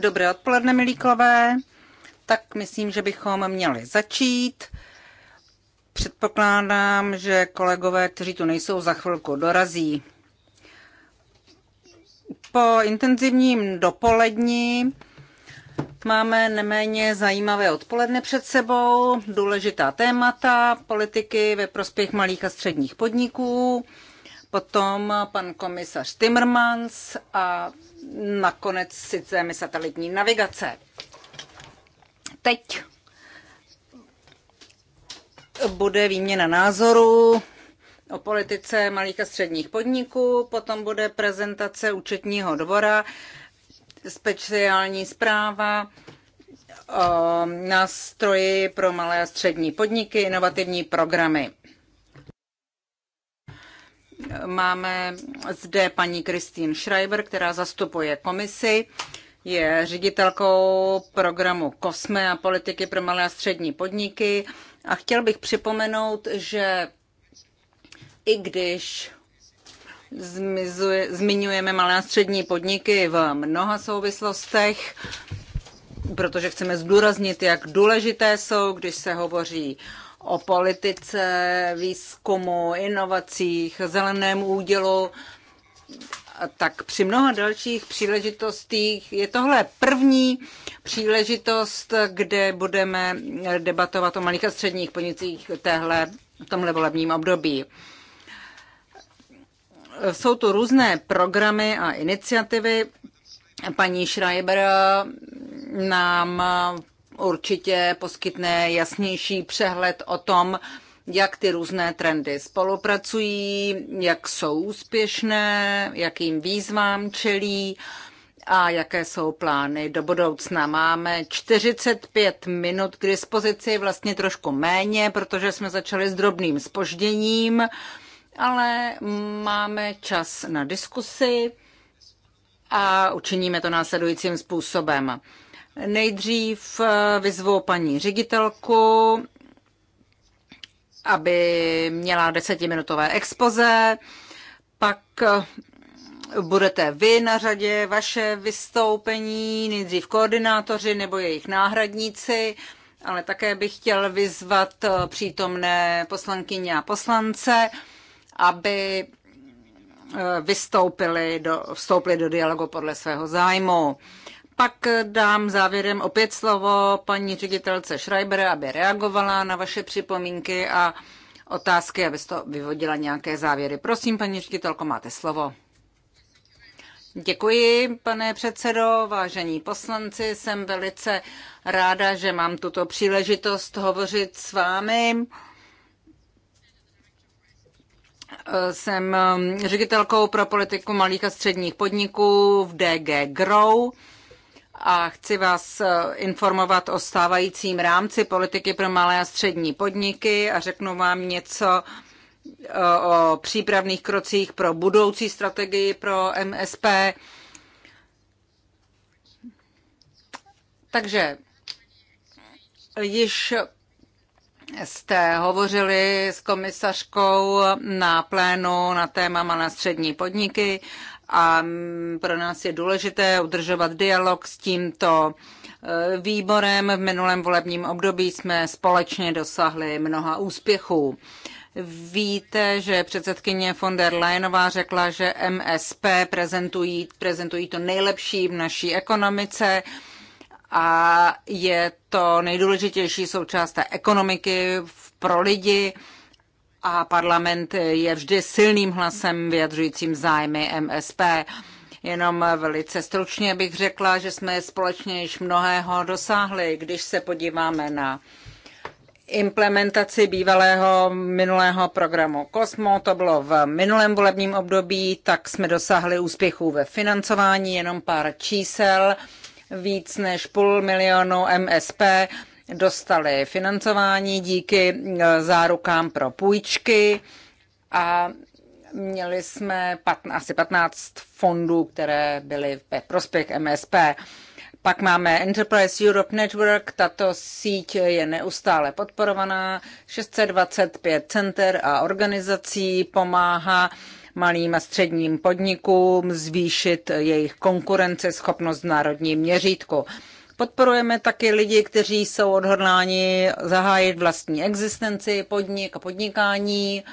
Dobré odpoledne, milí kolegové. Tak myslím, že bychom měli začít. Předpokládám, že kolegové, kteří tu nejsou, za chvilku dorazí. Po intenzivním dopolední máme neméně zajímavé odpoledne před sebou, důležitá témata, politiky ve prospěch malých a středních podniků, potom pan komisař Timmermans a nakonec systémy satelitní navigace. Teď bude výměna názoru o politice malých a středních podniků, potom bude prezentace účetního dvora, speciální zpráva o nástroji pro malé a střední podniky, inovativní programy. Máme zde paní Kristýn Schreiber, která zastupuje komisi, je ředitelkou programu COSME a politiky pro malé a střední podniky. A chtěl bych připomenout, že i když zmiňujeme malé a střední podniky v mnoha souvislostech, protože chceme zdůraznit, jak důležité jsou, když se hovoří o politice, výzkumu, inovacích, zelenému údělu. tak při mnoha dalších příležitostích je tohle první příležitost, kde budeme debatovat o malých a středních podnicích téhle, v tomhle volebním období. Jsou tu různé programy a iniciativy. Paní Schreiber nám určitě poskytne jasnější přehled o tom, jak ty různé trendy spolupracují, jak jsou úspěšné, jakým výzvám čelí a jaké jsou plány do budoucna. Máme 45 minut k dispozici, vlastně trošku méně, protože jsme začali s drobným spožděním, ale máme čas na diskusi a učiníme to následujícím způsobem. Nejdřív eh, vyzvu paní ředitelku, aby měla desetiminutové expoze, pak eh, budete vy na řadě, vaše vystoupení, nejdřív koordinátoři nebo jejich náhradníci, ale také bych chtěl vyzvat eh, přítomné poslankyně a poslance, aby vystoupili do, vstoupili do dialogu podle svého zájmu. Pak dám závěrem opět slovo paní ředitelce Schreiber, aby reagovala na vaše připomínky a otázky, aby to vyvodila nějaké závěry. Prosím, paní ředitelko, máte slovo. Děkuji, pane předsedo, vážení poslanci. Jsem velice ráda, že mám tuto příležitost hovořit s vámi. Jsem hm, ředitelkou pro politiku malých a středních podniků v DG Grow a chci vás eh, informovat o stávajícím rámci politiky pro malé a střední podniky a řeknu vám něco eh, o přípravných krocích pro budoucí strategii pro MSP. Takže již jste hovořili s komisařkou na plénu na téma malé střední podniky a mm, pro nás je důležité udržovat dialog s tímto eh, výborem. V minulém volebním období jsme společně dosahli mnoha úspěchů. Víte, že předsedkyně von der Leyenová řekla, že MSP prezentují, prezentují to nejlepší v naší ekonomice a je to nejdůležitější součást té ekonomiky pro lidi a parlament je vždy silným hlasem vyjadřujícím zájmy MSP. Jenom velice stručně bych řekla, že jsme společně již mnohého dosáhli, když se podíváme na implementaci bývalého minulého programu Kosmo, to bylo v minulém volebním období, tak jsme dosáhli úspěchů ve financování, jenom pár čísel, víc než půl milionu MSP dostali financování díky e, zárukám pro půjčky a měli jsme patn- asi 15 fondů, které byly ve prospěch MSP. Pak máme Enterprise Europe Network, tato síť je neustále podporovaná, 625 center a organizací pomáhá malým a středním podnikům zvýšit jejich konkurenceschopnost v národním měřítku. Podporujeme taky lidi, kteří jsou odhodláni zahájit vlastní existenci, podnik a podnikání.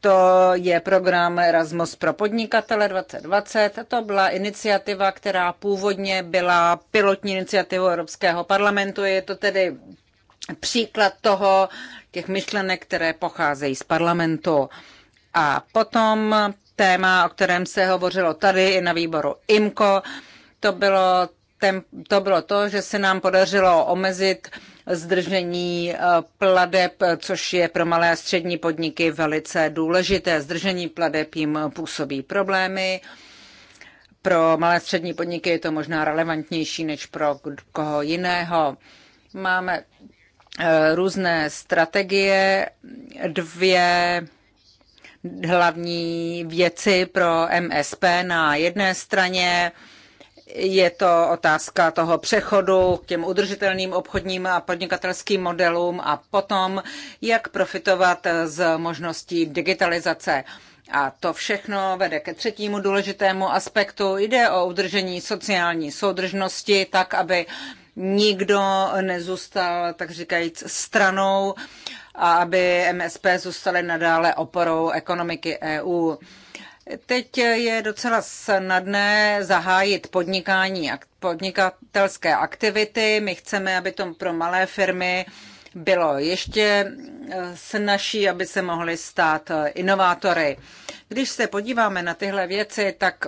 To je program Erasmus pro podnikatele 2020. To byla iniciativa, která původně byla pilotní iniciativou Evropského parlamentu. Je to tedy příklad toho, těch myšlenek, které pocházejí z parlamentu. A potom téma, o kterém se hovořilo tady i na výboru IMCO, to bylo to bylo to, že se nám podařilo omezit zdržení eh, pladeb, což je pro malé a střední podniky velice důležité. Zdržení pladeb jim působí problémy. Pro malé a střední podniky je to možná relevantnější než pro koho jiného. Máme eh, různé strategie, dvě hlavní věci pro MSP na jedné straně je to otázka toho přechodu k těm udržitelným obchodním a podnikatelským modelům a potom, jak profitovat z možností digitalizace. A to všechno vede ke třetímu důležitému aspektu. Jde o udržení sociální soudržnosti, tak aby nikdo nezůstal, tak říkajíc, stranou a aby MSP zůstaly nadále oporou ekonomiky EU. Teď je docela snadné zahájit podnikání, podnikatelské aktivity. My chceme, aby to pro malé firmy bylo ještě eh, snažší, aby se mohly stát eh, inovátory. Když se podíváme na tyhle věci, tak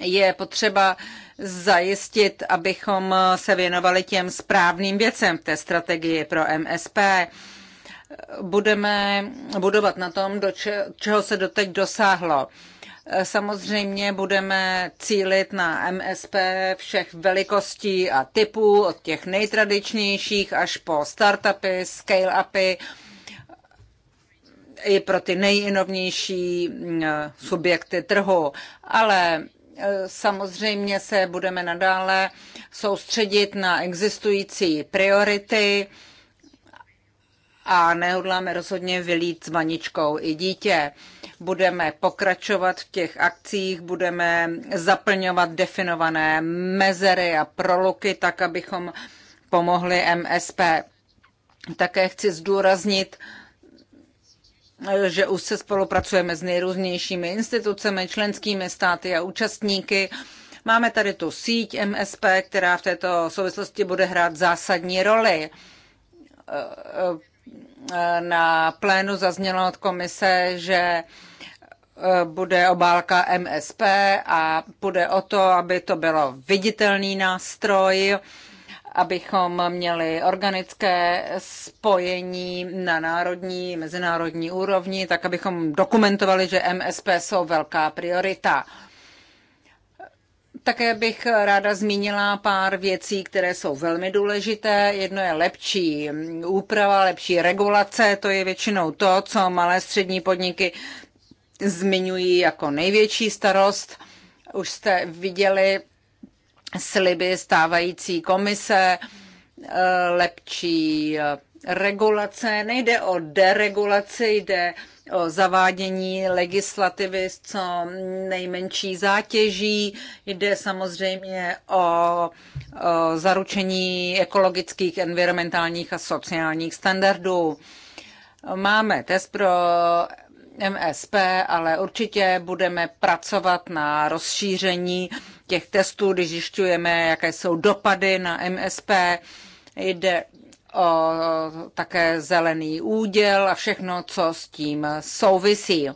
je potřeba zajistit, abychom eh, se věnovali těm správným věcem v té strategii pro MSP budeme budovat na tom, do čeho se doteď dosáhlo. Samozřejmě budeme cílit na MSP všech velikostí a typů, od těch nejtradičnějších až po startupy, scale-upy, i pro ty nejinovnější mm, subjekty trhu. Ale e, samozřejmě se budeme nadále soustředit na existující priority, a nehodláme rozhodně vylít s maničkou i dítě. Budeme pokračovat v těch akcích, budeme zaplňovat definované mezery a proluky, tak abychom pomohli MSP. Také chci zdůraznit, že už se spolupracujeme s nejrůznějšími institucemi, členskými státy a účastníky. Máme tady tu síť MSP, která v této souvislosti bude hrát zásadní roli na plénu zaznělo od komise, že e, bude obálka MSP a bude o to, aby to bylo viditelný nástroj, abychom měli organické spojení na národní, mezinárodní úrovni, tak abychom dokumentovali, že MSP jsou velká priorita. Také bych ráda zmínila pár věcí, které jsou velmi důležité. Jedno je lepší úprava, lepší regulace, to je většinou to, co malé střední podniky zmiňují jako největší starost. Už jste viděli sliby stávající komise, lepší regulace. Nejde o deregulaci, jde o o zavádění legislativy s co nejmenší zátěží. Jde samozřejmě o, o zaručení ekologických, environmentálních a sociálních standardů. Máme test pro MSP, ale určitě budeme pracovat na rozšíření těch testů, když zjišťujeme, jaké jsou dopady na MSP. Jde o také zelený úděl a všechno, co s tím souvisí.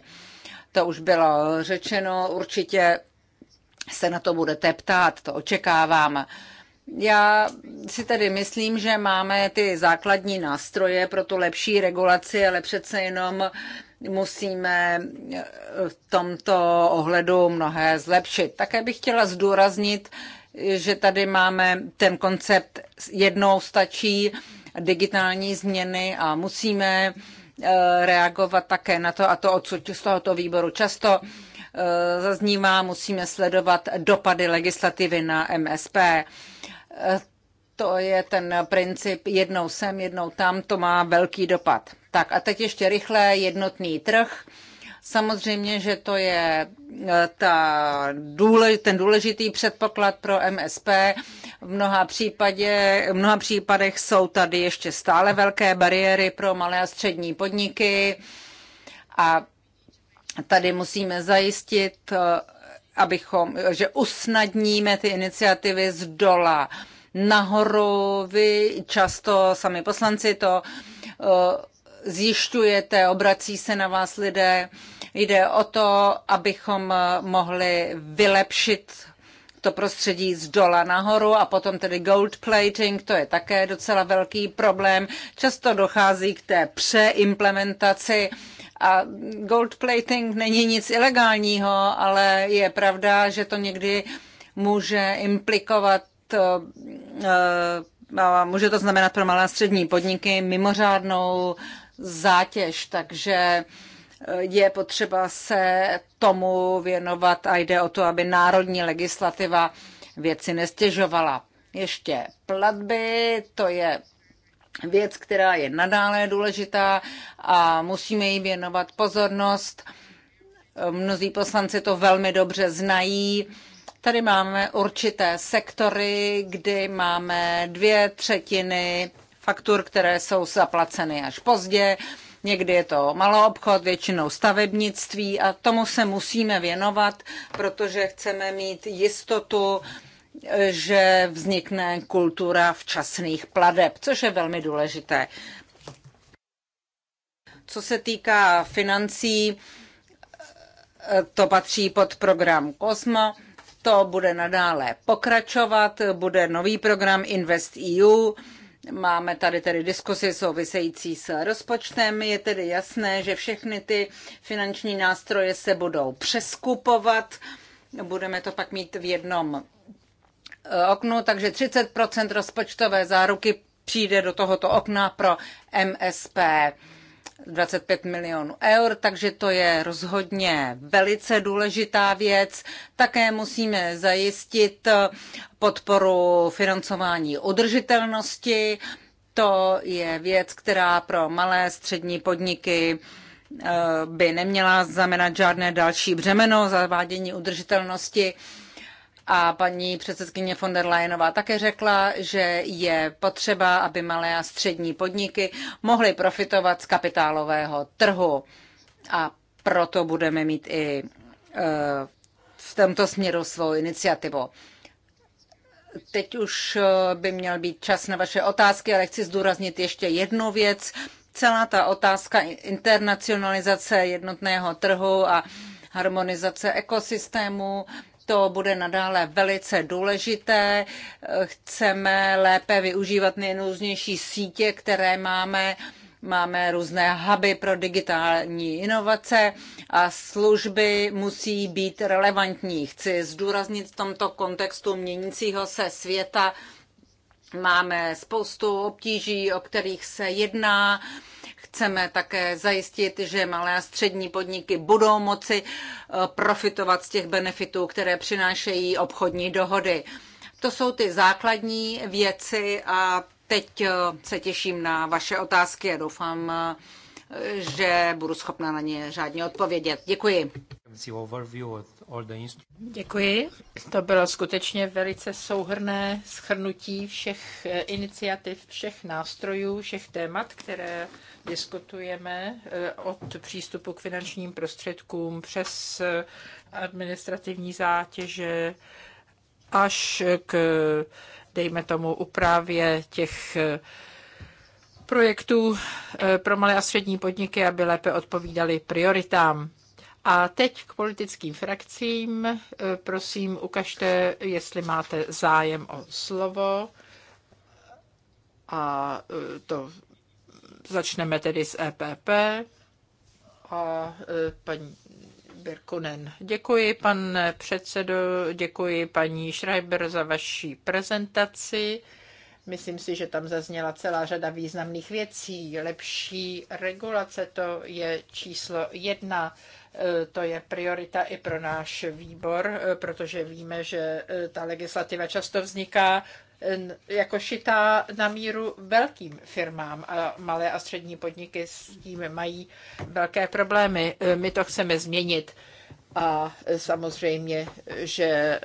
To už bylo řečeno, určitě se na to budete ptát, to očekávám. Já si tedy myslím, že máme ty základní nástroje pro tu lepší regulaci, ale přece jenom musíme v tomto ohledu mnohé zlepšit. Také bych chtěla zdůraznit, že tady máme ten koncept jednou stačí, digitální změny a musíme eh, reagovat také na to, a to odsud z tohoto výboru často eh, zaznívá, musíme sledovat dopady legislativy na MSP. Eh, to je ten princip jednou sem, jednou tam, to má velký dopad. Tak a teď ještě rychle jednotný trh. Samozřejmě, že to je ta důlež, ten důležitý předpoklad pro MSP. V mnoha, případě, v mnoha případech jsou tady ještě stále velké bariéry pro malé a střední podniky a tady musíme zajistit, eh, abychom, že usnadníme ty iniciativy z dola nahoru. Vy často sami poslanci to eh, zjišťujete, obrací se na vás lidé. Jde o to, abychom eh, mohli vylepšit to prostředí z dola nahoru a potom tedy gold plating, to je také docela velký problém. Často dochází k té přeimplementaci a gold plating není nic ilegálního, ale je pravda, že to někdy může implikovat eh, eh, může to znamenat pro malé a střední podniky mimořádnou zátěž, takže uh, je potřeba se tomu věnovat a jde o to, aby národní legislativa věci nestěžovala. Ještě platby, to je věc, která je nadále důležitá a musíme jí věnovat pozornost. Mnozí poslanci to velmi dobře znají. Tady máme určité sektory, kdy máme dvě třetiny faktur, které jsou zaplaceny až pozdě. Někdy je to malou obchod, většinou stavebnictví a tomu se musíme věnovat, protože chceme mít jistotu, že vznikne kultura včasných pladeb, což je velmi důležité. Co se týká financí, to patří pod program COSMO. To bude nadále pokračovat, bude nový program Invest EU Máme tady tedy diskusi související s rozpočtem. Je tedy jasné, že všechny ty finanční nástroje se budou přeskupovat. Budeme to pak mít v jednom eh, oknu, takže 30 rozpočtové záruky přijde do tohoto okna pro MSP. 25 milionů eur, takže to je rozhodně velice důležitá věc. Také musíme zajistit podporu financování udržitelnosti. To je věc, která pro malé střední podniky eh, by neměla znamenat žádné další břemeno zavádění udržitelnosti a paní předsedkyně von der Leyenová také řekla, že je potřeba, aby malé a střední podniky mohly profitovat z kapitálového trhu. A proto budeme mít i e, v tomto směru svou iniciativu. Teď už e, by měl být čas na vaše otázky, ale chci zdůraznit ještě jednu věc. Celá ta otázka internacionalizace jednotného trhu a harmonizace ekosystému, to bude nadále velice důležité. Chceme lépe využívat nejrůznější sítě, které máme. Máme různé huby pro digitální inovace a služby musí být relevantní. Chci zdůraznit v tomto kontextu měnícího se světa. Máme spoustu obtíží, o kterých se jedná Chceme také zajistit, že malé a střední podniky budou moci eh, profitovat z těch benefitů, které přinášejí obchodní dohody. To jsou ty základní věci a teď eh, se těším na vaše otázky a doufám, eh, že budu schopna na ně řádně odpovědět. Děkuji. Děkuji. To bylo skutečně velice souhrné schrnutí všech iniciativ, všech nástrojů, všech témat, které diskutujeme eh, od přístupu k finančním prostředkům přes eh, administrativní zátěže až k, dejme tomu, upravě těch eh, projektů pro malé a střední podniky, aby lépe odpovídali prioritám. A teď k politickým frakcím. Prosím, ukažte, jestli máte zájem o slovo. A to Začneme tedy s EPP a e, paní Birkunen. Děkuji, pane předsedo, děkuji paní Schreiber za vaši prezentaci. Myslím si, že tam zazněla celá řada významných věcí. Lepší regulace, to je číslo jedna. E, to je priorita i pro náš výbor, e, protože víme, že ta legislativa často vzniká jako šitá na míru velkým firmám a malé a střední podniky s tím mají velké problémy. E, my to chceme změnit. A samozřejmě, že eh,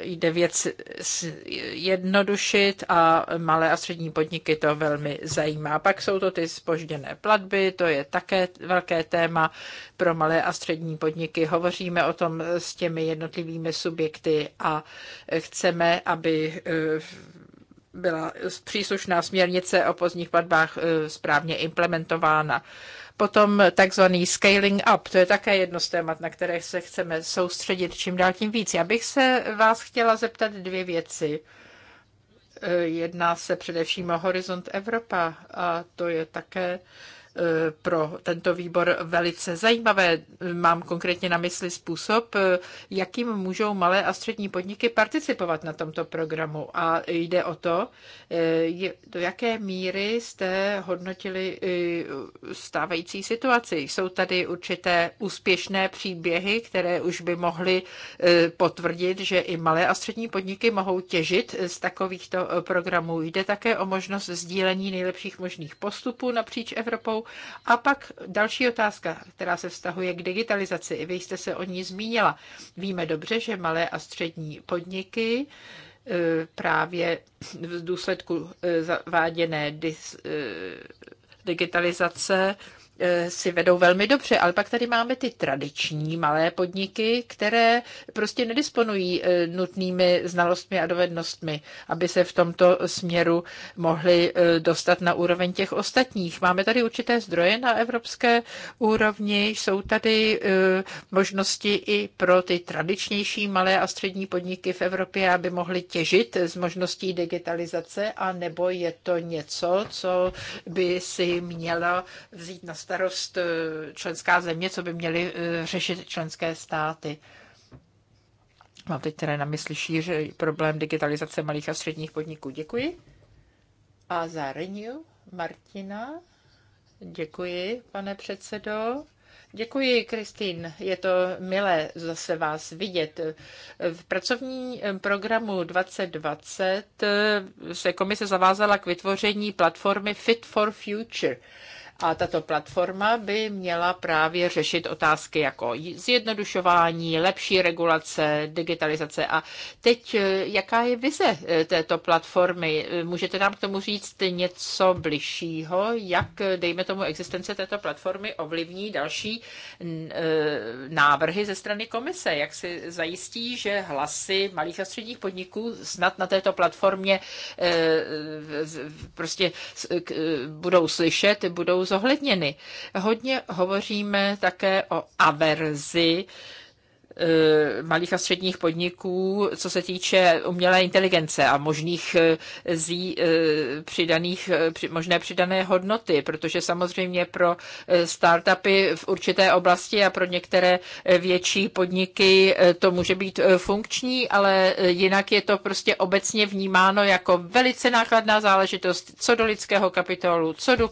jde věc jednodušit a malé a střední podniky to velmi zajímá. Pak jsou to ty spožděné platby, to je také velké téma pro malé a střední podniky. Hovoříme o tom s těmi jednotlivými subjekty a chceme, aby eh, byla příslušná směrnice o pozdních platbách eh, správně implementována. Potom takzvaný scaling up, to je také jedno z témat, na které se chceme soustředit čím dál tím víc. Já bych se vás chtěla zeptat dvě věci. Eh, jedná se především o Horizont Evropa a to je také uh, pro tento výbor velice zajímavé. Mám konkrétně na mysli způsob, jakým můžou malé a střední podniky participovat na tomto programu. A jde o to, do jaké míry jste hodnotili eh, stávající situaci. Jsou tady určité úspěšné příběhy, které už by mohly eh, potvrdit, že i malé a střední podniky mohou těžit z takovýchto eh, programů. Jde také o možnost sdílení nejlepších možných postupů napříč Evropou a pak další otázka, která se vztahuje k digitalizaci. Vy jste se o ní zmínila. Víme dobře, že malé a střední podniky e, právě v důsledku e, zaváděné e, digitalizace Eh, si vedou velmi dobře, ale pak tady máme ty tradiční malé podniky, které prostě nedisponují eh, nutnými znalostmi a dovednostmi, aby se v tomto směru mohli eh, dostat na úroveň těch ostatních. Máme tady určité zdroje na evropské úrovni, jsou tady možnosti i pro ty tradičnější malé a střední podniky v Evropě, aby mohly těžit z možností digitalizace, a nebo je to něco, co by si měla vzít na stůl starost e, členská země, co by měly e, řešit členské státy. Mám teď teda na mysli šíře problém digitalizace malých a středních podniků. Děkuji. A za Renew Martina. Děkuji, pane předsedo. Děkuji, Kristýn. Je to milé zase vás vidět. V pracovní programu 2020 e, se komise zavázala k vytvoření platformy Fit for Future a tato platforma by měla právě řešit otázky jako zjednodušování, lepší regulace, digitalizace. A teď, eh, jaká je vize eh, této platformy? Eh, můžete nám k tomu říct něco bližšího? Jak, dejme tomu, existence této platformy ovlivní další návrhy ze strany komise? Jak si zajistí, že hlasy malých a středních podniků snad na této platformě prostě budou slyšet, budou zohledněny. Hodně hovoříme také o averzi Eh, malých a středních podniků, co se týče umělé inteligence a možných eh, zí, eh, přidaných, možné přidané hodnoty, protože samozřejmě pro startupy v určité oblasti a pro některé větší podniky to může být funkční, ale jinak je to prostě obecně vnímáno jako velice nákladná záležitost, co do lidského kapitálu, co do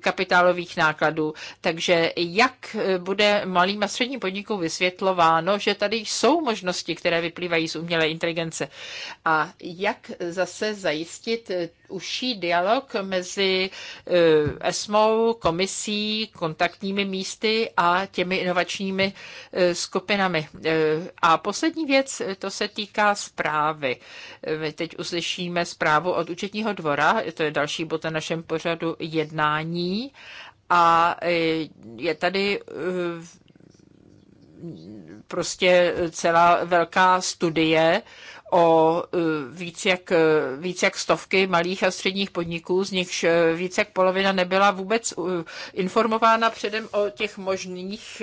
kapitálových nákladů. Takže jak bude malým a středním podnikům vys vysvětlováno, že tady jsou možnosti, které vyplývají z umělé inteligence. A jak zase zajistit užší dialog mezi eh, ESMO, komisí, kontaktními místy a těmi inovačními eh, skupinami. Eh, a poslední věc, to se týká zprávy. My teď uslyšíme zprávu od účetního dvora, to je další bod na našem pořadu jednání. A je tady prostě celá velká studie o e, víc jak, e, víc jak stovky malých a středních podniků, z nichž e, víc jak polovina nebyla vůbec informována předem o těch možných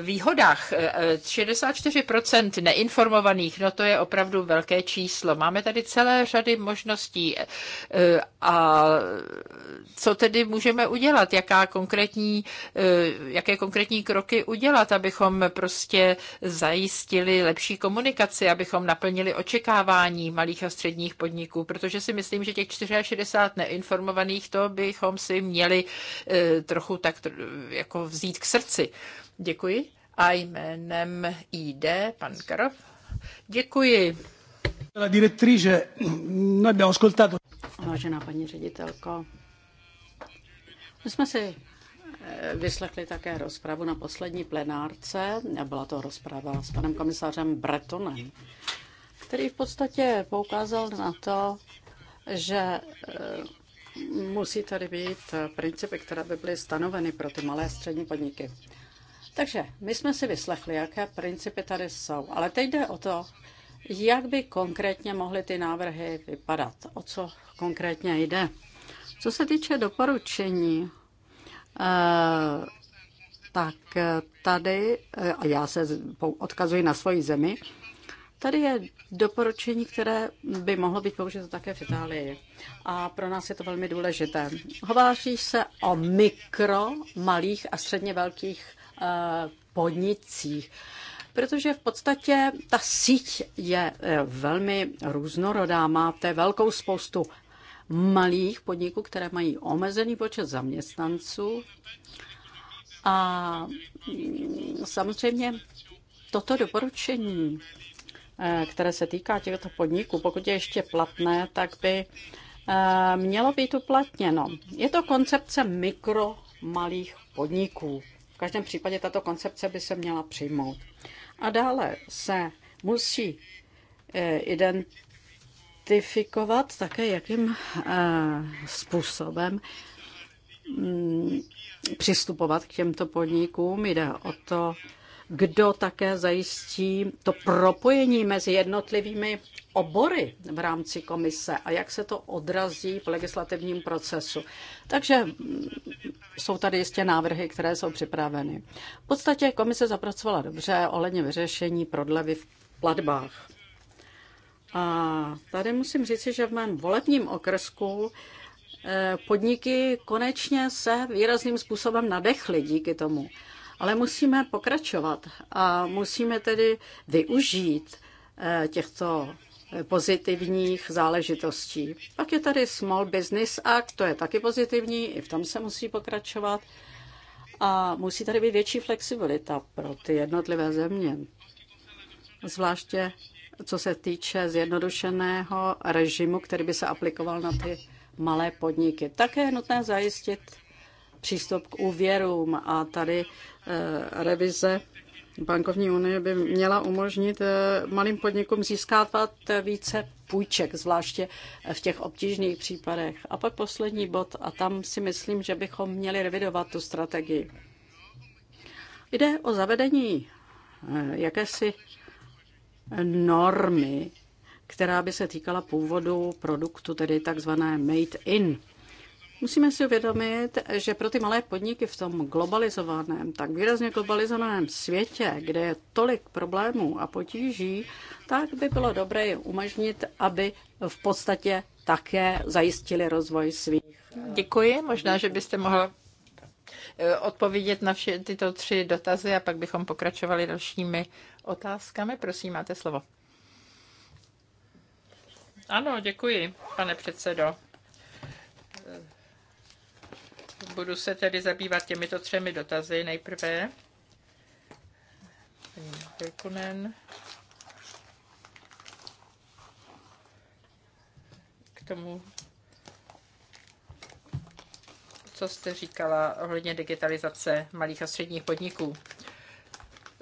výhodách. 64% neinformovaných, no to je opravdu velké číslo. Máme tady celé řady možností a co tedy můžeme udělat, jaká konkrétní, jaké konkrétní kroky udělat, abychom prostě zajistili lepší komunikaci, abychom naplnili splnili očekávání malých a středních podniků, protože si myslím, že těch 64 neinformovaných, to bychom si měli eh, trochu tak jako vzít k srdci. Děkuji. A jménem ID, pan Karov. Děkuji. Vážená paní ředitelko, my jsme si eh, vyslechli také rozpravu na poslední plenárce. Byla to rozprava s panem komisářem Bretonem který v podstatě poukázal na to, že eh, musí tady být eh, principy, které by byly stanoveny pro ty malé střední podniky. Takže my jsme si vyslechli, jaké principy tady jsou, ale teď jde o to, jak by konkrétně mohly ty návrhy vypadat, o co konkrétně jde. Co se týče doporučení, eh, tak tady, a já se odkazuji na svoji zemi, tady je doporučení, které by mohlo být použito také v Itálii. A pro nás je to velmi důležité. Hováří se o mikro, malých a středně velkých eh, podnicích protože v podstatě ta síť je eh, velmi různorodá. Máte velkou spoustu malých podniků, které mají omezený počet zaměstnanců. A mm, samozřejmě toto doporučení Eh, které se týká těchto podniků, pokud je ještě platné, tak by eh, mělo být uplatněno. Je to koncepce mikro malých podniků. V každém případě tato koncepce by se měla přijmout. A dále se musí eh, identifikovat také, jakým způsobem mm, přistupovat k těmto podnikům. Jde o to, kdo také zajistí to propojení mezi jednotlivými obory v rámci komise a jak se to odrazí v legislativním procesu. Takže jsou tady jistě návrhy, které jsou připraveny. V podstatě komise zapracovala dobře ohledně vyřešení prodlevy v platbách. A tady musím říct, že v mém volebním okrsku eh, podniky konečně se výrazným způsobem nadechly díky tomu. Ale musíme pokračovat a musíme tedy využít eh, těchto pozitivních záležitostí. Pak je tady Small Business Act, to je taky pozitivní, i v tom se musí pokračovat. A musí tady být větší flexibilita pro ty jednotlivé země. Zvláště co se týče zjednodušeného režimu, který by se aplikoval na ty malé podniky. Také je nutné zajistit přístup k úvěrům a tady eh, revize bankovní unie by měla umožnit eh, malým podnikům získávat více půjček, zvláště v těch obtížných případech. A pak poslední bod, a tam si myslím, že bychom měli revidovat tu strategii. Jde o zavedení eh, jakési normy, která by se týkala původu produktu, tedy takzvané made in. Musíme si uvědomit, že pro ty malé podniky v tom globalizovaném, tak výrazně globalizovaném světě, kde je tolik problémů a potíží, tak by bylo dobré je umožnit, aby v podstatě také zajistili rozvoj svých. Eh, děkuji, možná, že byste mohl eh, odpovědět na vše tyto tři dotazy a pak bychom pokračovali dalšími otázkami. Prosím, máte slovo. Ano, děkuji, pane předsedo. Budu se tedy zabývat těmito třemi dotazy nejprve. K tomu, co jste říkala ohledně digitalizace malých a středních podniků.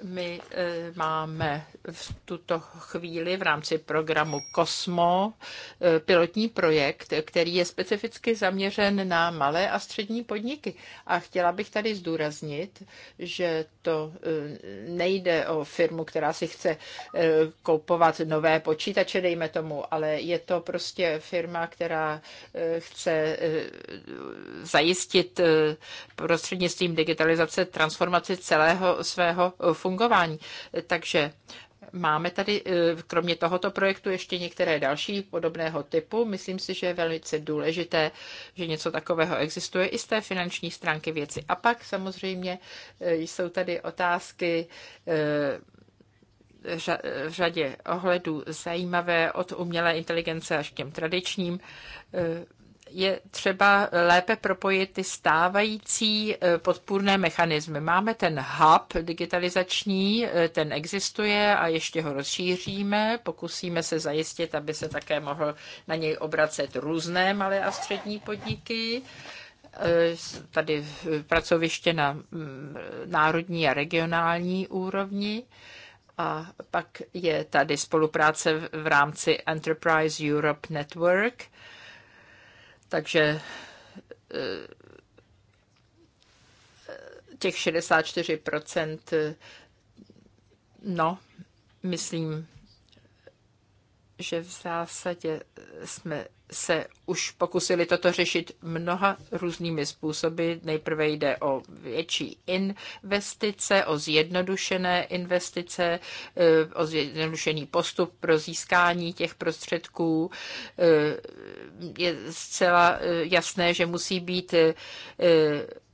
My e, máme v tuto chvíli v rámci programu Kosmo e, pilotní projekt, který je specificky zaměřen na malé a střední podniky. A chtěla bych tady zdůraznit, že to e, nejde o firmu, která si chce koupovat nové počítače, dejme tomu, ale je to prostě firma, která chce zajistit prostřednictvím digitalizace transformaci celého svého fungování. Takže Máme tady e, kromě tohoto projektu ještě některé další podobného typu. Myslím si, že je velice důležité, že něco takového existuje i z té finanční stránky věci. A pak samozřejmě e, jsou tady otázky e, v řadě ohledů zajímavé od umělé inteligence až k těm tradičním je třeba lépe propojit ty stávající eh, podpůrné mechanismy. Máme ten hub digitalizační, eh, ten existuje a ještě ho rozšíříme. Pokusíme se zajistit, aby se také mohl na něj obracet různé malé a střední podniky eh, tady pracoviště na mm, národní a regionální úrovni. A pak je tady spolupráce v rámci Enterprise Europe Network, takže eh, těch 64%, eh, no, myslím, že v zásadě jsme se už pokusili toto řešit mnoha různými způsoby. Nejprve jde o větší investice, o zjednodušené investice, eh, o zjednodušený postup pro získání těch prostředků. Eh, je zcela eh, jasné, že musí být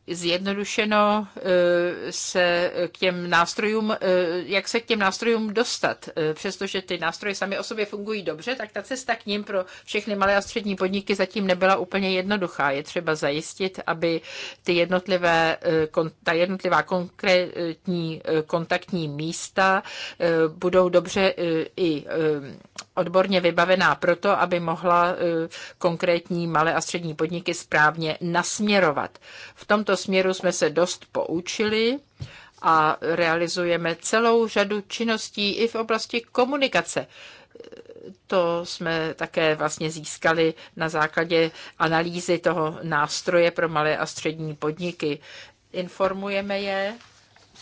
zjednodušeno eh, se k těm nástrojům, eh, jak se k těm nástrojům dostat. Eh, přestože ty nástroje sami o sobě fungují dobře, tak ta cesta k ním pro všechny malé a střední podniky zatím nebyla úplně jednoduchá. Je třeba zajistit, aby ty jednotlivé, ta jednotlivá konkrétní kontaktní místa budou dobře i odborně vybavená proto, aby mohla e, konkrétní malé a střední podniky správně nasměrovat. V tomto směru jsme se dost poučili a realizujeme celou řadu činností i v oblasti komunikace e, to jsme také vlastně získali na základě analýzy toho nástroje pro malé a střední podniky. Informujeme je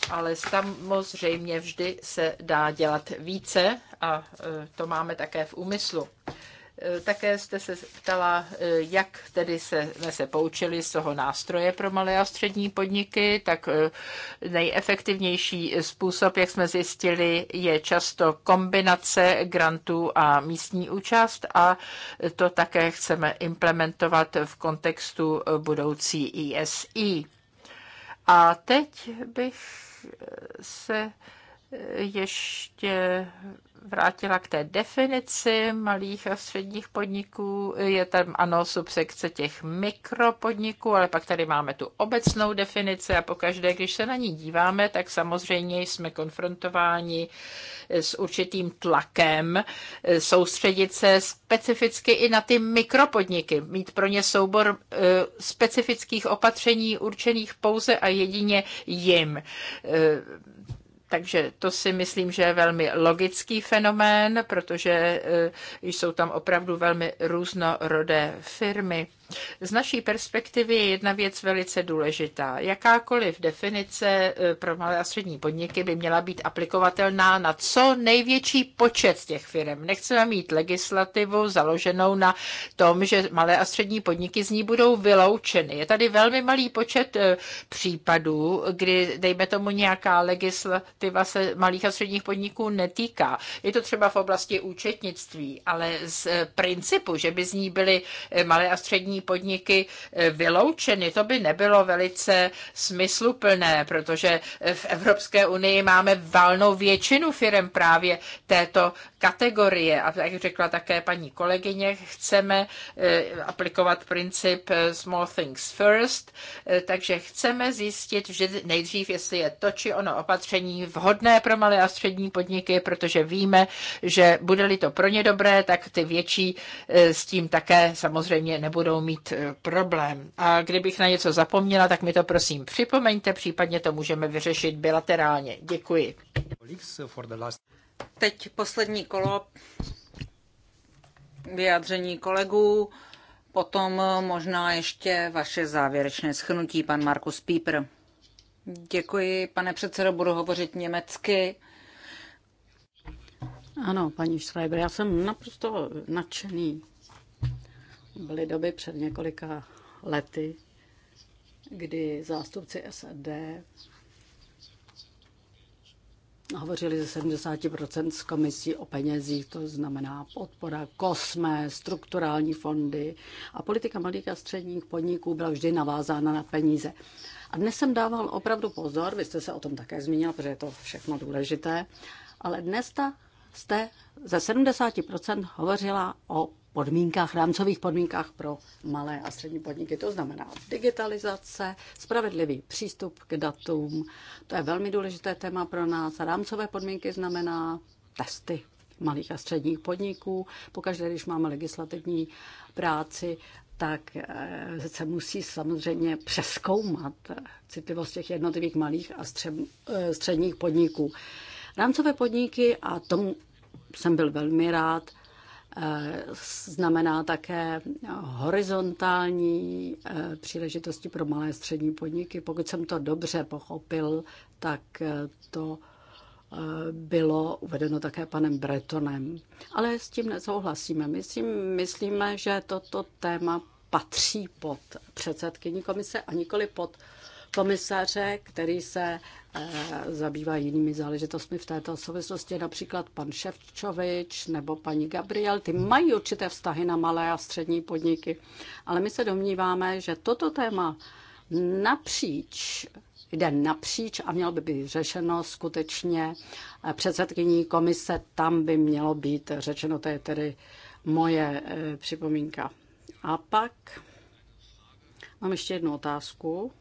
ale samozřejmě vždy se dá dělat více a e, to máme také v úmyslu. E, také jste se ptala, e, jak tedy se, jsme se poučili z toho nástroje pro malé a střední podniky, tak nejefektivnější způsob, jak jsme zjistili, je často kombinace grantů a místní účast a to také chceme implementovat v kontextu budoucí ESI. A teď bych se ještě vrátila k té definici malých a středních podniků. Je tam ano subsekce těch mikropodniků, ale pak tady máme tu obecnou definici a pokaždé, když se na ní díváme, tak samozřejmě jsme konfrontováni s určitým tlakem soustředit se specificky i na ty mikropodniky, mít pro ně soubor e, specifických opatření určených pouze a jedině jim e, takže to si myslím, že je velmi logický fenomén, protože e, jsou tam opravdu velmi různorodé firmy. Z naší perspektivy je jedna věc velice důležitá. Jakákoliv definice eh, pro malé a střední podniky by měla být aplikovatelná na co největší počet těch firm. Nechceme mít legislativu založenou na tom, že malé a střední podniky z ní budou vyloučeny. Je tady velmi malý počet eh, případů, kdy, dejme tomu, nějaká legislativa se malých a středních podniků netýká. Je to třeba v oblasti účetnictví, ale z eh, principu, že by z ní byly malé a střední podniky eh, vyloučeny. To by nebylo velice smysluplné, protože v Evropské unii máme valnou většinu firm právě této kategorie. A jak řekla také paní kolegyně, chceme eh, aplikovat princip eh, small things first, takže chceme zjistit že nejdřív, jestli je to či ono opatření vhodné pro malé a střední podniky, protože víme, že bude-li to pro ně dobré, tak ty větší s tím také samozřejmě nebudou mít mít e, problém. A kdybych na něco zapomněla, tak mi to prosím připomeňte, případně to můžeme vyřešit bilaterálně. Děkuji. Teď poslední kolo vyjádření kolegů, potom možná ještě vaše závěrečné schnutí, pan Markus Pípr. Děkuji, pane předsedo, budu hovořit německy. Ano, paní Schreiber, já jsem naprosto nadšený Byly doby před několika lety, kdy zástupci SED hovořili ze 70% z komisí o penězích, to znamená podpora kosme, strukturální fondy a politika malých a středních podniků byla vždy navázána na peníze. A dnes jsem dával opravdu pozor, vy jste se o tom také zmínil, protože je to všechno důležité, ale dnes ta jste ze 70% hovořila o podmínkách, rámcových podmínkách pro malé a střední podniky. To znamená digitalizace, spravedlivý přístup k datům. To je velmi důležité téma pro nás. Rámcové podmínky znamená testy malých a středních podniků. Pokaždé, když máme legislativní práci, tak eh, se musí samozřejmě přeskoumat eh, citlivost těch jednotlivých malých a eh, středních podniků. Rámcové podniky, a tomu jsem byl velmi rád, Eh, znamená také horizontální eh, příležitosti pro malé střední podniky. Pokud jsem to dobře pochopil, tak eh, to bylo uvedeno také panem Bretonem. Ale s tím nesouhlasíme. My si myslíme, že toto téma patří pod předsedkyní komise a nikoli pod komisaře, který se eh, zabývá jinými záležitostmi v této souvislosti, například pan Ševčovič nebo paní Gabriel. Ty mají určité vztahy na malé a střední podniky, ale my se domníváme, že toto téma napříč jde napříč a mělo by být řešeno skutečně eh, předsedkyní komise, tam by mělo být řečeno, to je tedy moje eh, připomínka. A pak mám ještě jednu otázku.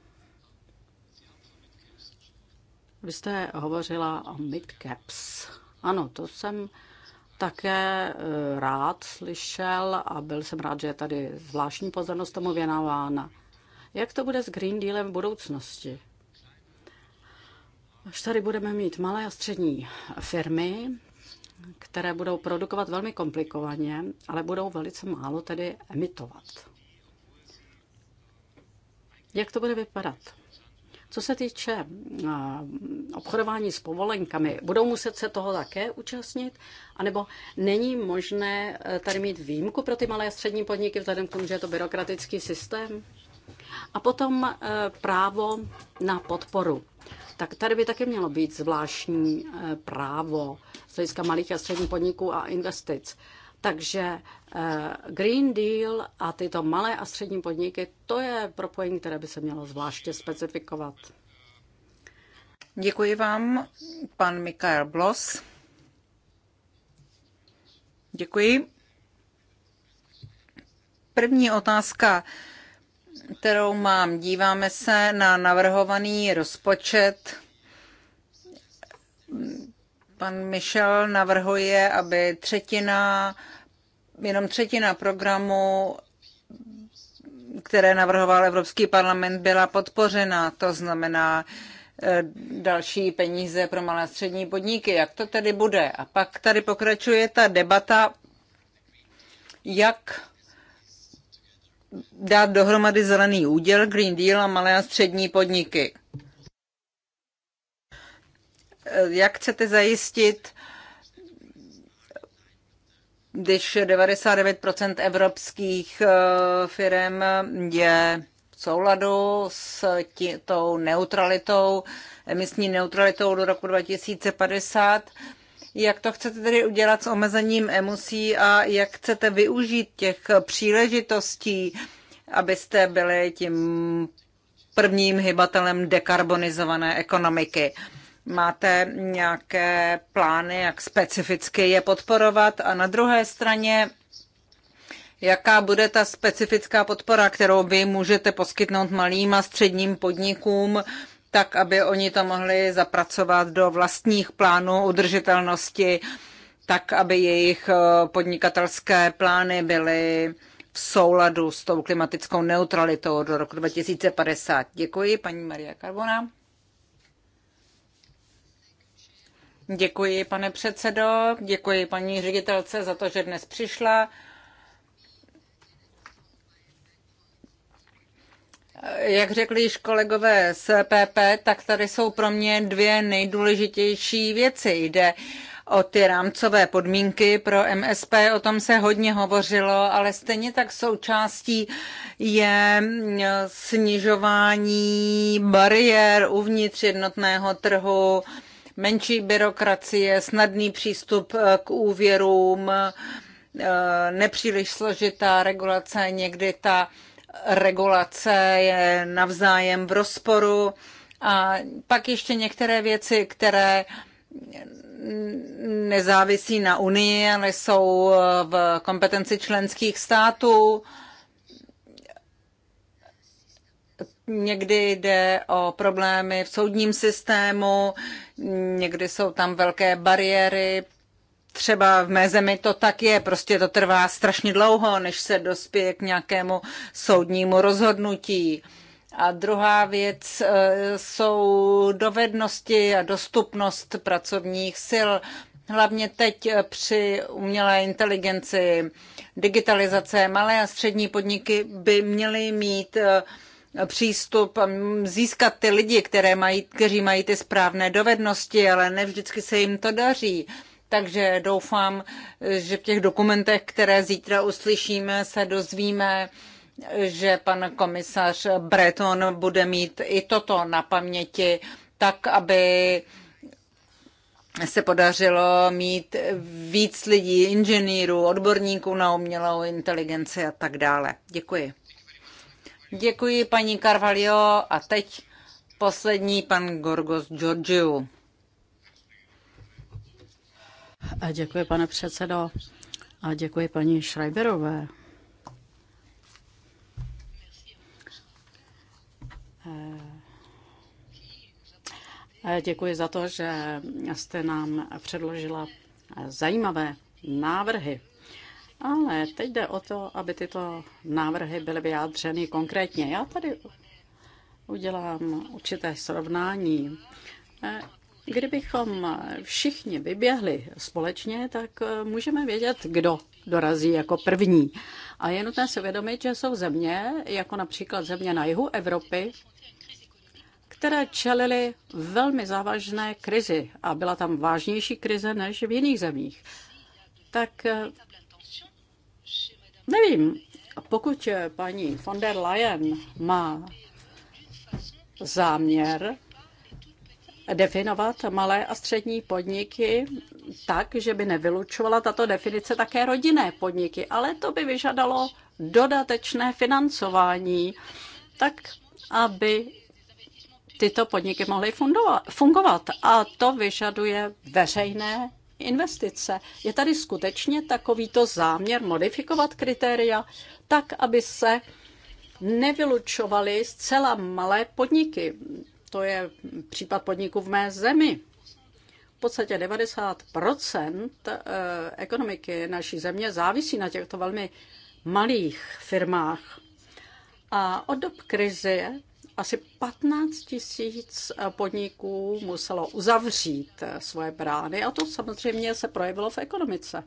Vy jste hovořila o midcaps. Ano, to jsem také eh, rád slyšel a byl jsem rád, že je tady zvláštní pozornost tomu věnována. Jak to bude s Green Dealem v budoucnosti? Až tady budeme mít malé a střední firmy, které budou produkovat velmi komplikovaně, ale budou velice málo tedy emitovat. Jak to bude vypadat? Co se týče obchodování s povolenkami, budou muset se toho také účastnit? A nebo není možné e, tady mít výjimku pro ty malé a střední podniky, vzhledem k tomu, že je to byrokratický systém? A potom e, právo na podporu. Tak tady by také mělo být zvláštní e, právo z hlediska malých a středních podniků a investic. Takže eh, Green Deal a tyto malé a střední podniky, to je propojení, které by se mělo zvláště specifikovat. Děkuji vám, pan Mikael Blos. Děkuji. První otázka, kterou mám. Díváme se na navrhovaný rozpočet Pan Michel navrhuje, aby třetina, jenom třetina programu, které navrhoval Evropský parlament, byla podpořena. To znamená eh, další peníze pro malé a střední podniky. Jak to tedy bude? A pak tady pokračuje ta debata, jak dát dohromady zelený úděl, Green Deal a malé a střední podniky. Eh, jak chcete zajistit, když 99% evropských eh, firm je v souladu s tí, tou neutralitou, emisní neutralitou do roku 2050, jak to chcete tedy udělat s omezením emisí a jak chcete využít těch příležitostí, abyste byli tím prvním hybatelem dekarbonizované ekonomiky? máte nějaké plány, jak specificky je podporovat a na druhé straně, jaká bude ta specifická podpora, kterou vy můžete poskytnout malým a středním podnikům, tak aby oni to mohli zapracovat do vlastních plánů udržitelnosti, tak aby jejich eh, podnikatelské plány byly v souladu s tou klimatickou neutralitou do roku 2050. Děkuji, paní Maria Carbona. Děkuji, pane předsedo, děkuji paní ředitelce za to, že dnes přišla. Jak řekli již kolegové z PP, tak tady jsou pro mě dvě nejdůležitější věci. Jde o ty rámcové podmínky pro MSP, o tom se hodně hovořilo, ale stejně tak součástí je snižování bariér uvnitř jednotného trhu, menší byrokracie, snadný přístup eh, k úvěrům, eh, nepříliš složitá regulace, někdy ta regulace je navzájem v rozporu. A pak ještě některé věci, které nezávisí na Unii, ale jsou eh, v kompetenci členských států. Někdy jde o problémy v soudním systému, někdy jsou tam velké bariéry. Třeba v mé zemi to tak je, prostě to trvá strašně dlouho, než se dospěje k nějakému soudnímu rozhodnutí. A druhá věc e, jsou dovednosti a dostupnost pracovních sil. Hlavně teď při umělé inteligenci, digitalizace, malé a střední podniky by měly mít uh, přístup, získat ty lidi, které mají, kteří mají ty správné dovednosti, ale ne vždycky se jim to daří. Takže doufám, že v těch dokumentech, které zítra uslyšíme, se dozvíme, že pan komisař Breton bude mít i toto na paměti, tak aby se podařilo mít víc lidí, inženýrů, odborníků na umělou inteligenci a tak dále. Děkuji. Děkuji paní Carvalho a teď poslední pan Gorgos Georgiou. A děkuji, pane předsedo. A děkuji paní Schreiberové. Eh, eh, děkuji za to, že jste nám předložila zajímavé návrhy ale teď jde o to, aby tyto návrhy byly vyjádřeny konkrétně. Já tady udělám určité srovnání. Eh, kdybychom všichni vyběhli společně, tak eh, můžeme vědět, kdo dorazí jako první. A je nutné si uvědomit, že jsou země, jako například země na jihu Evropy, které čelily velmi závažné krizi a byla tam vážnější krize než v jiných zemích. Tak eh, Nevím, pokud eh, paní von der Leyen má záměr definovat malé a střední podniky tak, že by nevylučovala tato definice také rodinné podniky, ale to by vyžadalo dodatečné financování, tak aby tyto podniky mohly fungovat. A to vyžaduje veřejné investice. Je tady skutečně takovýto záměr modifikovat kritéria tak, aby se nevylučovaly zcela malé podniky. To je případ podniku v mé zemi. V podstatě 90 eh, ekonomiky naší země závisí na těchto velmi malých firmách. A od dob krize asi 15 tisíc podniků muselo uzavřít eh, svoje brány a to samozřejmě se projevilo v ekonomice.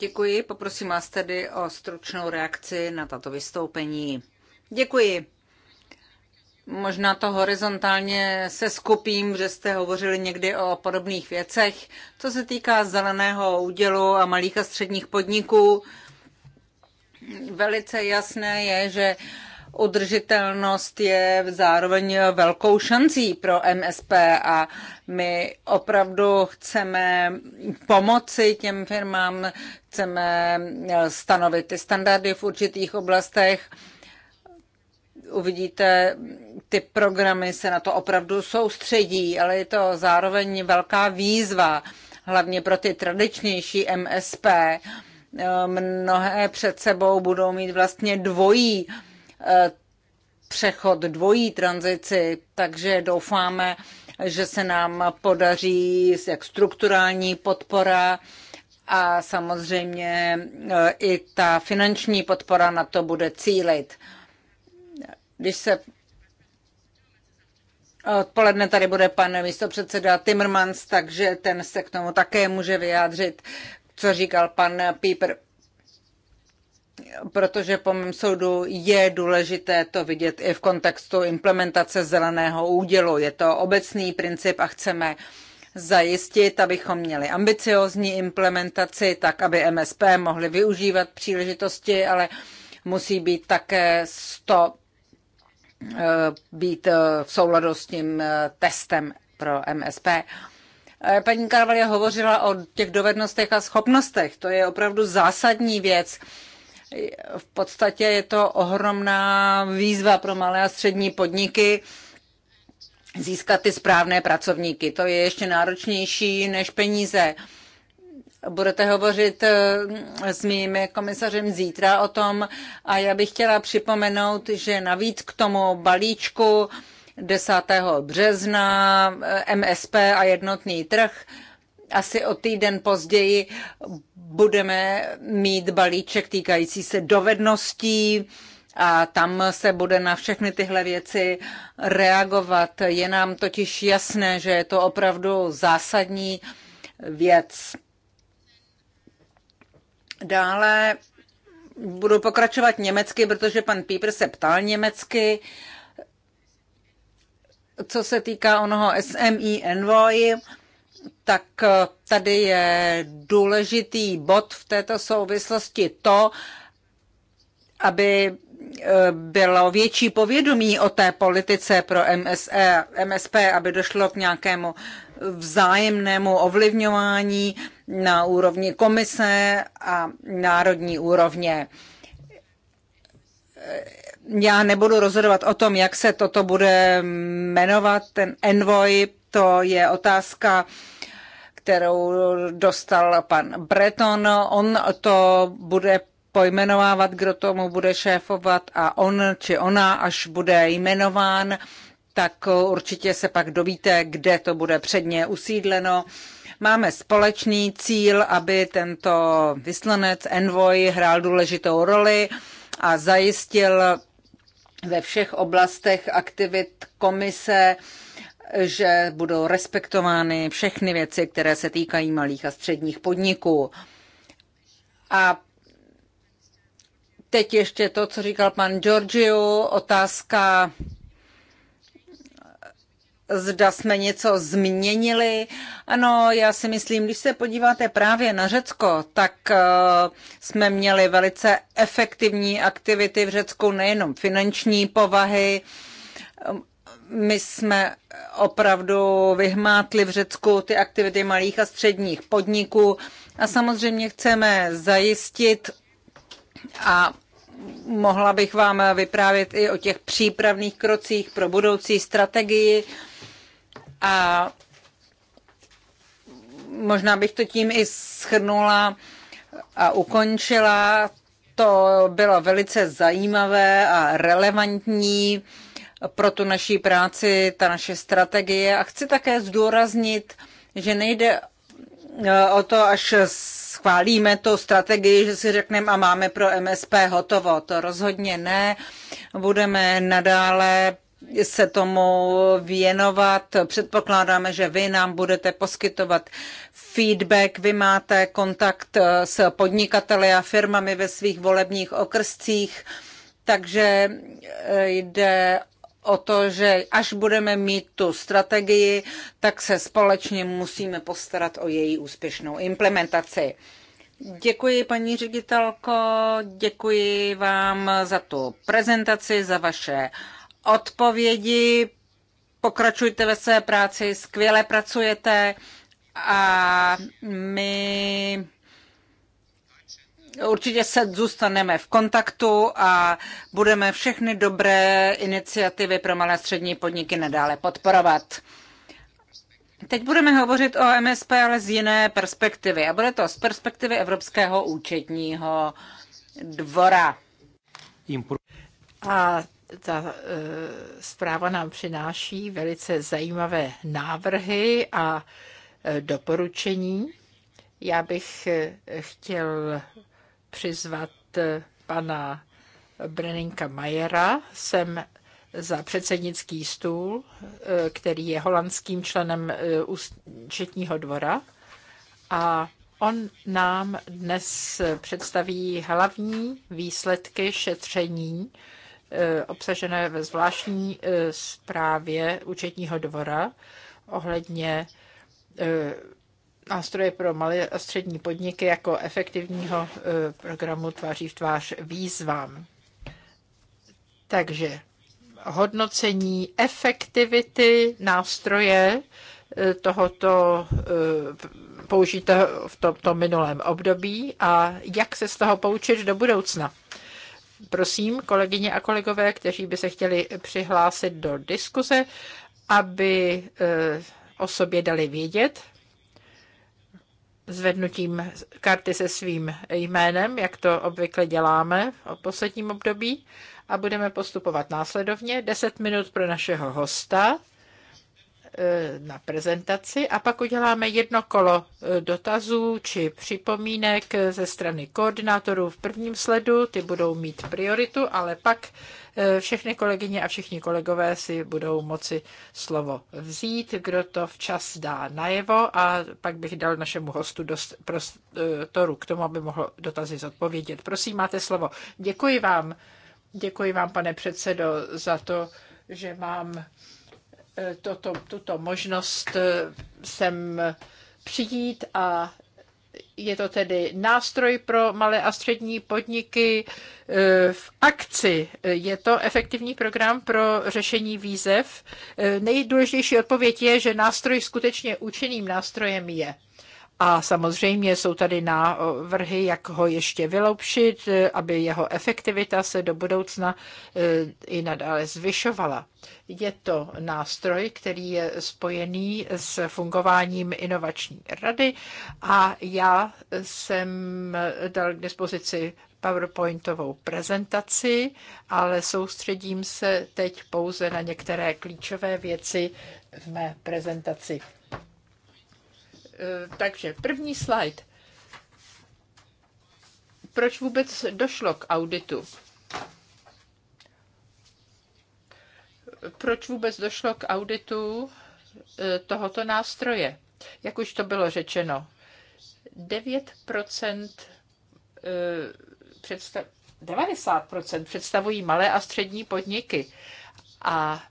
Děkuji, poprosím vás tedy o stručnou reakci na tato vystoupení. Děkuji. Možná to horizontálně se skupím, že jste hovořili někdy o podobných věcech. Co se týká zeleného údělu a malých a středních podniků, Velice jasné je, že udržitelnost je zároveň velkou šancí pro MSP a my opravdu chceme pomoci těm firmám, chceme eh, stanovit ty standardy v určitých oblastech. Uvidíte, ty programy se na to opravdu soustředí, ale je to zároveň velká výzva, hlavně pro ty tradičnější MSP mnohé před sebou budou mít vlastně dvojí eh, přechod, dvojí tranzici, takže doufáme, že se nám podaří jak strukturální podpora a samozřejmě eh, i ta finanční podpora na to bude cílit. Když se Odpoledne tady bude pan místopředseda Timmermans, takže ten se k tomu také může vyjádřit co říkal pan Píper, protože po mém soudu je důležité to vidět i v kontextu implementace zeleného údělu. Je to obecný princip a chceme zajistit, abychom měli ambiciozní implementaci, tak aby MSP mohly využívat příležitosti, ale musí být také 100 eh, být eh, v souladu s tím eh, testem pro MSP. Eh, paní Carvalho hovořila o těch dovednostech a schopnostech. To je opravdu zásadní věc. V podstatě je to ohromná výzva pro malé a střední podniky získat ty správné pracovníky. To je ještě náročnější než peníze. Budete hovořit eh, s mým komisařem zítra o tom a já bych chtěla připomenout, že navíc k tomu balíčku 10. března, eh, MSP a jednotný trh. Asi o týden později budeme mít balíček týkající se dovedností a tam se bude na všechny tyhle věci reagovat. Je nám totiž jasné, že je to opravdu zásadní věc. Dále budu pokračovat německy, protože pan Píper se ptal německy. Uh, co se týká onoho SMI Envoy, tak eh, tady je důležitý bod v této souvislosti to, aby eh, bylo větší povědomí o té politice pro MSE, MSP, aby došlo k nějakému vzájemnému ovlivňování na úrovni komise a národní úrovně já nebudu rozhodovat o tom, jak se toto bude jmenovat, ten envoy, to je otázka, kterou dostal pan Breton. On to bude pojmenovávat, kdo tomu bude šéfovat a on či ona, až bude jmenován, tak určitě se pak dovíte, kde to bude předně usídleno. Máme společný cíl, aby tento vyslanec, envoy, hrál důležitou roli a zajistil ve všech oblastech aktivit komise, že budou respektovány všechny věci, které se týkají malých a středních podniků. A teď ještě to, co říkal pan Giorgio, otázka zda jsme něco změnili. Ano, já si myslím, když se podíváte právě na Řecko, tak eh, jsme měli velice efektivní aktivity v Řecku, nejenom finanční povahy. My jsme opravdu vyhmátli v Řecku ty aktivity malých a středních podniků a samozřejmě chceme zajistit a mohla bych vám vyprávět i o těch přípravných krocích pro budoucí strategii. A možná bych to tím i schrnula a ukončila. To bylo velice zajímavé a relevantní pro tu naší práci, ta naše strategie. A chci také zdůraznit, že nejde e, o to, až schválíme tu strategii, že si řekneme a máme pro MSP hotovo. To rozhodně ne. Budeme nadále se tomu věnovat. Předpokládáme, že vy nám budete poskytovat feedback, vy máte kontakt s podnikateli a firmami ve svých volebních okrscích, takže eh, jde o to, že až budeme mít tu strategii, tak se společně musíme postarat o její úspěšnou implementaci. Děkuji, paní ředitelko, děkuji vám za tu prezentaci, za vaše odpovědi, pokračujte ve své práci, skvěle pracujete a my určitě se zůstaneme v kontaktu a budeme všechny dobré iniciativy pro malé střední podniky nadále podporovat. Teď budeme hovořit o MSP, ale z jiné perspektivy. A bude to z perspektivy Evropského účetního dvora. A ta e, zpráva nám přináší velice zajímavé návrhy a e, doporučení. Já bych e, chtěl přizvat pana Breninka Majera. Jsem za předsednický stůl, který je holandským členem účetního dvora. A on nám dnes představí hlavní výsledky šetření Eh, obsažené ve zvláštní eh, zprávě účetního dvora ohledně eh, nástroje pro malé a střední podniky jako efektivního programu tváří v tvář výzvám. Takže hodnocení efektivity nástroje tohoto použitého v tomto minulém období a jak se z toho poučit do budoucna. Prosím, kolegyně a kolegové, kteří by se chtěli přihlásit do diskuze, aby eh, o sobě dali vědět zvednutím karty se svým jménem, jak to obvykle děláme v posledním období. A budeme postupovat následovně. 10 minut pro našeho hosta, Eh, na prezentaci a pak uděláme jedno kolo eh, dotazů či připomínek eh, ze strany koordinátorů v prvním sledu. Ty budou mít prioritu, ale pak všechny kolegyně a všichni kolegové si budou moci slovo vzít, kdo to včas dá najevo a pak bych dal našemu hostu dost prostoru k tomu, aby mohl dotazy zodpovědět. Prosím, máte slovo. Děkuji vám. Děkuji vám, pane předsedo, za to, že mám toto, tuto možnost eh, sem přijít a je to tedy nástroj pro malé a střední podniky eh, v akci. Je to efektivní program pro řešení výzev. Eh, nejdůležitější odpověď je, že nástroj skutečně účinným nástrojem je. A samozřejmě jsou tady návrhy, jak ho ještě vylepšit, aby jeho efektivita se do budoucna e, i nadále zvyšovala. Je to nástroj, který je spojený s fungováním inovační rady a já jsem dal k dispozici PowerPointovou prezentaci, ale soustředím se teď pouze na některé klíčové věci v mé prezentaci. Eh, takže první slide. Proč vůbec došlo k auditu? Proč vůbec došlo k auditu eh, tohoto nástroje? Jak už to bylo řečeno, 9 eh, představ, 90 představují malé a střední podniky. A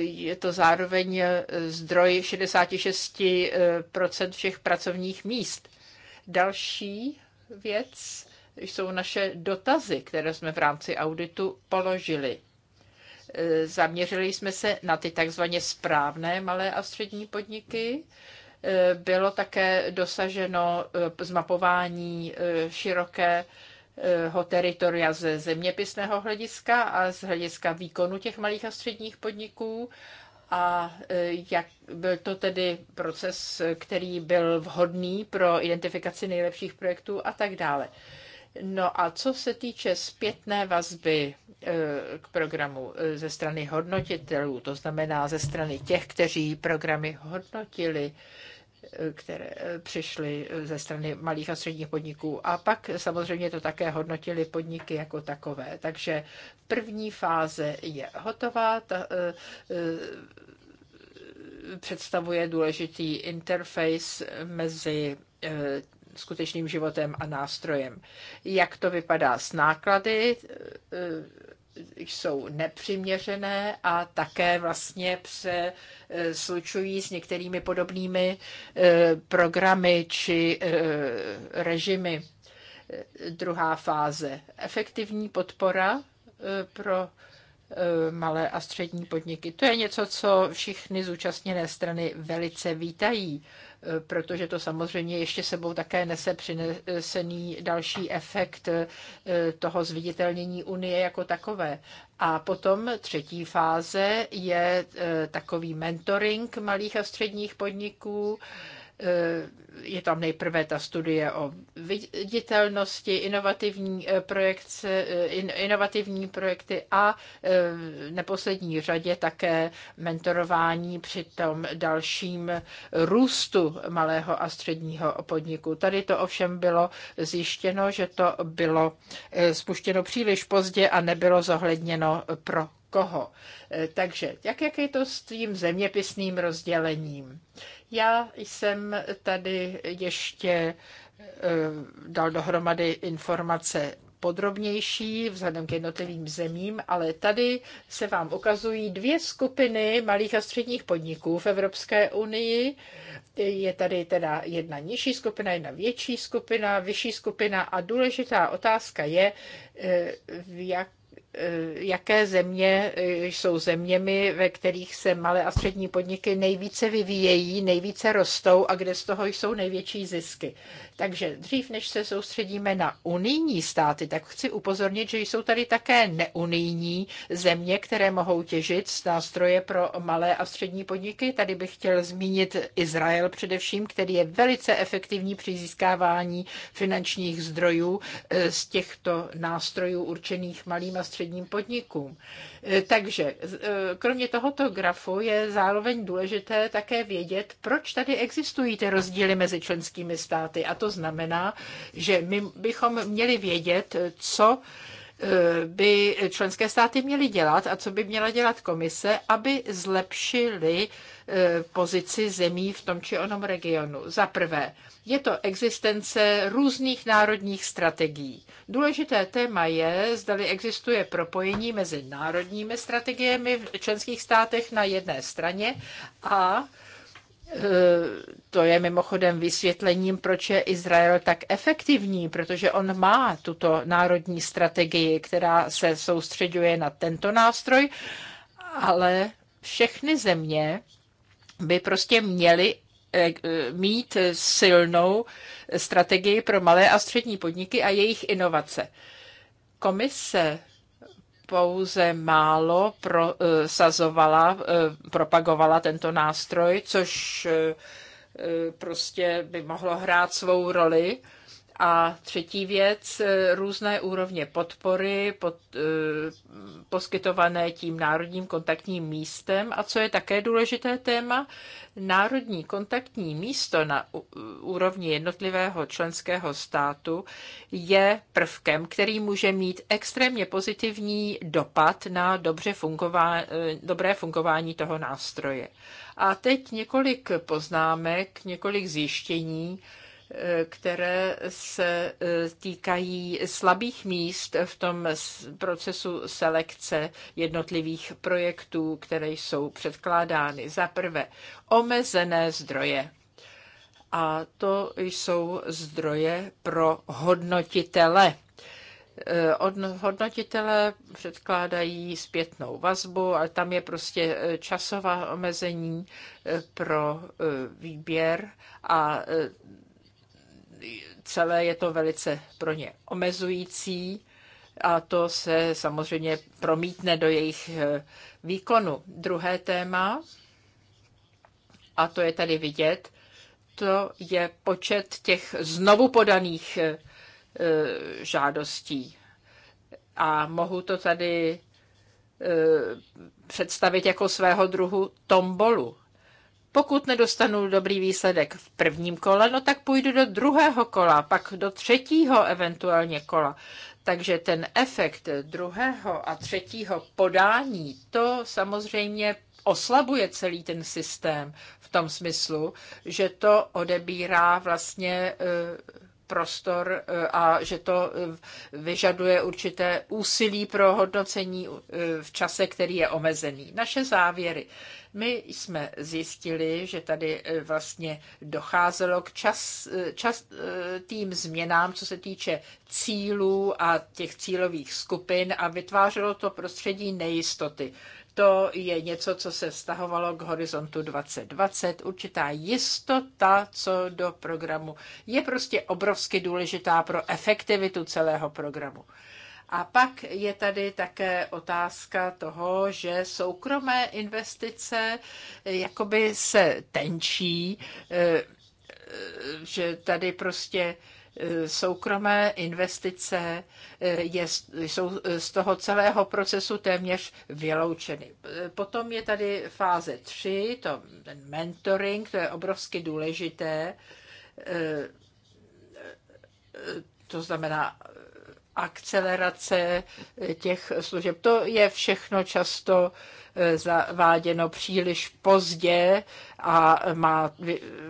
je to zároveň eh, zdroj 66 eh, všech pracovních míst. Další věc jsou naše dotazy, které jsme v rámci auditu položili. Eh, zaměřili jsme se na ty takzvaně správné malé a střední podniky. Bylo také dosaženo zmapování široké jeho eh, teritoria ze zeměpisného hlediska a z hlediska výkonu těch malých a středních podniků a eh, jak byl to tedy proces, který byl vhodný pro identifikaci nejlepších projektů a tak dále. No a co se týče zpětné vazby eh, k programu ze strany hodnotitelů, to znamená ze strany těch, kteří programy hodnotili, které eh, přišly eh, ze strany malých a středních podniků. A pak samozřejmě to také hodnotili podniky jako takové. Takže první fáze je hotová. Ta, eh, představuje důležitý interface mezi skutečným životem a nástrojem. Jak to vypadá s náklady, jsou nepřiměřené a také vlastně se slučují s některými podobnými eh, programy či eh, režimy. Eh, druhá fáze. Efektivní podpora pro Eh, malé a střední podniky. To je něco, co všichni zúčastněné strany velice vítají, eh, protože to samozřejmě ještě sebou také nese přinesený další efekt eh, toho zviditelnění Unie jako takové. A potom třetí fáze je takový mentoring malých a středních podniků, Eh, je tam nejprve ta studie o viditelnosti, inovativní, eh, projekce, eh, inovativní projekty a v neposlední řadě také mentorování při tom dalším růstu malého a středního podniku. Tady to ovšem bylo zjištěno, že to bylo spuštěno příliš pozdě a nebylo zohledněno pro koho. Eh, takže jak, jak je to s tím zeměpisným rozdělením? Já jsem tady ještě eh, dal dohromady informace podrobnější vzhledem k jednotlivým zemím, ale tady se vám ukazují dvě skupiny malých a středních podniků v Evropské unii. Je tady teda jedna nižší skupina, jedna větší skupina, vyšší skupina a důležitá otázka je, eh, v jak jaké země eh, jsou zeměmi, ve kterých se malé a střední podniky nejvíce vyvíjejí, nejvíce rostou a kde z toho jsou největší zisky. Takže dřív, než se soustředíme na unijní státy, tak chci upozornit, že jsou tady také neunijní země, které mohou těžit z nástroje pro malé a střední podniky. Tady bych chtěl zmínit Izrael především, který je velice efektivní při získávání finančních zdrojů eh, z těchto nástrojů určených malým a středním podnikům. Eh, takže eh, kromě tohoto grafu je zároveň důležité také vědět, proč tady existují ty rozdíly mezi členskými státy. A to to znamená, že my bychom měli vědět, co e, by členské státy měly dělat a co by měla dělat komise, aby zlepšili e, pozici zemí v tom či onom regionu. Za prvé, je to existence různých národních strategií. Důležité téma je, zdali existuje propojení mezi národními strategiemi v členských státech na jedné straně a Eh, to je mimochodem vysvětlením, proč je Izrael tak efektivní, protože on má tuto národní strategii, která se soustředuje na tento nástroj, ale všechny země by prostě měly eh, mít silnou strategii pro malé a střední podniky a jejich inovace. Komise pouze málo prosazovala, eh, propagovala tento nástroj, což eh, eh, prostě by mohlo hrát svou roli a třetí věc, e, různé úrovně podpory pod, e, poskytované tím národním kontaktním místem. A co je také důležité téma, národní kontaktní místo na úrovni jednotlivého členského státu je prvkem, který může mít extrémně pozitivní dopad na dobře fungová, e, dobré fungování toho nástroje. A teď několik poznámek, několik zjištění, které se eh, týkají slabých míst v tom procesu selekce jednotlivých projektů, které jsou předkládány. Za prvé, omezené zdroje. A to jsou zdroje pro hodnotitele. Eh, Hodnotitelé předkládají zpětnou vazbu, ale tam je prostě eh, časová omezení pro výběr a celé je to velice pro ně omezující a to se samozřejmě promítne do jejich eh, výkonu. Druhé téma, a to je tady vidět, to je počet těch znovu podaných eh, eh, žádostí. A mohu to tady představit jako svého druhu tombolu. Pokud nedostanu dobrý výsledek v prvním kole, no tak půjdu do druhého kola, pak do třetího eventuálně kola. Takže ten efekt druhého a třetího podání, to samozřejmě oslabuje celý ten systém v tom smyslu, že to odebírá vlastně eh, prostor eh, a že to eh, vyžaduje určité úsilí pro hodnocení eh, v čase, který je omezený. Naše závěry. My jsme zjistili, že tady vlastně docházelo k čas, čas tým změnám, co se týče cílů a těch cílových skupin a vytvářelo to prostředí nejistoty to je něco, co se stahovalo k horizontu 2020. Určitá jistota co do programu je prostě obrovsky důležitá pro efektivitu celého programu. A pak je tady také otázka toho, že soukromé investice jakoby se tenčí, eh, že tady prostě Eh, soukromé investice eh, je, jsou eh, z toho celého procesu téměř vyloučeny. Potom je tady fáze 3, to, ten mentoring, to je obrovsky důležité. To znamená akcelerace těch služeb. To je všechno často zaváděno příliš pozdě a má,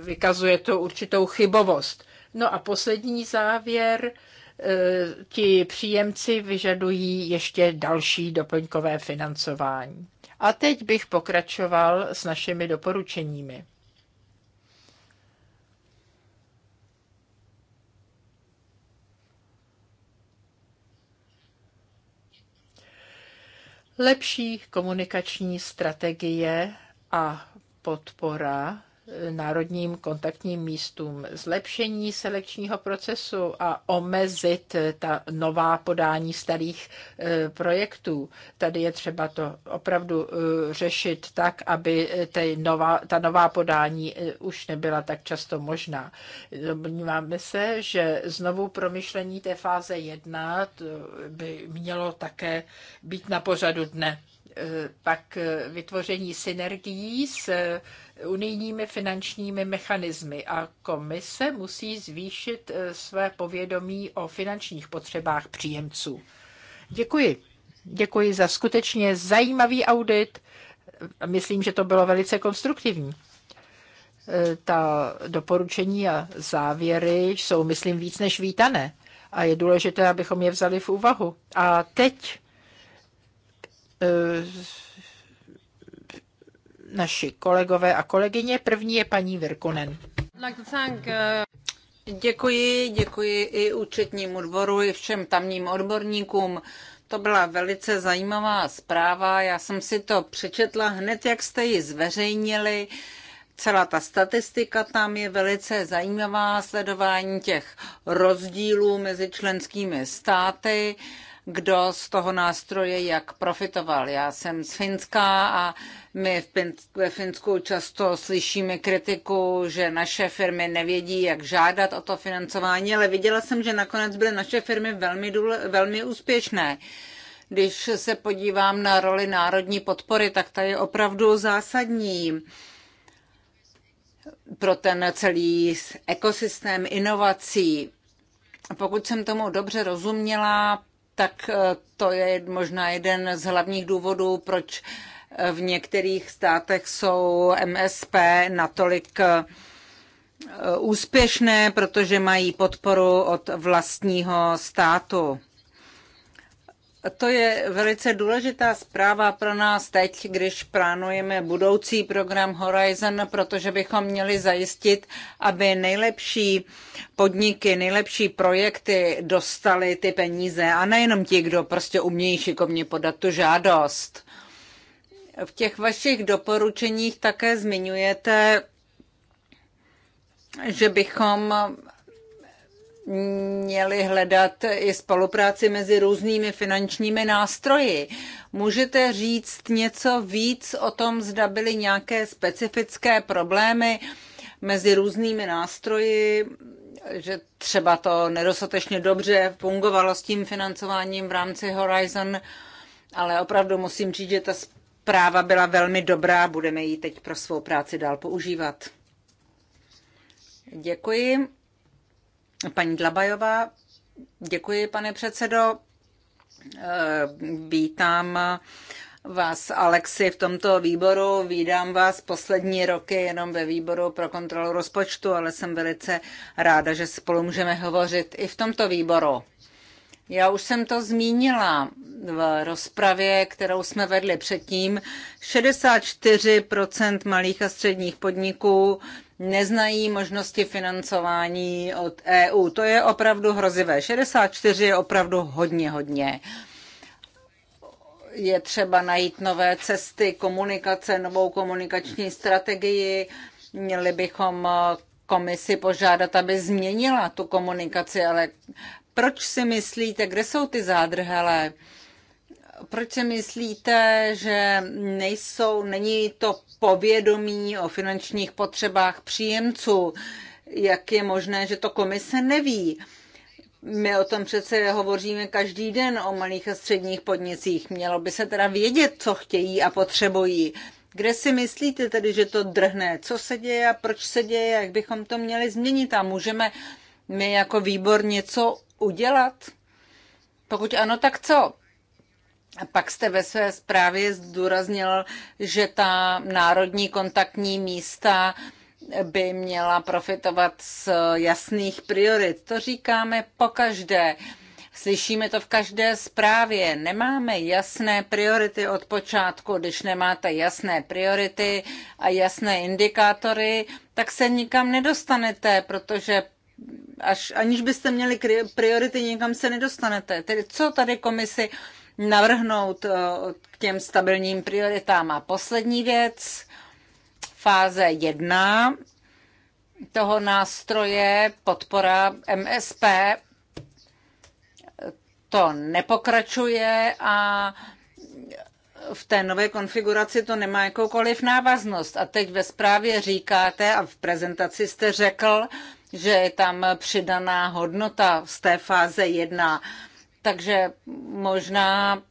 vykazuje to určitou chybovost. No a poslední závěr, e, ti příjemci vyžadují ještě další doplňkové financování. A teď bych pokračoval s našimi doporučeními. Lepší komunikační strategie a podpora národním kontaktním místům, zlepšení selekčního procesu a omezit ta nová podání starých eh, projektů. Tady je třeba to opravdu eh, řešit tak, aby eh, ta nová, ta nová podání už nebyla tak často možná. Domníváme se, že znovu promyšlení té fáze 1 by mělo také být na pořadu dne pak vytvoření synergií s unijními finančními mechanismy a komise musí zvýšit eh, své povědomí o finančních potřebách příjemců. Děkuji. Děkuji za skutečně zajímavý audit. Myslím, že to bylo velice konstruktivní eh, ta doporučení a závěry jsou, myslím, víc než vítané. A je důležité, abychom je vzali v úvahu. A teď Eh, naši kolegové a kolegyně. První je paní Virkonen. Děkuji, děkuji i účetnímu dvoru, i všem tamním odborníkům. To byla velice zajímavá zpráva. Já jsem si to přečetla hned, jak jste ji zveřejnili. Celá ta statistika tam je velice zajímavá, sledování těch rozdílů mezi členskými státy. Uh, kdo z toho nástroje jak profitoval. Já jsem z Finska a my ve Finsku často slyšíme kritiku, že naše firmy nevědí, jak žádat o to financování, ale viděla jsem, že nakonec byly naše firmy velmi, důle, velmi úspěšné. Když se podívám na roli národní podpory, tak ta je opravdu zásadní pro ten celý ekosystém inovací. Pokud jsem tomu dobře rozuměla, tak eh, to je možná jeden z hlavních důvodů, proč eh, v některých státech jsou MSP natolik eh, úspěšné, protože mají podporu od vlastního státu. To je velice důležitá zpráva pro nás teď, když plánujeme budoucí program Horizon, protože bychom měli zajistit, aby nejlepší podniky, nejlepší projekty dostaly ty peníze a nejenom ti, kdo prostě umějí šikovně podat tu žádost. V těch vašich doporučeních také zmiňujete, že bychom měli hledat i spolupráci mezi různými finančními nástroji. Můžete říct něco víc o tom, zda byly nějaké specifické problémy mezi různými nástroji, že třeba to nedostatečně dobře fungovalo s tím financováním v rámci Horizon, ale opravdu musím říct, že ta zpráva byla velmi dobrá, budeme ji teď pro svou práci dál používat. Děkuji. Paní Dlabajová, děkuji, pane předsedo. Eh, vítám vás, Alexi, v tomto výboru. Vídám vás poslední roky jenom ve výboru pro kontrolu rozpočtu, ale jsem velice ráda, že spolu můžeme hovořit i v tomto výboru. Já už jsem to zmínila v rozpravě, kterou jsme vedli předtím. 64% malých a středních podniků neznají možnosti financování od EU. To je opravdu hrozivé. 64 je opravdu hodně, hodně. Je třeba najít nové cesty komunikace, novou komunikační strategii. Měli bychom eh, komisi požádat, aby změnila tu komunikaci, ale proč si myslíte, kde jsou ty zádrhelé? proč si myslíte, že nejsou, není to povědomí o finančních potřebách příjemců? Jak je možné, že to komise neví? My o tom přece hovoříme každý den o malých a středních podnicích. Mělo by se teda vědět, co chtějí a potřebují. Kde si myslíte tedy, že to drhne? Co se děje a proč se děje? Jak bychom to měli změnit? A můžeme my jako výbor něco udělat? Pokud ano, tak co? A pak jste ve své zprávě zdůraznil, že ta národní kontaktní místa by měla profitovat z jasných priorit. To říkáme po každé. Slyšíme to v každé zprávě. Nemáme jasné priority od počátku. Když nemáte jasné priority a jasné indikátory, tak se nikam nedostanete, protože až, aniž byste měli priority, nikam se nedostanete. Tedy co tady komisi navrhnout eh, k těm stabilním prioritám. A poslední věc, fáze 1 toho nástroje podpora MSP, to nepokračuje a v té nové konfiguraci to nemá jakoukoliv návaznost. A teď ve zprávě říkáte a v prezentaci jste řekl, že je tam přidaná hodnota z té fáze 1. Takže možná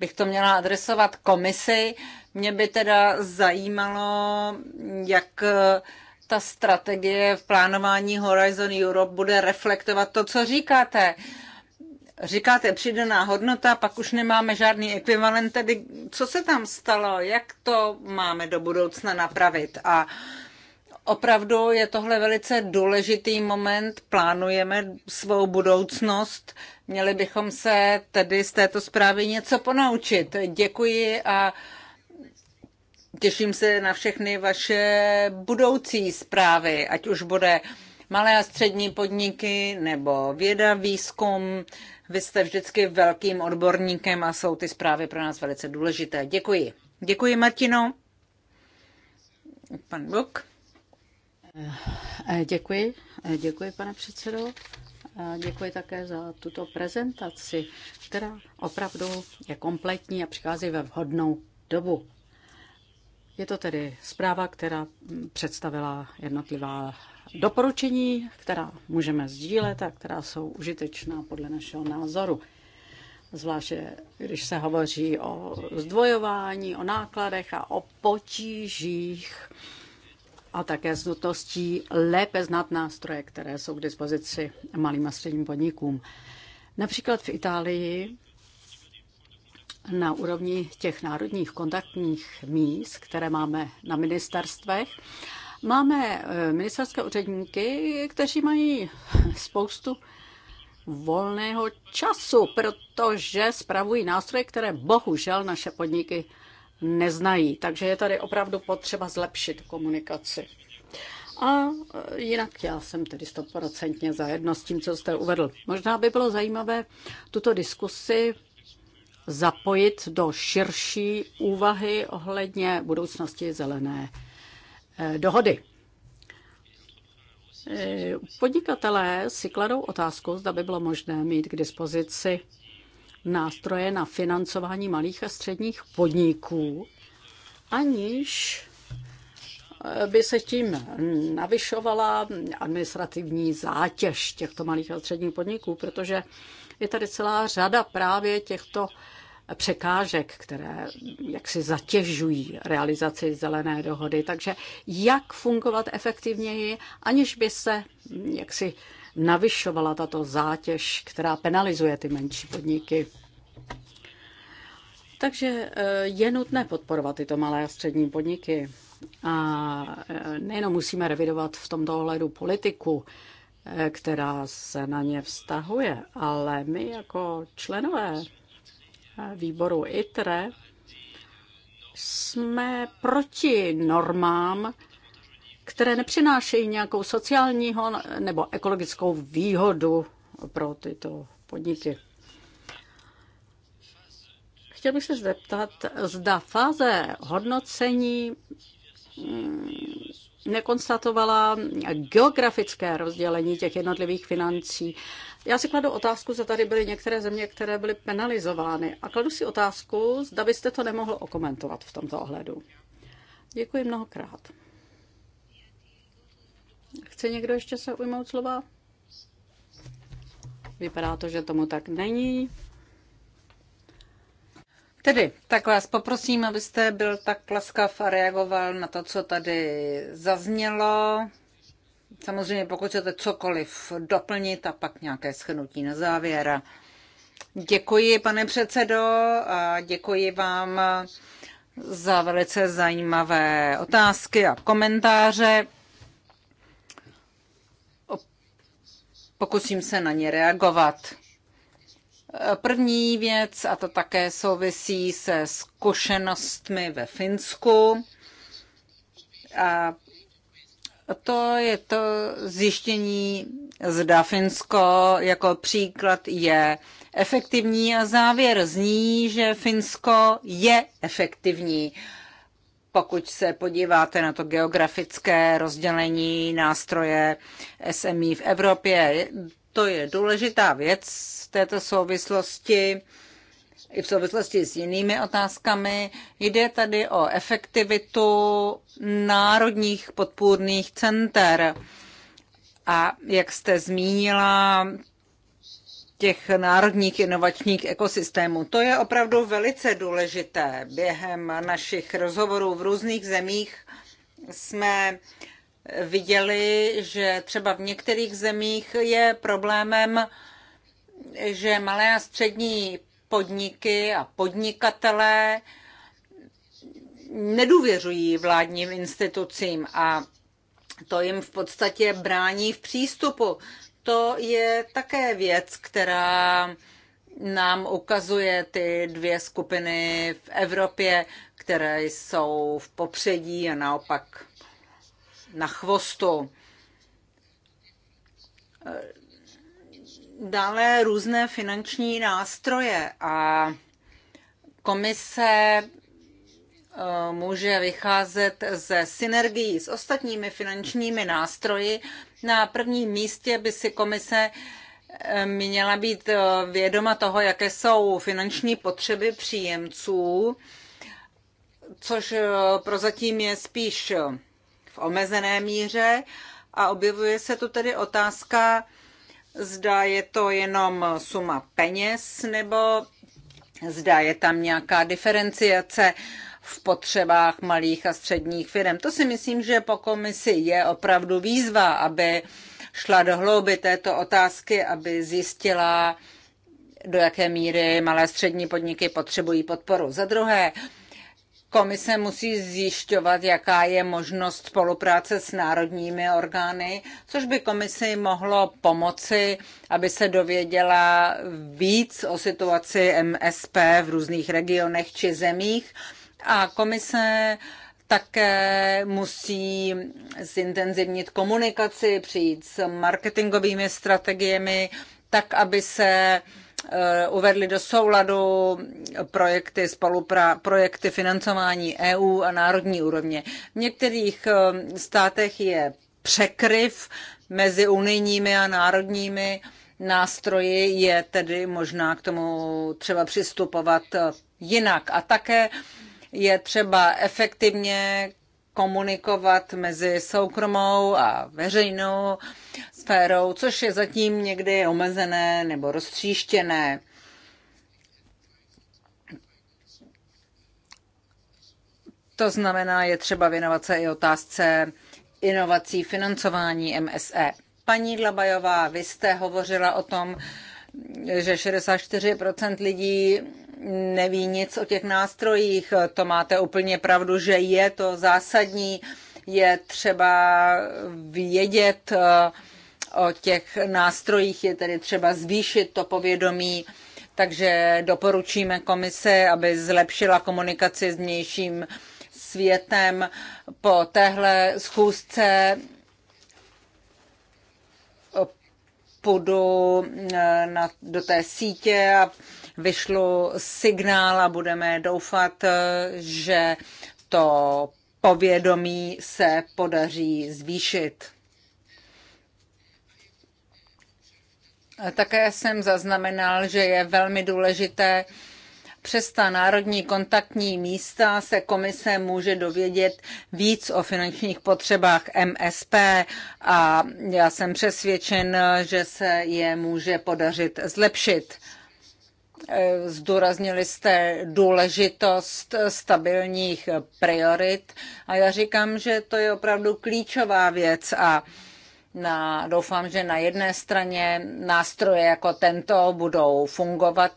bych to měla adresovat komisi. Mě by teda zajímalo, jak eh, ta strategie v plánování Horizon Europe bude reflektovat to, co říkáte. Říkáte přidaná hodnota, pak už nemáme žádný ekvivalent, tedy co se tam stalo, jak to máme do budoucna napravit. A uh, Opravdu je tohle velice důležitý moment, plánujeme svou budoucnost, měli bychom se tedy z této zprávy něco ponaučit. Děkuji a těším se na všechny vaše budoucí zprávy, ať už bude malé a střední podniky nebo věda, výzkum. Vy jste vždycky velkým odborníkem a jsou ty zprávy pro nás velice důležité. Děkuji. Děkuji, Martino. Pan Buk. Eh, eh, děkuji, eh, děkuji pane předsedo. děkuji také za tuto prezentaci, která opravdu je kompletní a přichází ve vhodnou dobu. Je to tedy zpráva, která hm, představila jednotlivá doporučení, která můžeme sdílet a která jsou užitečná podle našeho názoru. Zvláště když se hovoří o zdvojování, o nákladech a o potížích a také s nutností lépe znát nástroje, které jsou k dispozici malým a středním podnikům. Například v Itálii na úrovni těch národních kontaktních míst, které máme na ministerstvech, máme eh, ministerské úředníky, kteří mají spoustu volného času, protože spravují nástroje, které bohužel naše podniky neznají. Takže je tady opravdu potřeba zlepšit komunikaci. A e, jinak já jsem tedy stoprocentně zajedno s tím, co jste uvedl. Možná by bylo zajímavé tuto diskusi zapojit do širší úvahy ohledně budoucnosti zelené e, dohody. E, podnikatelé si kladou otázku, zda by bylo možné mít k dispozici nástroje na financování malých a středních podniků, aniž by se tím navyšovala administrativní zátěž těchto malých a středních podniků, protože je tady celá řada právě těchto překážek, které jaksi zatěžují realizaci zelené dohody. Takže jak fungovat efektivněji, aniž by se jaksi navyšovala tato zátěž, která penalizuje ty menší podniky. Takže eh, je nutné podporovat tyto malé a střední podniky. A eh, nejenom musíme revidovat v tomto ohledu politiku, eh, která se na ně vztahuje, ale my jako členové výboru ITRE jsme proti normám, které nepřinášejí nějakou sociálního nebo ekologickou výhodu pro tyto podniky. Chtěl bych se zeptat, zda fáze hodnocení mm, nekonstatovala geografické rozdělení těch jednotlivých financí. Já si kladu otázku, zda tady byly některé země, které byly penalizovány. A kladu si otázku, zda byste to nemohl okomentovat v tomto ohledu. Děkuji mnohokrát. Chce někdo ještě se ujmout slova? Vypadá to, že tomu tak není. Tedy, tak vás poprosím, abyste byl tak laskav a reagoval na to, co tady zaznělo. Samozřejmě, pokud chcete cokoliv doplnit a pak nějaké schrnutí na závěr. Děkuji, pane předsedo, a děkuji vám za velice zajímavé otázky a komentáře. Pokusím se na ně reagovat. První věc, a to také souvisí se zkušenostmi ve Finsku, a to je to zjištění, zda Finsko jako příklad je efektivní a závěr zní, že Finsko je efektivní. Uh, pokud se podíváte na to geografické rozdělení nástroje SMI v Evropě, to je důležitá věc v této souvislosti i v souvislosti s jinými otázkami. Jde tady o efektivitu národních podpůrných center. A jak jste zmínila, těch národních inovačních ekosystémů. To je opravdu velice důležité. Během našich rozhovorů v různých zemích jsme viděli, že třeba v některých zemích je problémem, že malé a střední podniky a podnikatelé nedůvěřují vládním institucím a to jim v podstatě brání v přístupu to je také věc, která nám ukazuje ty dvě skupiny v Evropě, které jsou v popředí a naopak na chvostu. Dále různé finanční nástroje a komise Eh, může vycházet ze synergií s ostatními finančními nástroji. Na prvním místě by si komise eh, měla být eh, vědoma toho, jaké jsou finanční potřeby příjemců, což prozatím je spíš v omezené míře. A objevuje se tu tedy otázka, zda je to jenom suma peněz, nebo zda je tam nějaká diferenciace v potřebách malých a středních firm. To si myslím, že po komisi je opravdu výzva, aby šla do hlouby této otázky, aby zjistila, do jaké míry malé a střední podniky potřebují podporu. Za druhé, Komise musí zjišťovat, jaká je možnost spolupráce s národními orgány, což by komisi mohlo pomoci, aby se dověděla víc o situaci MSP v různých regionech či zemích a komise také musí zintenzivnit komunikaci, přijít s marketingovými strategiemi, tak, aby se eh, uvedly do souladu projekty, spolupra- projekty financování EU a národní úrovně. V některých eh, státech je překryv mezi unijními a národními nástroji, je tedy možná k tomu třeba přistupovat eh, jinak. A také je třeba efektivně komunikovat mezi soukromou a veřejnou sférou, což je zatím někdy omezené nebo roztříštěné. To znamená, je třeba věnovat se i otázce inovací financování MSE. Paní Dlabajová, vy jste hovořila o tom, že 64% lidí neví nic o těch nástrojích. To máte úplně pravdu, že je to zásadní. Je třeba vědět eh, o těch nástrojích, je tedy třeba zvýšit to povědomí. Takže doporučíme komise, aby zlepšila komunikaci s vnějším světem. Po téhle schůzce půjdu eh, na, do té sítě a vyšlu signál a budeme doufat, eh, že to povědomí se podaří zvýšit. Také jsem zaznamenal, že je velmi důležité, přes ta národní kontaktní místa se komise může dovědět víc o finančních potřebách MSP a já jsem přesvědčen, že se je může podařit zlepšit. Eh, zdůraznili jste důležitost stabilních priorit a já říkám, že to je opravdu klíčová věc a na, doufám, že na jedné straně nástroje jako tento budou fungovat.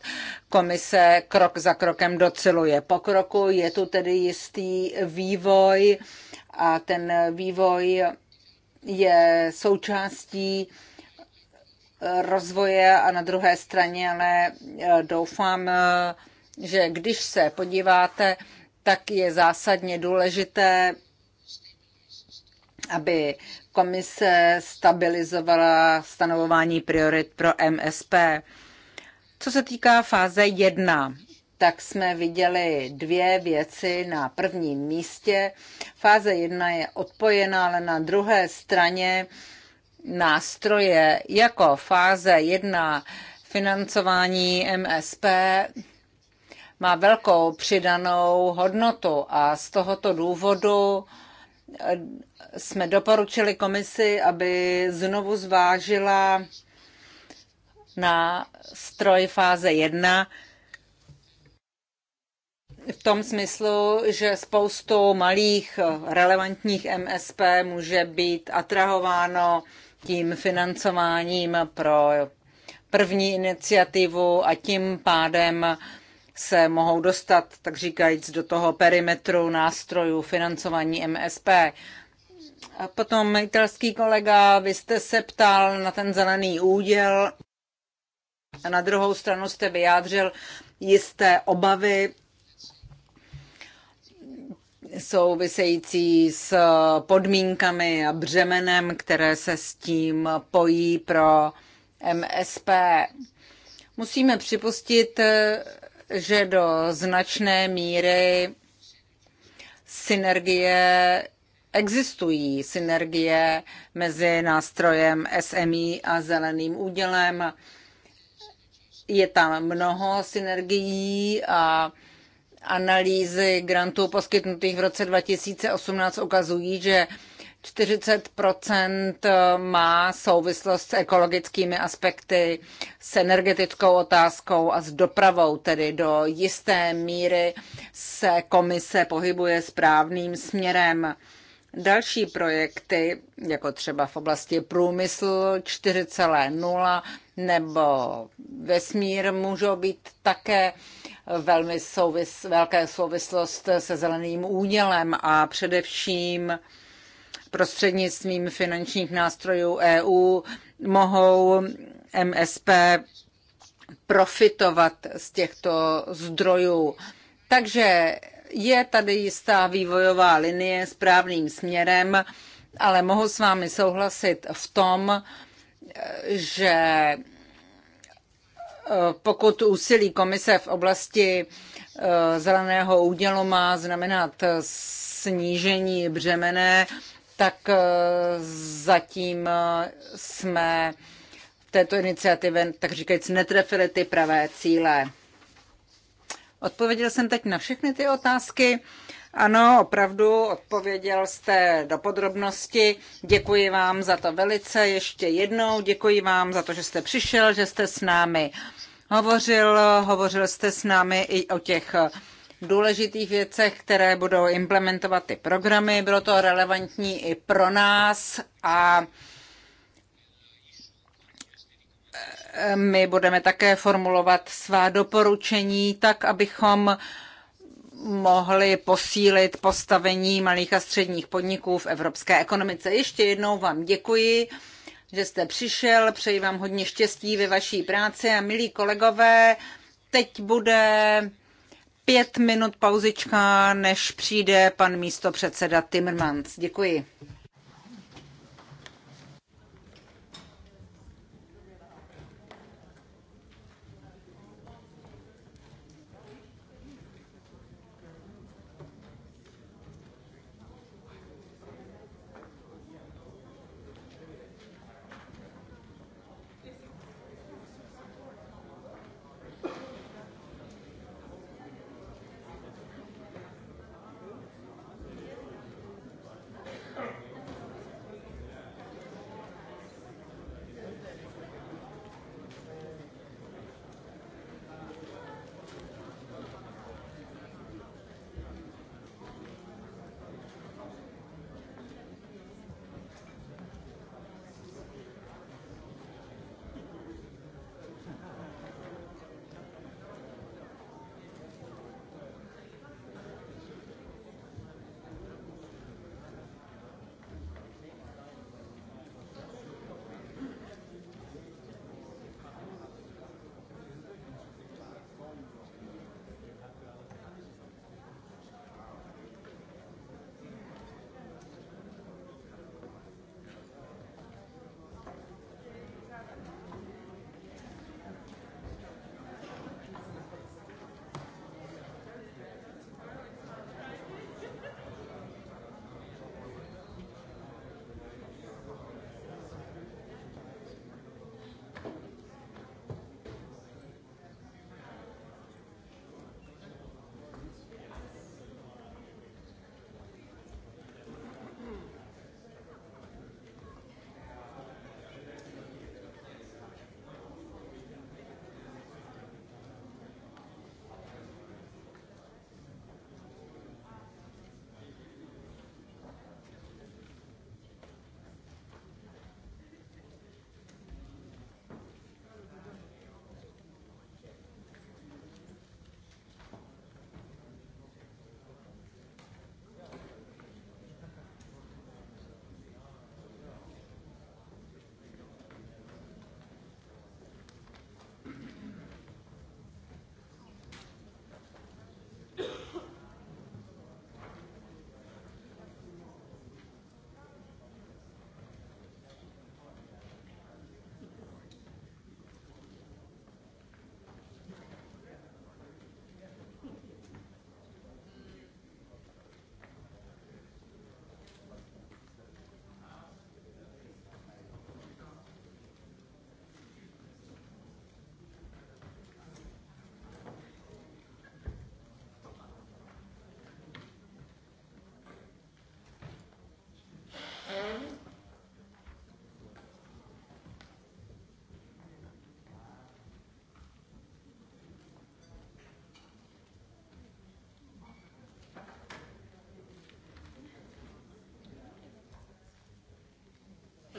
Komise krok za krokem doceluje pokroku, je tu tedy jistý vývoj a ten vývoj je součástí rozvoje a na druhé straně ale eh, doufám, eh, že když se podíváte, tak je zásadně důležité, aby komise stabilizovala stanovování priorit pro MSP. Co se týká fáze 1, tak jsme viděli dvě věci na prvním místě. Fáze 1 je odpojená, ale na druhé straně nástroje jako fáze 1 financování MSP má velkou přidanou hodnotu a z tohoto důvodu eh, jsme doporučili komisi, aby znovu zvážila na stroj fáze 1 v tom smyslu, že spoustu malých eh, relevantních MSP může být atrahováno tím financováním pro první iniciativu a tím pádem se mohou dostat, tak říkajíc, do toho perimetru nástrojů financování MSP. A potom italský kolega, vy jste se ptal na ten zelený úděl a na druhou stranu jste vyjádřil jisté obavy související s podmínkami a břemenem, které se s tím pojí pro MSP. Musíme připustit, že do značné míry synergie existují, synergie mezi nástrojem SMI a zeleným údělem. Je tam mnoho synergií a Analýzy grantů poskytnutých v roce 2018 ukazují, že 40 má souvislost s ekologickými aspekty, s energetickou otázkou a s dopravou, tedy do jisté míry se komise pohybuje správným směrem. Další projekty, jako třeba v oblasti průmysl 4.0 nebo vesmír, můžou být také velmi souvis, velké souvislost se zeleným údělem a především prostřednictvím finančních nástrojů EU mohou MSP profitovat z těchto zdrojů. Takže je tady jistá vývojová linie správným směrem, ale mohu s vámi souhlasit v tom, že pokud úsilí komise v oblasti eh, zeleného údělu má znamenat snížení břemene, tak eh, zatím eh, jsme v této iniciativě, tak říkajíc, netrefili ty pravé cíle. Odpověděl jsem teď na všechny ty otázky. Ano, opravdu odpověděl jste do podrobnosti. Děkuji vám za to velice ještě jednou. Děkuji vám za to, že jste přišel, že jste s námi hovořil. Hovořil jste s námi i o těch důležitých věcech, které budou implementovat ty programy. Bylo to relevantní i pro nás a eh, my budeme také formulovat svá doporučení tak, abychom mohli posílit postavení malých a středních podniků v evropské ekonomice. Ještě jednou vám děkuji, že jste přišel, přeji vám hodně štěstí ve vaší práci a milí kolegové, teď bude pět minut pauzička, než přijde pan místo předseda Timmermans. Děkuji.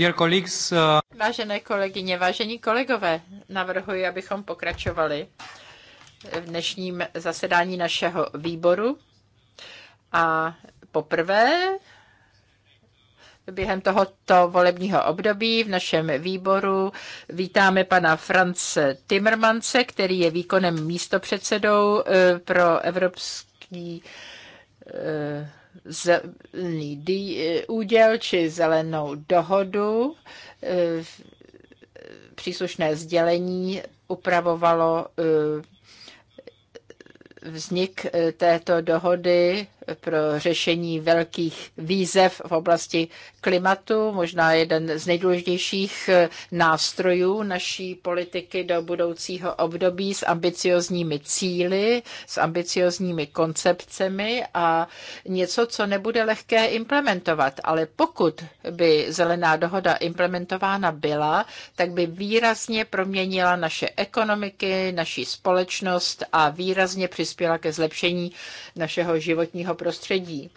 Uh, Vážené kolegyně, vážení kolegové, navrhuji, abychom pokračovali v dnešním zasedání našeho výboru. A poprvé během tohoto volebního období v našem výboru vítáme pana France Timmermanse, který je výkonem místopředsedou eh, pro Evropský eh, zelený eh, úděl či zelenou dohodu. Eh, příslušné sdělení upravovalo eh, vznik této dohody pro řešení velkých výzev v oblasti klimatu, možná jeden z nejdůležitějších eh, nástrojů naší politiky do budoucího období s ambiciozními cíly, s ambiciozními koncepcemi a něco, co nebude lehké implementovat. Ale pokud by zelená dohoda implementována byla, tak by výrazně proměnila naše ekonomiky, naší společnost a výrazně přispěla ke zlepšení našeho životního prostředí.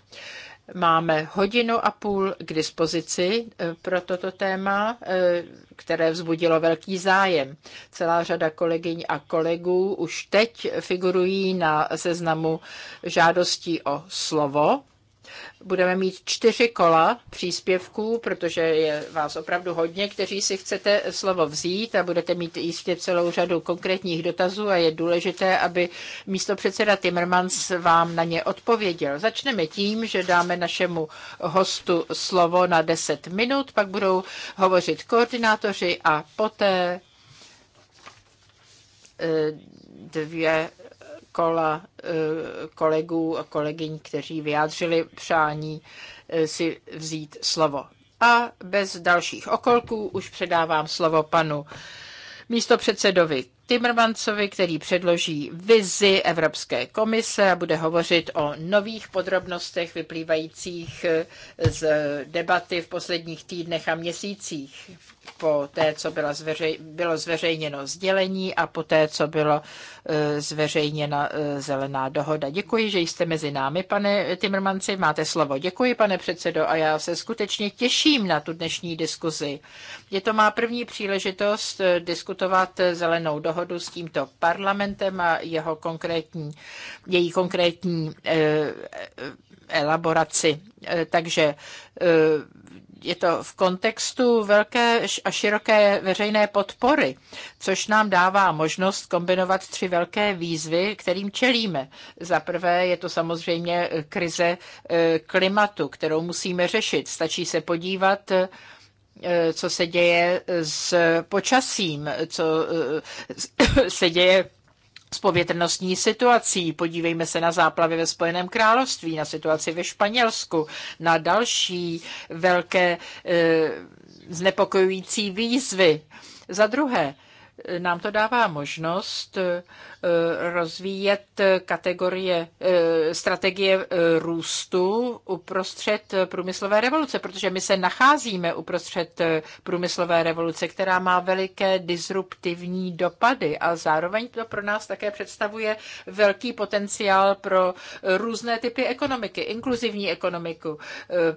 Máme hodinu a půl k dispozici eh, pro toto téma, eh, které vzbudilo velký zájem. Celá řada kolegyň a kolegů už teď figurují na seznamu žádostí o slovo Budeme mít čtyři kola příspěvků, protože je vás opravdu hodně, kteří si chcete slovo vzít a budete mít jistě celou řadu konkrétních dotazů a je důležité, aby místo předseda Timmermans vám na ně odpověděl. Začneme tím, že dáme našemu hostu slovo na 10 minut, pak budou hovořit koordinátoři a poté eh, dvě kola eh, kolegů a kolegyň, kteří vyjádřili přání eh, si vzít slovo. A bez dalších okolků už předávám slovo panu místo předsedovi Timmermansovi, který předloží vizi Evropské komise a bude hovořit o nových podrobnostech vyplývajících eh, z debaty v posledních týdnech a měsících po té, co bylo, zveřej, bylo zveřejněno sdělení a po té, co bylo e, zveřejněna e, zelená dohoda. Děkuji, že jste mezi námi, pane Timmermanci. Máte slovo. Děkuji, pane předsedo, a já se skutečně těším na tu dnešní diskuzi. Je to má první příležitost e, diskutovat zelenou dohodu s tímto parlamentem a jeho konkrétní, její konkrétní eh, elaboraci. Takže eh, je to v kontextu velké a široké veřejné podpory, což nám dává možnost kombinovat tři velké výzvy, kterým čelíme. Za prvé je to samozřejmě eh, krize eh, klimatu, kterou musíme řešit. Stačí se podívat eh, co se děje s počasím, co se děje s povětrnostní situací. Podívejme se na záplavy ve Spojeném království, na situaci ve Španělsku, na další velké e, znepokojující výzvy. Za druhé, nám to dává možnost eh, rozvíjet kategorie eh, strategie eh, růstu uprostřed průmyslové revoluce, protože my se nacházíme uprostřed průmyslové revoluce, která má veliké disruptivní dopady a zároveň to pro nás také představuje velký potenciál pro různé typy ekonomiky, inkluzivní ekonomiku,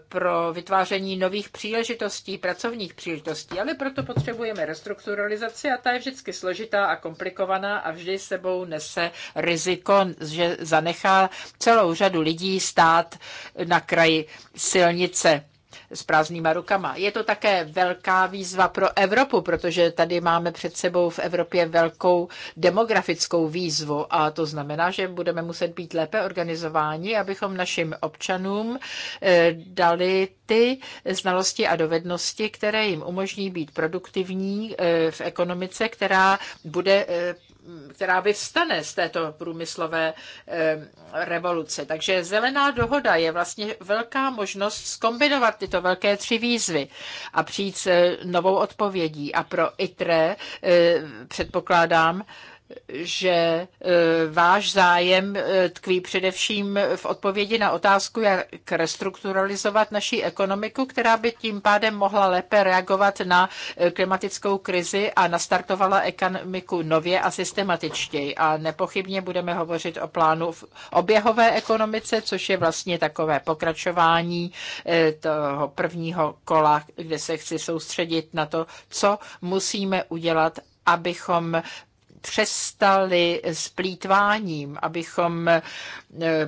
pro vytváření nových příležitostí, pracovních příležitostí, ale proto potřebujeme restrukturalizaci a ta je vždy vždycky složitá a komplikovaná a vždy sebou nese riziko, že zanechá celou řadu lidí stát na kraji silnice s prázdnýma rukama. Je to také velká výzva pro Evropu, protože tady máme před sebou v Evropě velkou demografickou výzvu a to znamená, že budeme muset být lépe organizováni, abychom našim občanům eh, dali ty znalosti a dovednosti, které jim umožní být produktivní eh, v ekonomice, která bude eh, která vyvstane z této průmyslové eh, revoluce. Takže zelená dohoda je vlastně velká možnost skombinovat tyto velké tři výzvy a přijít s novou odpovědí. A pro ITRE eh, předpokládám, že e, váš zájem e, tkví především v odpovědi na otázku, jak restrukturalizovat naší ekonomiku, která by tím pádem mohla lépe reagovat na e, klimatickou krizi a nastartovala ekonomiku nově a systematičtěji. A nepochybně budeme hovořit o plánu v oběhové ekonomice, což je vlastně takové pokračování toho prvního kola, kde se chci soustředit na to, co musíme udělat abychom přestali s plítváním, abychom eh,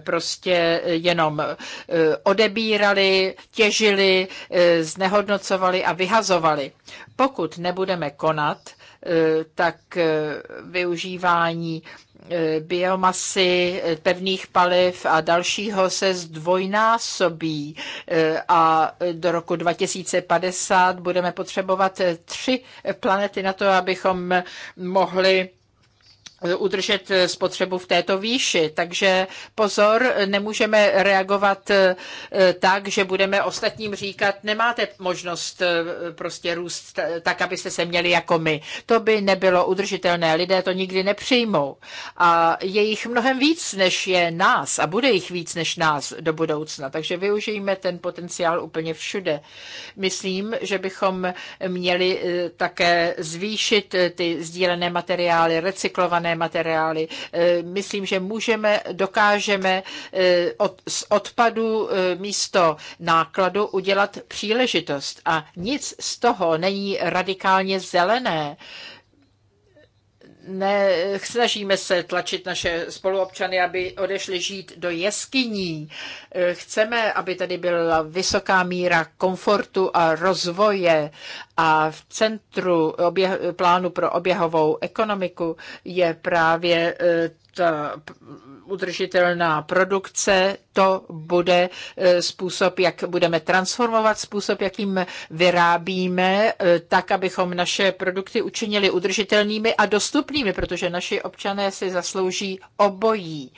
prostě jenom eh, odebírali, těžili, eh, znehodnocovali a vyhazovali. Pokud nebudeme konat, tak využívání biomasy, pevných paliv a dalšího se zdvojnásobí a do roku 2050 budeme potřebovat tři planety na to, abychom mohli udržet eh, spotřebu v této výši. Takže pozor, nemůžeme reagovat eh, tak, že budeme ostatním říkat, nemáte možnost eh, prostě růst tak, abyste se měli jako my. To by nebylo udržitelné, lidé to nikdy nepřijmou. A je jich mnohem víc, než je nás a bude jich víc, než nás do budoucna. Takže využijeme ten potenciál úplně všude. Myslím, že bychom měli také zvýšit ty sdílené materiály, recyklované vypracované materiály. Eh, myslím, že můžeme, dokážeme eh, od, z odpadu eh, místo nákladu udělat příležitost. A nic z toho není radikálně zelené snažíme se tlačit naše spoluobčany, aby odešli žít do jeskyní. Chceme, aby tady byla vysoká míra komfortu a rozvoje a v centru oběh, plánu pro oběhovou ekonomiku je právě eh, ta udržitelná produkce to bude e, způsob, jak budeme transformovat způsob, jakým vyrábíme, e, tak, abychom naše produkty učinili udržitelnými a dostupnými, protože naši občané si zaslouží obojí.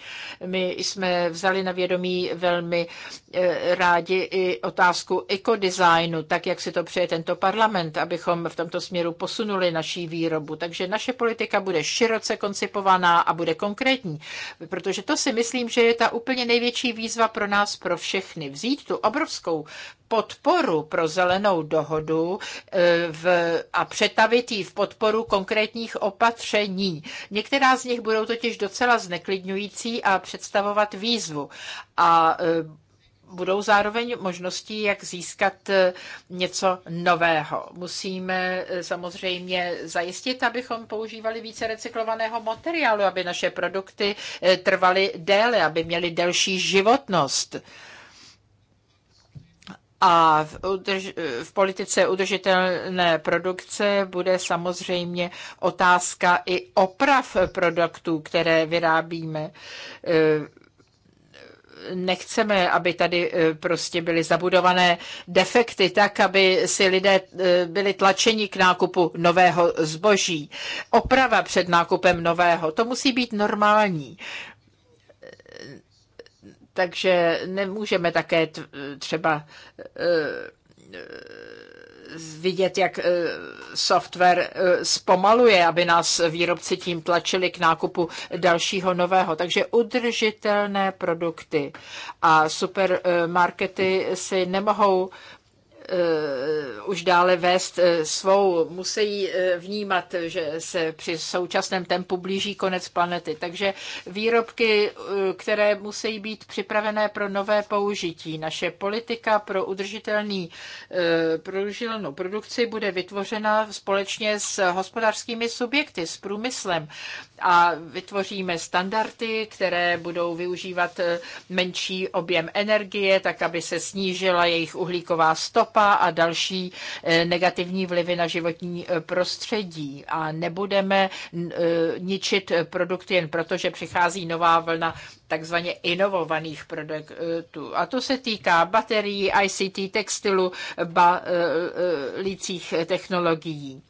My jsme vzali na vědomí velmi e, rádi i otázku ekodesignu, tak, jak si to přeje tento parlament, abychom v tomto směru posunuli naší výrobu. Takže naše politika bude široce koncipovaná a bude konkrétní, protože to si myslím, že je ta úplně největší výzva výzva pro nás, pro všechny. Vzít tu obrovskou podporu pro zelenou dohodu e, v, a přetavit ji v podporu konkrétních opatření. Některá z nich budou totiž docela zneklidňující a představovat výzvu. A e, budou zároveň možností, jak získat eh, něco nového. Musíme eh, samozřejmě zajistit, abychom používali více recyklovaného materiálu, aby naše produkty eh, trvaly déle, aby měly delší životnost. A v, udrž- v politice udržitelné produkce bude samozřejmě otázka i oprav produktů, které vyrábíme nechceme, aby tady eh, prostě byly zabudované defekty, tak, aby si lidé eh, byli tlačeni k nákupu nového zboží. Oprava před nákupem nového, to musí být normální. Eh, takže nemůžeme také třeba vidět, jak eh, software eh, zpomaluje, aby nás výrobci tím tlačili k nákupu dalšího nového. Takže udržitelné produkty a supermarkety si nemohou už dále vést eh, svou, musí eh, vnímat, že se při současném tempu blíží konec planety. Takže výrobky, eh, které musí být připravené pro nové použití. Naše politika pro udržitelný prodlužitelnou produkci bude vytvořena společně s hospodářskými subjekty, s průmyslem a vytvoříme standardy, které budou využívat menší objem energie, tak aby se snížila jejich uhlíková stopa ropa a další eh, negativní vlivy na životní eh, prostředí. A nebudeme eh, ničit produkty jen proto, že přichází nová vlna takzvaně inovovaných produktů. A to se týká baterií, ICT, textilu, balících technologií.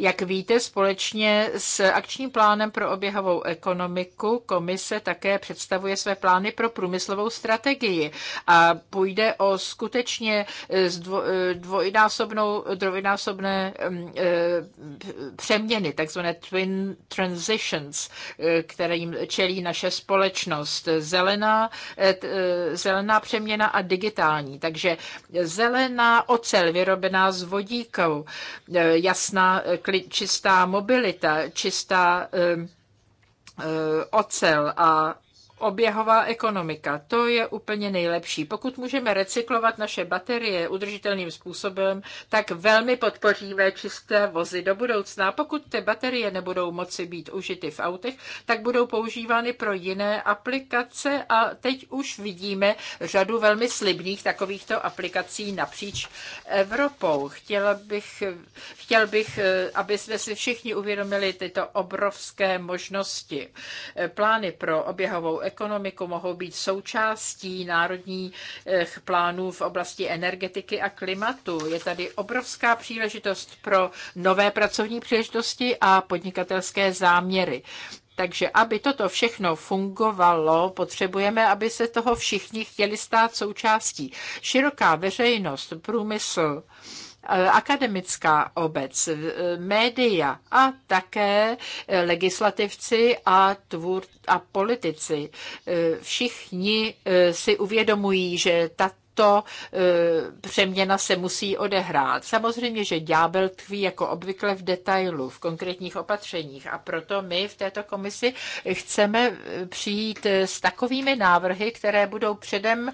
Jak víte, společně s akčním plánem pro oběhovou ekonomiku komise také představuje své plány pro průmyslovou strategii a půjde o skutečně eh, eh, dvojnásobnou, dvojnásobné mm, eh, přeměny, takzvané twin transitions, kterým čelí naše společnost. Zelená, zelená přeměna a digitální. Takže zelená ocel vyrobená z vodíku, jasná čistá mobilita, čistá eh, eh, ocel a oběhová ekonomika. To je úplně nejlepší. Pokud můžeme recyklovat naše baterie udržitelným způsobem, tak velmi podpoříme čisté vozy do budoucna. Pokud ty baterie nebudou moci být užity v autech, tak budou používány pro jiné aplikace a teď už vidíme řadu velmi slibných takovýchto aplikací napříč Evropou. Chtěla bych, chtěl bych, eh, aby jsme si všichni uvědomili tyto obrovské možnosti. Eh, plány pro oběhovou ekonomiku, mohou být součástí národních plánů v oblasti energetiky a klimatu. Je tady obrovská příležitost pro nové pracovní příležitosti a podnikatelské záměry. Takže aby toto všechno fungovalo, potřebujeme, aby se toho všichni chtěli stát součástí. Široká veřejnost, průmysl, Eh, akademická obec, eh, média a také eh, legislativci a, tvůr, a politici. Všichni si uvědomují, že tato tato eh, přeměna se musí odehrát. Samozřejmě, že ďábel tkví jako obvykle v detailu, v konkrétních opatřeních a proto my v této komisi chceme eh, přijít eh, s takovými návrhy, které budou předem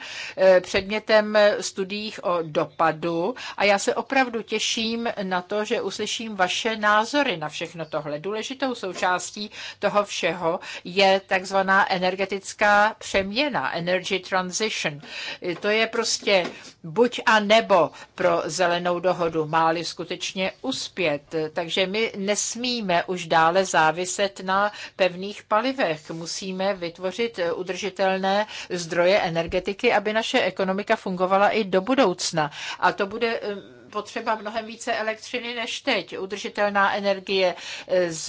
předmětem studiích o dopadu a já se opravdu těším na to, že uslyším vaše názory na všechno tohle. Důležitou součástí toho všeho je takzvaná energetická přeměna, energy transition. To je prostě Prostě buď a nebo pro zelenou dohodu máli skutečně uspět. Takže my nesmíme už dále záviset na pevných palivech. Musíme vytvořit udržitelné zdroje energetiky, aby naše ekonomika fungovala i do budoucna. A to bude potřeba mnohem více elektřiny než teď. Udržitelná energie e, z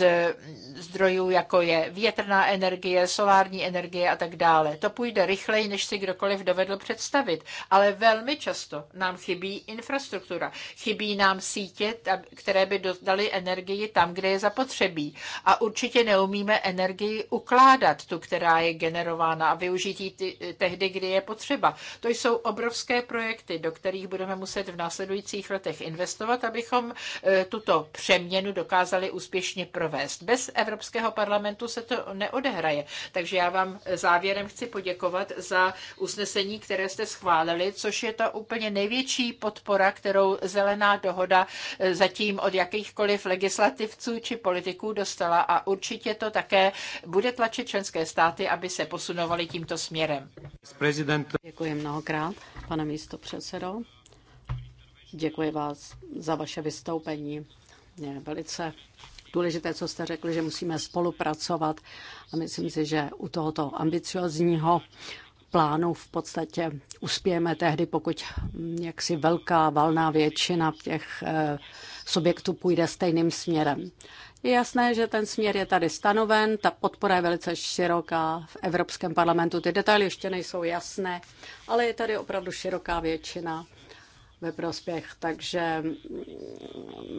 zdrojů, jako je větrná energie, solární energie a tak dále. To půjde rychleji, než si kdokoliv dovedl představit. Ale velmi často nám chybí infrastruktura. Chybí nám sítě, které by dodaly energii tam, kde je zapotřebí. A určitě neumíme energii ukládat, tu, která je generována a ji tehdy, kdy je potřeba. To jsou obrovské projekty, do kterých budeme muset v následujících letech investovat, abychom e, tuto přeměnu dokázali úspěšně provést. Bez Evropského parlamentu se to neodehraje. Takže já vám závěrem chci poděkovat za usnesení, které jste schválili, což je ta úplně největší podpora, kterou zelená dohoda e, zatím od jakýchkoliv legislativců či politiků dostala a určitě to také bude tlačit členské státy, aby se posunovali tímto směrem. Děkuji mnohokrát, pane místo předsedo. Děkuji vás za vaše vystoupení. Je velice důležité, co jste řekli, že musíme spolupracovat a myslím si, že u tohoto ambiciozního plánu v podstatě uspějeme tehdy, pokud jaksi velká valná většina těch eh, subjektů půjde stejným směrem. Je jasné, že ten směr je tady stanoven, ta podpora je velice široká v Evropském parlamentu, ty detaily ještě nejsou jasné, ale je tady opravdu široká většina ve prospěch, takže mm,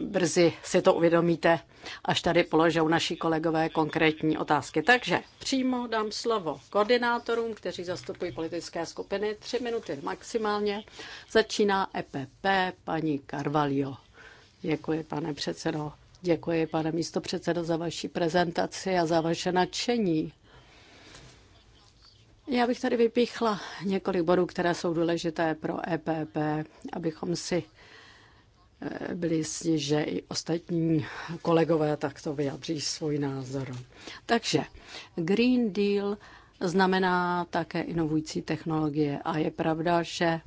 brzy si to uvědomíte, až tady položou naši kolegové konkrétní otázky. Takže přímo dám slovo koordinátorům, kteří zastupují politické skupiny, tři minuty maximálně. Začíná EPP, paní Carvalho. Děkuji, pane předsedo. Děkuji, pane místo předsedo, za vaši prezentaci a za vaše nadšení. Já bych tady vypíchla několik bodů, které jsou důležité pro EPP, abychom si e, byli jistí, že i ostatní kolegové takto vyjadří svůj názor. Takže Green Deal znamená také inovující technologie a je pravda, že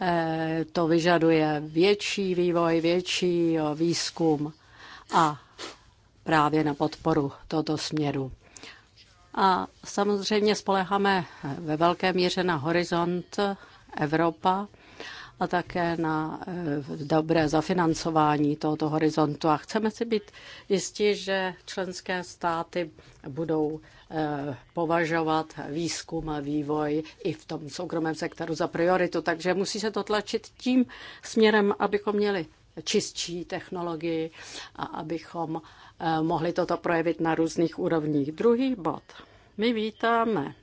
e, to vyžaduje větší vývoj, větší výzkum a právě na podporu tohoto směru. A samozřejmě spoleháme eh, ve velké míře na horizont eh, Evropa a také na eh, dobré zafinancování tohoto horizontu. A chceme si být jistí, že členské státy budou považovat výzkum a vývoj i v tom soukromém sektoru za prioritu. Takže musí se to tlačit tím směrem, abychom měli čistší technologii a abychom eh, mohli toto projevit na různých úrovních. Druhý bod. My vítáme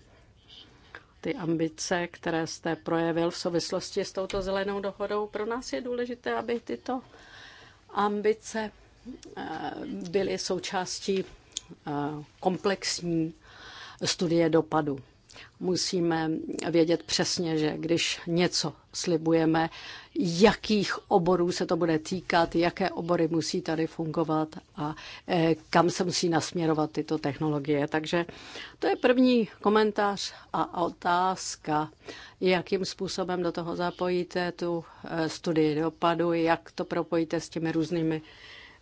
ty ambice, které jste projevil v souvislosti s touto zelenou dohodou. Pro nás je důležité, aby tyto ambice eh, byly součástí eh, komplexní studie dopadu. Musíme vědět přesně, že když něco slibujeme, jakých oborů se to bude týkat, jaké obory musí tady fungovat a eh, kam se musí nasměrovat tyto technologie. Takže to je první komentář a otázka, jakým způsobem do toho zapojíte tu eh, studii dopadu, jak to propojíte s těmi různými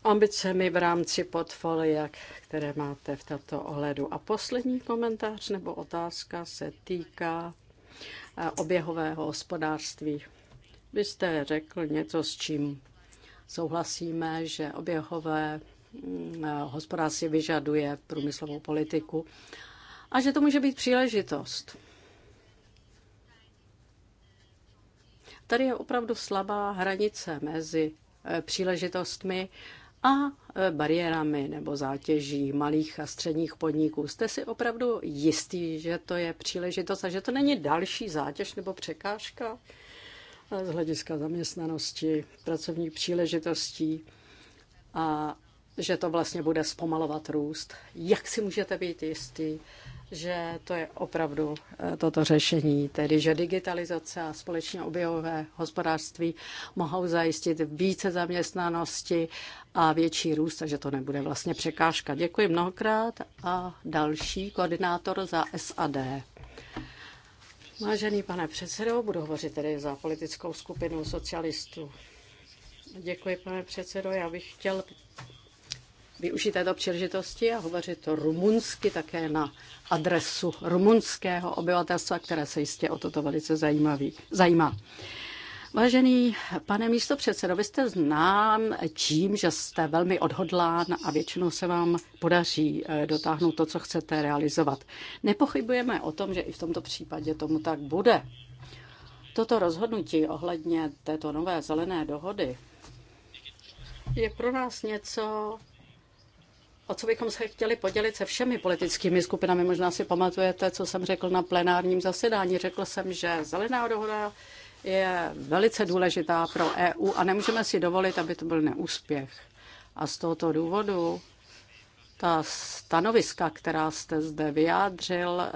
ambicemi v rámci portfolia, které máte v tomto ohledu. A poslední komentář nebo otázka se týká eh, oběhového hospodářství. Vy jste řekl něco, s čím souhlasíme, že oběhové mm, eh, hospodářství vyžaduje průmyslovou politiku a že to může být příležitost. Tady je opravdu slabá hranice mezi eh, příležitostmi a e, bariérami nebo zátěží malých a středních podniků. Jste si opravdu jistý, že to je příležitost a že to není další zátěž nebo překážka e, z hlediska zaměstnanosti, pracovních příležitostí a že to vlastně bude zpomalovat růst. Jak si můžete být jistý, že to je opravdu eh, toto řešení, tedy že digitalizace a společně objevové hospodářství mohou zajistit více zaměstnanosti a větší růst, takže to nebude vlastně překážka. Děkuji mnohokrát a další koordinátor za SAD. Vážený pane předsedo, budu hovořit tedy za politickou skupinu socialistů. Děkuji, pane předsedo. Já bych chtěl využít této příležitosti a hovořit rumunsky také na adresu rumunského obyvatelstva, které se jistě o toto velice zajímavý, zajímá. Vážený pane místo předsedo, vy jste znám tím, že jste velmi odhodlán a většinou se vám podaří eh, dotáhnout to, co chcete realizovat. Nepochybujeme o tom, že i v tomto případě tomu tak bude. Toto rozhodnutí ohledně této nové zelené dohody je pro nás něco, o co bychom se chtěli podělit se všemi politickými skupinami. Možná si pamatujete, co jsem řekl na plenárním zasedání. Řekl jsem, že zelená dohoda je velice důležitá pro EU a nemůžeme si dovolit, aby to byl neúspěch. A z tohoto důvodu ta stanoviska, která jste zde vyjádřil, eh,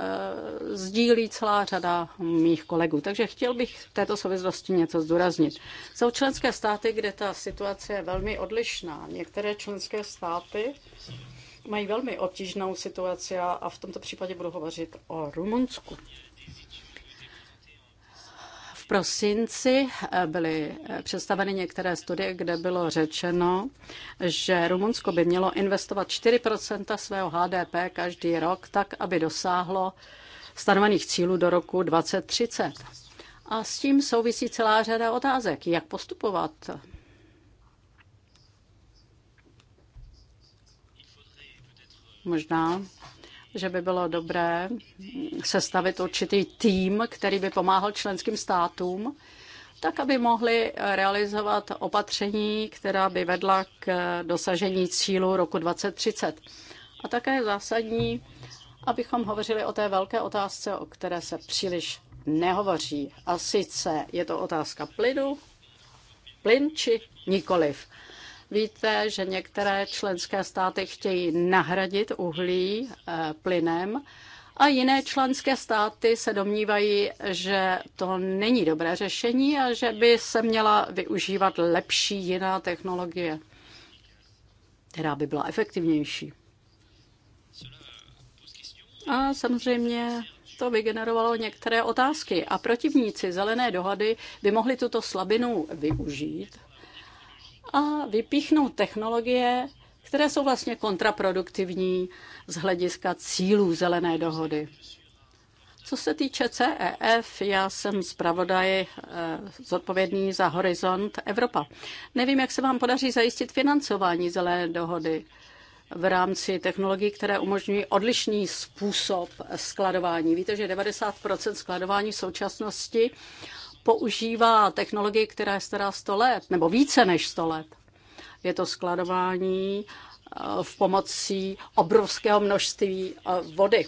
sdílí celá řada mých kolegů. Takže chtěl bych v této souvislosti něco zdůraznit. Jsou členské státy, kde ta situace je velmi odlišná. Některé členské státy mají velmi obtížnou situaci a v tomto případě budu hovořit o Rumunsku prosinci eh, byly eh, představeny některé studie, kde bylo řečeno, že Rumunsko by mělo investovat 4 svého HDP každý rok, tak aby dosáhlo stanovených cílů do roku 2030. A s tím souvisí celá řada otázek. Jak postupovat? Možná že by bylo dobré sestavit určitý tým, který by pomáhal členským státům, tak aby mohli realizovat opatření, která by vedla k dosažení cílu roku 2030. A také je zásadní, abychom hovořili o té velké otázce, o které se příliš nehovoří. A sice je to otázka plynu, plyn či nikoliv. Víte, že některé členské státy chtějí nahradit uhlí eh, plynem a jiné členské státy se domnívají, že to není dobré řešení a že by se měla využívat lepší jiná technologie, která by byla efektivnější. A samozřejmě to vygenerovalo některé otázky a protivníci zelené dohady by mohli tuto slabinu využít a vypíchnout technologie, které jsou vlastně kontraproduktivní z hlediska cílů zelené dohody. Co se týče CEF, já jsem zpravodaj eh, zodpovědný za Horizont Evropa. Nevím, jak se vám podaří zajistit financování zelené dohody v rámci technologií, které umožňují odlišný způsob skladování. Víte, že 90 skladování v současnosti používá technologii, která je stará 100 let, nebo více než 100 let. Je to skladování eh, v pomocí obrovského množství eh, vody.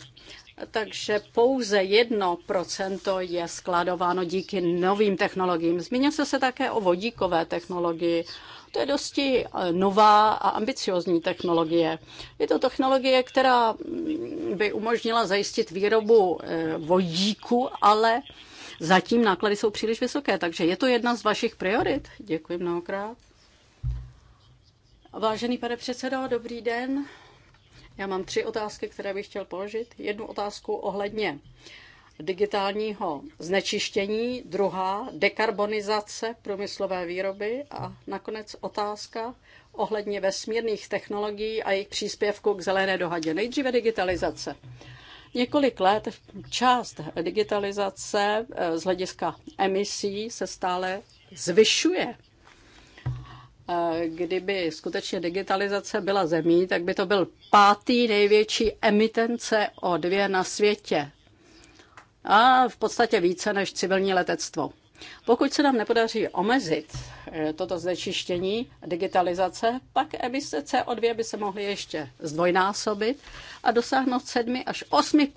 Takže pouze 1% je skladováno díky novým technologiím. Zmínil se se také o vodíkové technologii. To je dosti eh, nová a ambiciozní technologie. Je to technologie, která mm, by umožnila zajistit výrobu vodíku, ale zatím náklady jsou příliš vysoké, takže je to jedna z vašich priorit. Děkuji mnohokrát. Vážený pane předsedo, dobrý den. Já mám tři otázky, které bych chtěl položit. Jednu otázku ohledně digitálního znečištění, druhá dekarbonizace průmyslové výroby a nakonec otázka ohledně vesmírných technologií a jejich příspěvku k zelené dohadě. Nejdříve digitalizace několik let část digitalizace eh, z hlediska emisí se stále zvyšuje. Eh, kdyby skutečně digitalizace byla zemí, tak by to byl pátý největší emitence o 2 na světě. A v podstatě více než civilní letectvo. Pokud se nám nepodaří omezit eh, toto znečištění digitalizace, pak emise CO2 by se mohly ještě zdvojnásobit a dosáhnout 7 až 8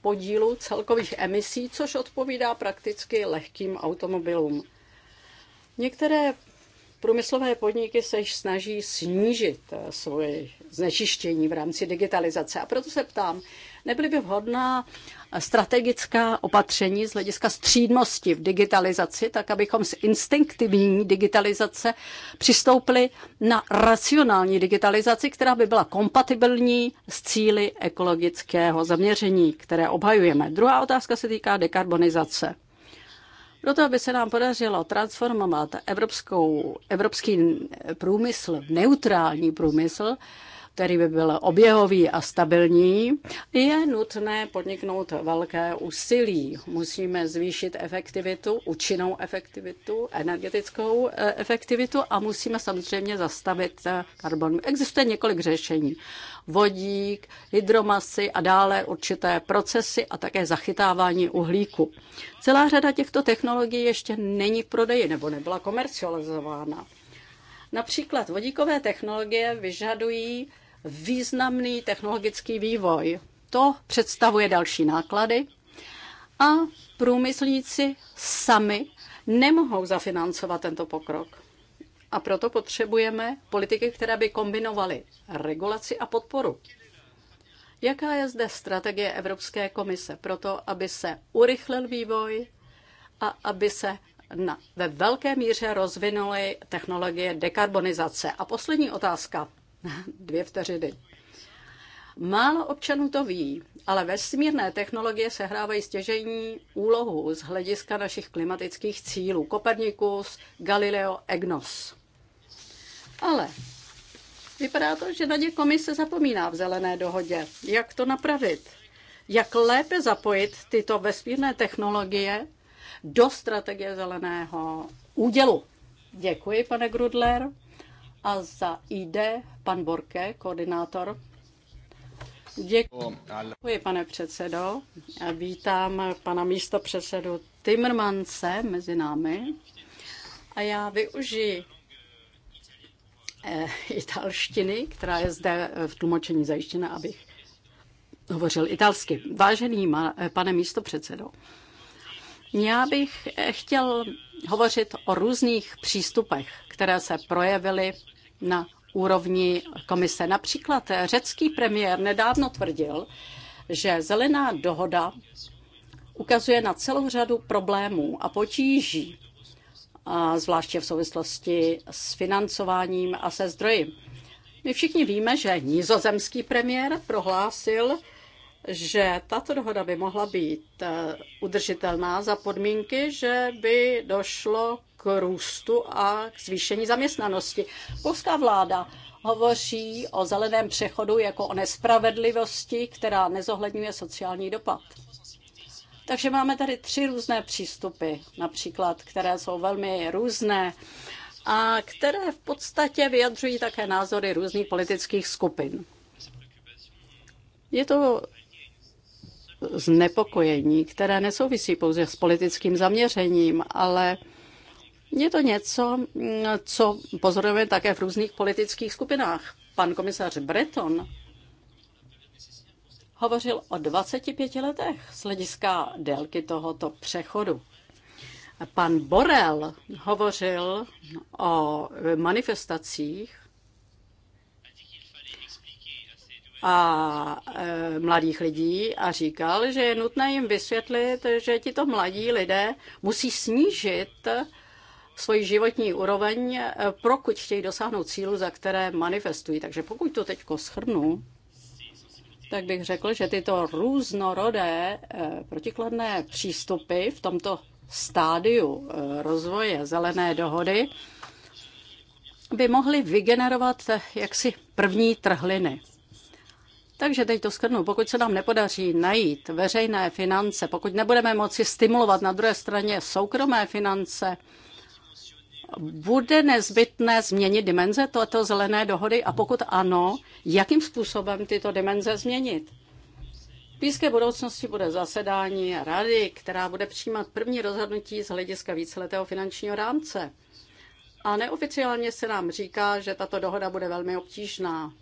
podílu celkových emisí, což odpovídá prakticky lehkým automobilům. Některé průmyslové podniky se již snaží snížit eh, svoje znečištění v rámci digitalizace. A proto se ptám, nebyly by vhodná strategická opatření z hlediska střídnosti v digitalizaci, tak abychom z instinktivní digitalizace přistoupili na racionální digitalizaci, která by byla kompatibilní s cíly ekologického zaměření, které obhajujeme. Druhá otázka se týká dekarbonizace. Proto, aby se nám podařilo transformovat evropskou, evropský průmysl v neutrální průmysl, který by byl oběhový a stabilní, je nutné podniknout velké úsilí. Musíme zvýšit efektivitu, účinnou efektivitu, energetickou eh, efektivitu a musíme samozřejmě zastavit eh, karbon. Existuje několik řešení. Vodík, hydromasy a dále určité procesy a také zachytávání uhlíku. Celá řada těchto technologií ještě není v prodeji nebo nebyla komercializována. Například vodíkové technologie vyžadují významný technologický vývoj. To představuje další náklady a průmyslníci sami nemohou zafinancovat tento pokrok. A proto potřebujeme politiky, které by kombinovaly regulaci a podporu. Jaká je zde strategie Evropské komise pro to, aby se urychlil vývoj a aby se na, ve velké míře rozvinuly technologie dekarbonizace? A poslední otázka. Dvě vteřiny. Málo občanů to ví, ale vesmírné technologie sehrávají stěžení úlohu z hlediska našich klimatických cílů. Kopernikus, Galileo, EGNOS. Ale vypadá to, že na ně komise zapomíná v zelené dohodě. Jak to napravit? Jak lépe zapojit tyto vesmírné technologie do strategie zeleného údělu? Děkuji, pane Grudler. A za ID pan Borke, koordinátor. Děkuji, pane předsedo. A vítám pana místopředsedu Timmermance mezi námi. A já využiji eh, italštiny, která je zde v tlumočení zajištěna, abych hovořil italsky. Vážený eh, pane místopředsedo, já bych eh, chtěl hovořit o různých přístupech, které se projevily na úrovni komise. Například řecký premiér nedávno tvrdil, že zelená dohoda ukazuje na celou řadu problémů a potíží, a zvláště v souvislosti s financováním a se zdroji. My všichni víme, že nizozemský premiér prohlásil, že tato dohoda by mohla být eh, udržitelná za podmínky, že by došlo k růstu a k zvýšení zaměstnanosti. Polská vláda hovoří o zeleném přechodu jako o nespravedlivosti, která nezohledňuje sociální dopad. Takže máme tady tři různé přístupy, například, které jsou velmi různé a které v podstatě vyjadřují také názory různých politických skupin. Je to znepokojení, které nesouvisí pouze s politickým zaměřením, ale je to něco, co pozorujeme také v různých politických skupinách. Pan komisař Breton hovořil o 25 letech z hlediska délky tohoto přechodu. Pan Borel hovořil o manifestacích a e, mladých lidí a říkal, že je nutné jim vysvětlit, že tito mladí lidé musí snížit svoji životní úroveň, e, pokud chtějí dosáhnout cílu, za které manifestují. Takže pokud to teď schrnu, tak bych řekl, že tyto různorodé e, protikladné přístupy v tomto stádiu e, rozvoje zelené dohody by mohly vygenerovat jaksi první trhliny. Takže teď to skrnu. Pokud se nám nepodaří najít veřejné finance, pokud nebudeme moci stimulovat na druhé straně soukromé finance, bude nezbytné změnit dimenze této zelené dohody a pokud ano, jakým způsobem tyto dimenze změnit? V blízké budoucnosti bude zasedání rady, která bude přijímat první rozhodnutí z hlediska víceletého finančního rámce. A neoficiálně se nám říká, že tato dohoda bude velmi obtížná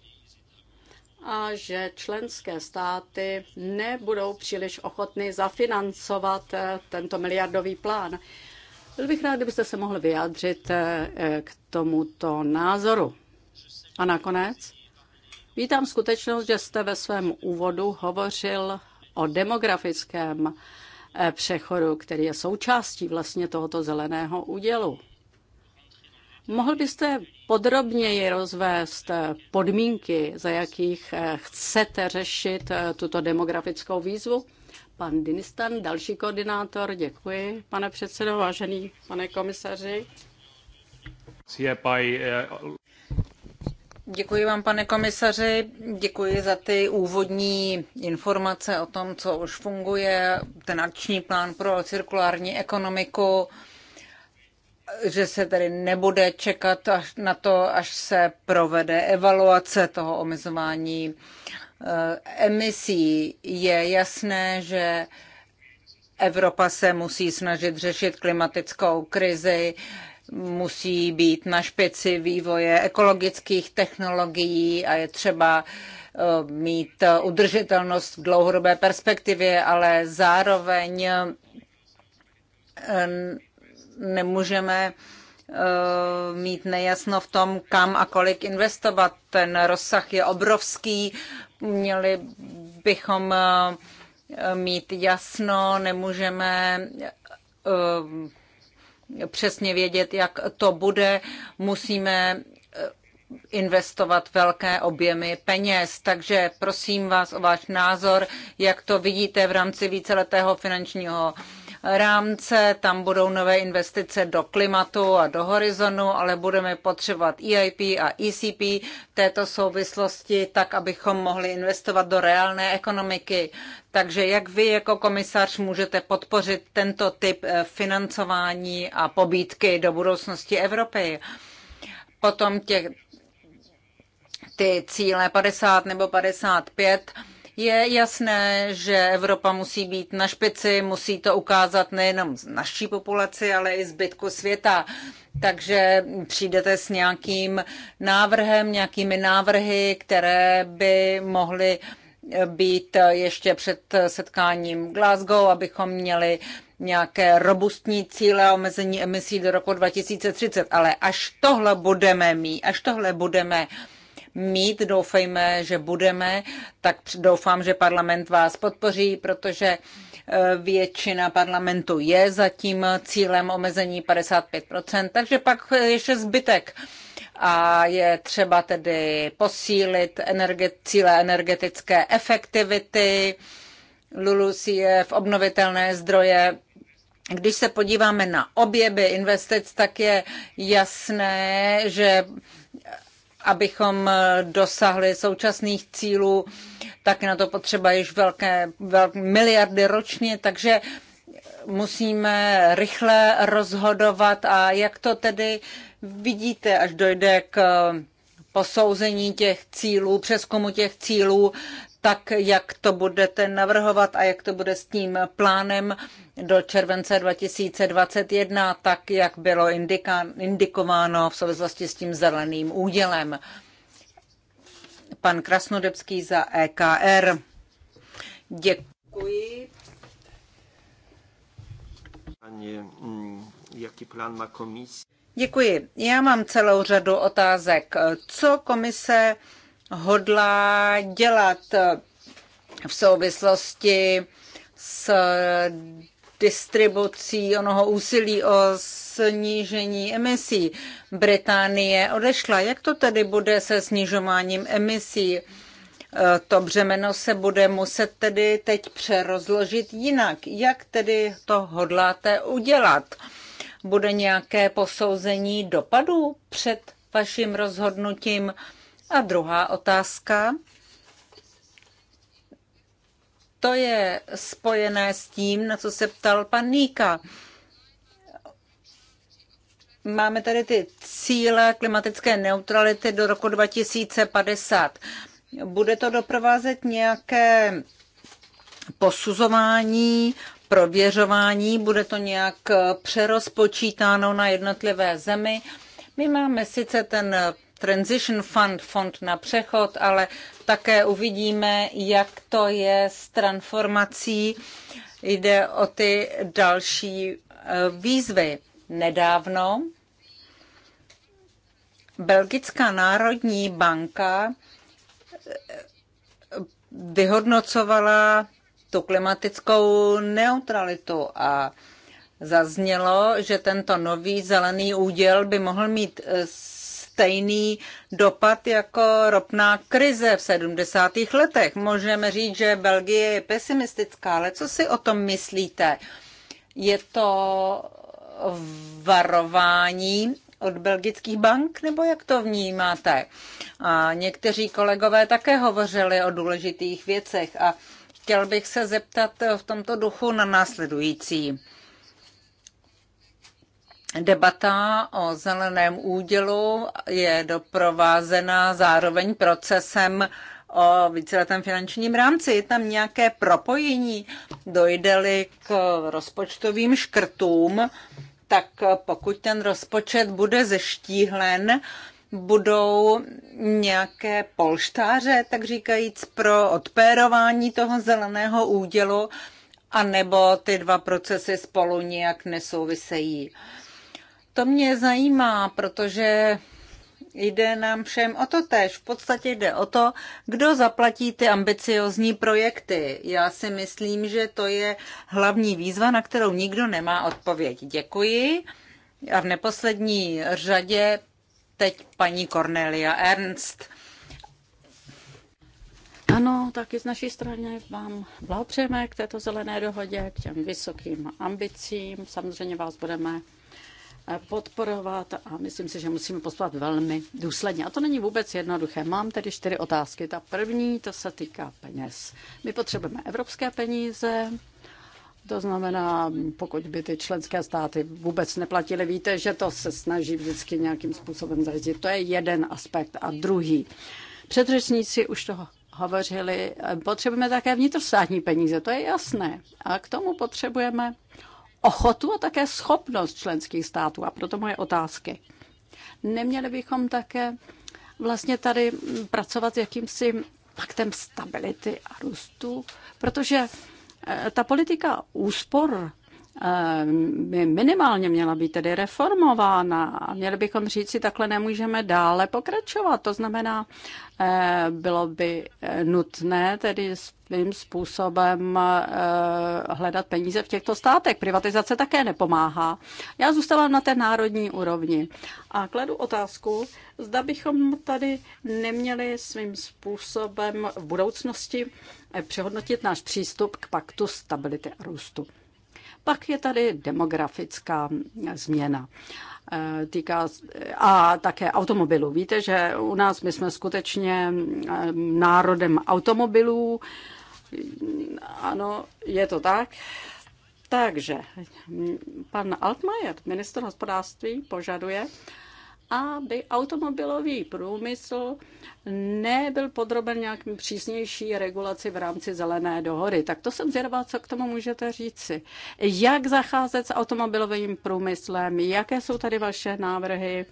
a že členské státy nebudou příliš ochotny zafinancovat eh, tento miliardový plán. Byl bych rád, kdybyste se mohli vyjádřit eh, k tomuto názoru. A nakonec vítám skutečnost, že jste ve svém úvodu hovořil o demografickém eh, přechodu, který je součástí vlastně tohoto zeleného údělu. Mohl byste podrobněji rozvést podmínky, za jakých eh, chcete řešit eh, tuto demografickou výzvu? Pan Dinistan, další koordinátor, děkuji, pane předsedo, vážený pane komisaři. Děkuji vám, pane komisaři, děkuji za ty úvodní informace o tom, co už funguje, ten akční plán pro cirkulární ekonomiku že se tedy nebude čekat až na to, až se provede evaluace toho omezování eh, emisí. Je jasné, že Evropa se musí snažit řešit klimatickou krizi, musí být na špici vývoje ekologických technologií a je třeba eh, mít udržitelnost v dlouhodobé perspektivě, ale zároveň eh, nemůžeme eh, mít nejasno v tom, kam a kolik investovat. Ten rozsah je obrovský, měli bychom eh, mít jasno, nemůžeme eh, přesně vědět, jak to bude. Musíme investovat velké objemy peněz. Takže prosím vás o váš názor, jak to vidíte v rámci víceletého finančního rámce, tam budou nové investice do klimatu a do horizonu, ale budeme potřebovat EIP a ECP v této souvislosti, tak abychom mohli investovat do reálné ekonomiky. Takže jak vy jako komisař můžete podpořit tento typ eh, financování a pobídky do budoucnosti Evropy? Potom těch, ty cíle 50 nebo 55 je jasné, že Evropa musí být na špici, musí to ukázat nejenom naší populaci, ale i zbytku světa. Takže přijdete s nějakým návrhem, nějakými návrhy, které by mohly být ještě před setkáním Glasgow, abychom měli nějaké robustní cíle a omezení emisí do roku 2030. Ale až tohle budeme mít, až tohle budeme uh, mít. Doufejme, že budeme, tak doufám, že parlament vás podpoří, protože eh, většina parlamentu je zatím cílem omezení 55%, takže pak ještě zbytek a je třeba tedy posílit energe- cíle energetické efektivity, LULUCF, obnovitelné zdroje. Když se podíváme na objeby investic, tak je jasné, že abychom eh, dosahli současných cílů, tak na to potřeba již velké, velké miliardy ročně, takže musíme rychle rozhodovat a jak to tedy vidíte, až dojde k eh, posouzení těch cílů, přeskumu těch cílů, tak jak to budete navrhovat a jak to bude s tím plánem do července 2021, tak jak bylo indika, indikováno v souvislosti s tím zeleným údělem. Pan Krasnodebský za EKR. Děkuji. Mm, Jaký plán má komise? Děkuji. Já mám celou řadu otázek. Co komise hodlá dělat v souvislosti s distribucí onoho úsilí o snížení emisí. Británie odešla. Jak to tedy bude se snižováním emisí? E, to břemeno se bude muset tedy teď přerozložit jinak. Jak tedy to hodláte udělat? Bude nějaké posouzení dopadů před vaším rozhodnutím? A druhá otázka to je spojené s tím, na co se ptal pan Níka. Máme tady ty cíle klimatické neutrality do roku 2050. Bude to doprovázet nějaké posuzování, prověřování, bude to nějak přerozpočítáno na jednotlivé zemi. My máme sice ten Transition Fund, fond na přechod, ale také uvidíme, jak to je s transformací. Jde o ty další eh, výzvy. Nedávno Belgická národní banka eh, vyhodnocovala tu klimatickou neutralitu a zaznělo, že tento nový zelený úděl by mohl mít eh, stejný dopad jako ropná krize v 70. letech. Můžeme říct, že Belgie je pesimistická, ale co si o tom myslíte? Je to varování od belgických bank, nebo jak to vnímáte? A někteří kolegové také hovořili o důležitých věcech a chtěl bych se zeptat v tomto duchu na následující. Debata o zeleném údělu je doprovázena zároveň procesem o víceletém finančním rámci. Je tam nějaké propojení, dojde-li k rozpočtovým škrtům, tak pokud ten rozpočet bude zeštíhlen, budou nějaké polštáře, tak říkajíc, pro odpérování toho zeleného údělu, anebo ty dva procesy spolu nějak nesouvisejí. To mě zajímá, protože jde nám všem o to tež. V podstatě jde o to, kdo zaplatí ty ambiciozní projekty. Já si myslím, že to je hlavní výzva, na kterou nikdo nemá odpověď. Děkuji. A v neposlední řadě teď paní Cornelia Ernst. Ano, taky z naší strany vám blahopřejeme k této zelené dohodě, k těm vysokým ambicím. Samozřejmě vás budeme podporovat a myslím si, že musíme postupovat velmi důsledně. A to není vůbec jednoduché. Mám tedy čtyři otázky. Ta první, to se týká peněz. My potřebujeme evropské peníze, to znamená, pokud by ty členské státy vůbec neplatily, víte, že to se snaží vždycky nějakým způsobem zajistit. To je jeden aspekt. A druhý, předřečníci už toho hovořili, potřebujeme také vnitrostátní peníze, to je jasné. A k tomu potřebujeme ochotu a také schopnost členských států. A proto moje otázky. Neměli bychom také vlastně tady pracovat s jakýmsi paktem stability a růstu, protože eh, ta politika úspor eh, by minimálně měla být tedy reformována. měli bychom říct si, takhle nemůžeme dále pokračovat. To znamená, eh, bylo by nutné tedy svým způsobem eh, hledat peníze v těchto státech. Privatizace také nepomáhá. Já zůstávám na té národní úrovni a kladu otázku, zda bychom tady neměli svým způsobem v budoucnosti eh, přehodnotit náš přístup k paktu stability a růstu. Pak je tady demografická eh, změna. Týká, a také automobilů. Víte, že u nás my jsme skutečně národem automobilů. Ano, je to tak. Takže pan Altmajer, minister hospodářství, požaduje, aby automobilový průmysl nebyl podroben nějakým přísnější regulaci v rámci zelené dohody. Tak to jsem zvědavá, co k tomu můžete říci. Jak zacházet s automobilovým průmyslem? Jaké jsou tady vaše návrhy?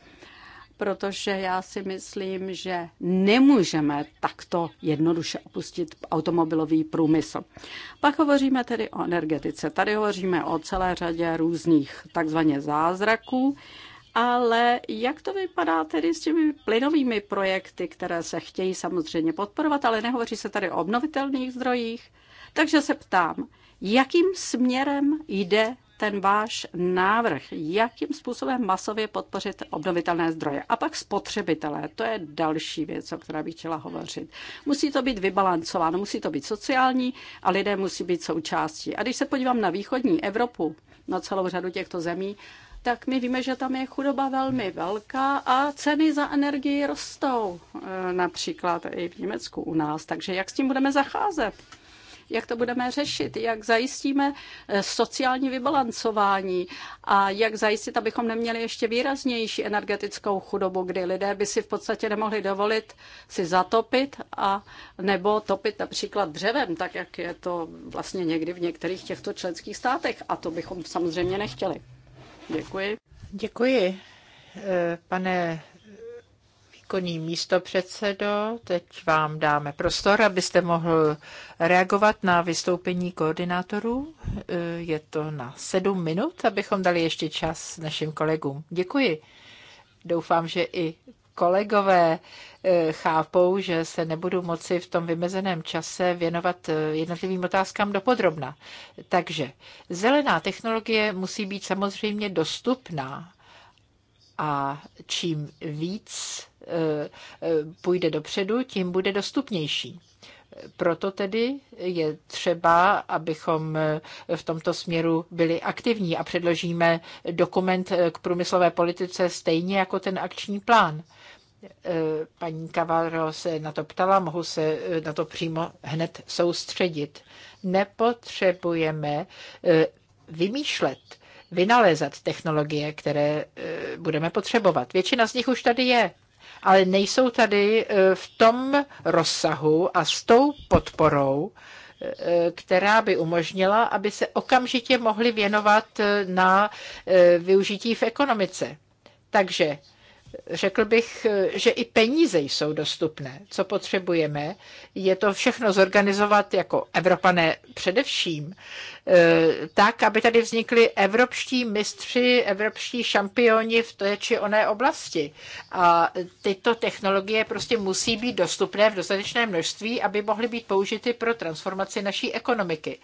protože já si myslím, že nemůžeme takto jednoduše opustit automobilový průmysl. Pak hovoříme tedy o energetice. Tady hovoříme o celé řadě různých takzvaně zázraků, ale jak to vypadá tedy s těmi plynovými projekty, které se chtějí samozřejmě podporovat, ale nehovoří se tady o obnovitelných zdrojích? Takže se ptám, jakým směrem jde ten váš návrh, jakým způsobem masově podpořit obnovitelné zdroje. A pak spotřebitelé, to je další věc, o které bych chtěla hovořit. Musí to být vybalancováno, musí to být sociální a lidé musí být součástí. A když se podívám na východní Evropu, na celou řadu těchto zemí, tak my víme, že tam je chudoba velmi velká a ceny za energii rostou, e, například i v Německu u nás. Takže jak s tím budeme zacházet? jak to budeme řešit, jak zajistíme eh, sociální vybalancování a jak zajistit, abychom neměli ještě výraznější energetickou chudobu, kdy lidé by si v podstatě nemohli dovolit si zatopit a nebo topit například dřevem, tak jak je to vlastně někdy v některých těchto členských státech. A to bychom samozřejmě nechtěli. Děkuji. Děkuji. Eh, pane Koní místo předsedo, teď vám dáme prostor, abyste mohl reagovat na vystoupení koordinátorů. Eh, je to na sedm minut, abychom dali ještě čas našim kolegům. Děkuji. Doufám, že i kolegové eh, chápou, že se nebudu moci v tom vymezeném čase věnovat eh, jednotlivým otázkám dopodrobna. Takže zelená technologie musí být samozřejmě dostupná a čím víc Eh, eh, půjde dopředu, tím bude dostupnější. Proto tedy je třeba, abychom eh, v tomto směru byli aktivní a předložíme dokument k průmyslové politice stejně jako ten akční plán. Paní Cavaro se na to ptala, mohu se na to přímo hned soustředit. Nepotřebujeme vymýšlet, vynalézat technologie, které budeme potřebovat. Většina z nich už tady je ale nejsou tady e, v tom rozsahu a s tou podporou, e, která by umožnila, aby se okamžitě mohli věnovat e, na využití v ekonomice. Takže Řekl bych, eh, že i peníze jsou dostupné. Co potřebujeme, je to všechno zorganizovat jako Evropané především, eh, tak, aby tady vznikly evropští mistři, evropští šampioni v té či oné oblasti. A tyto technologie prostě musí být dostupné v dostatečné množství, aby mohly být použity pro transformaci naší ekonomiky.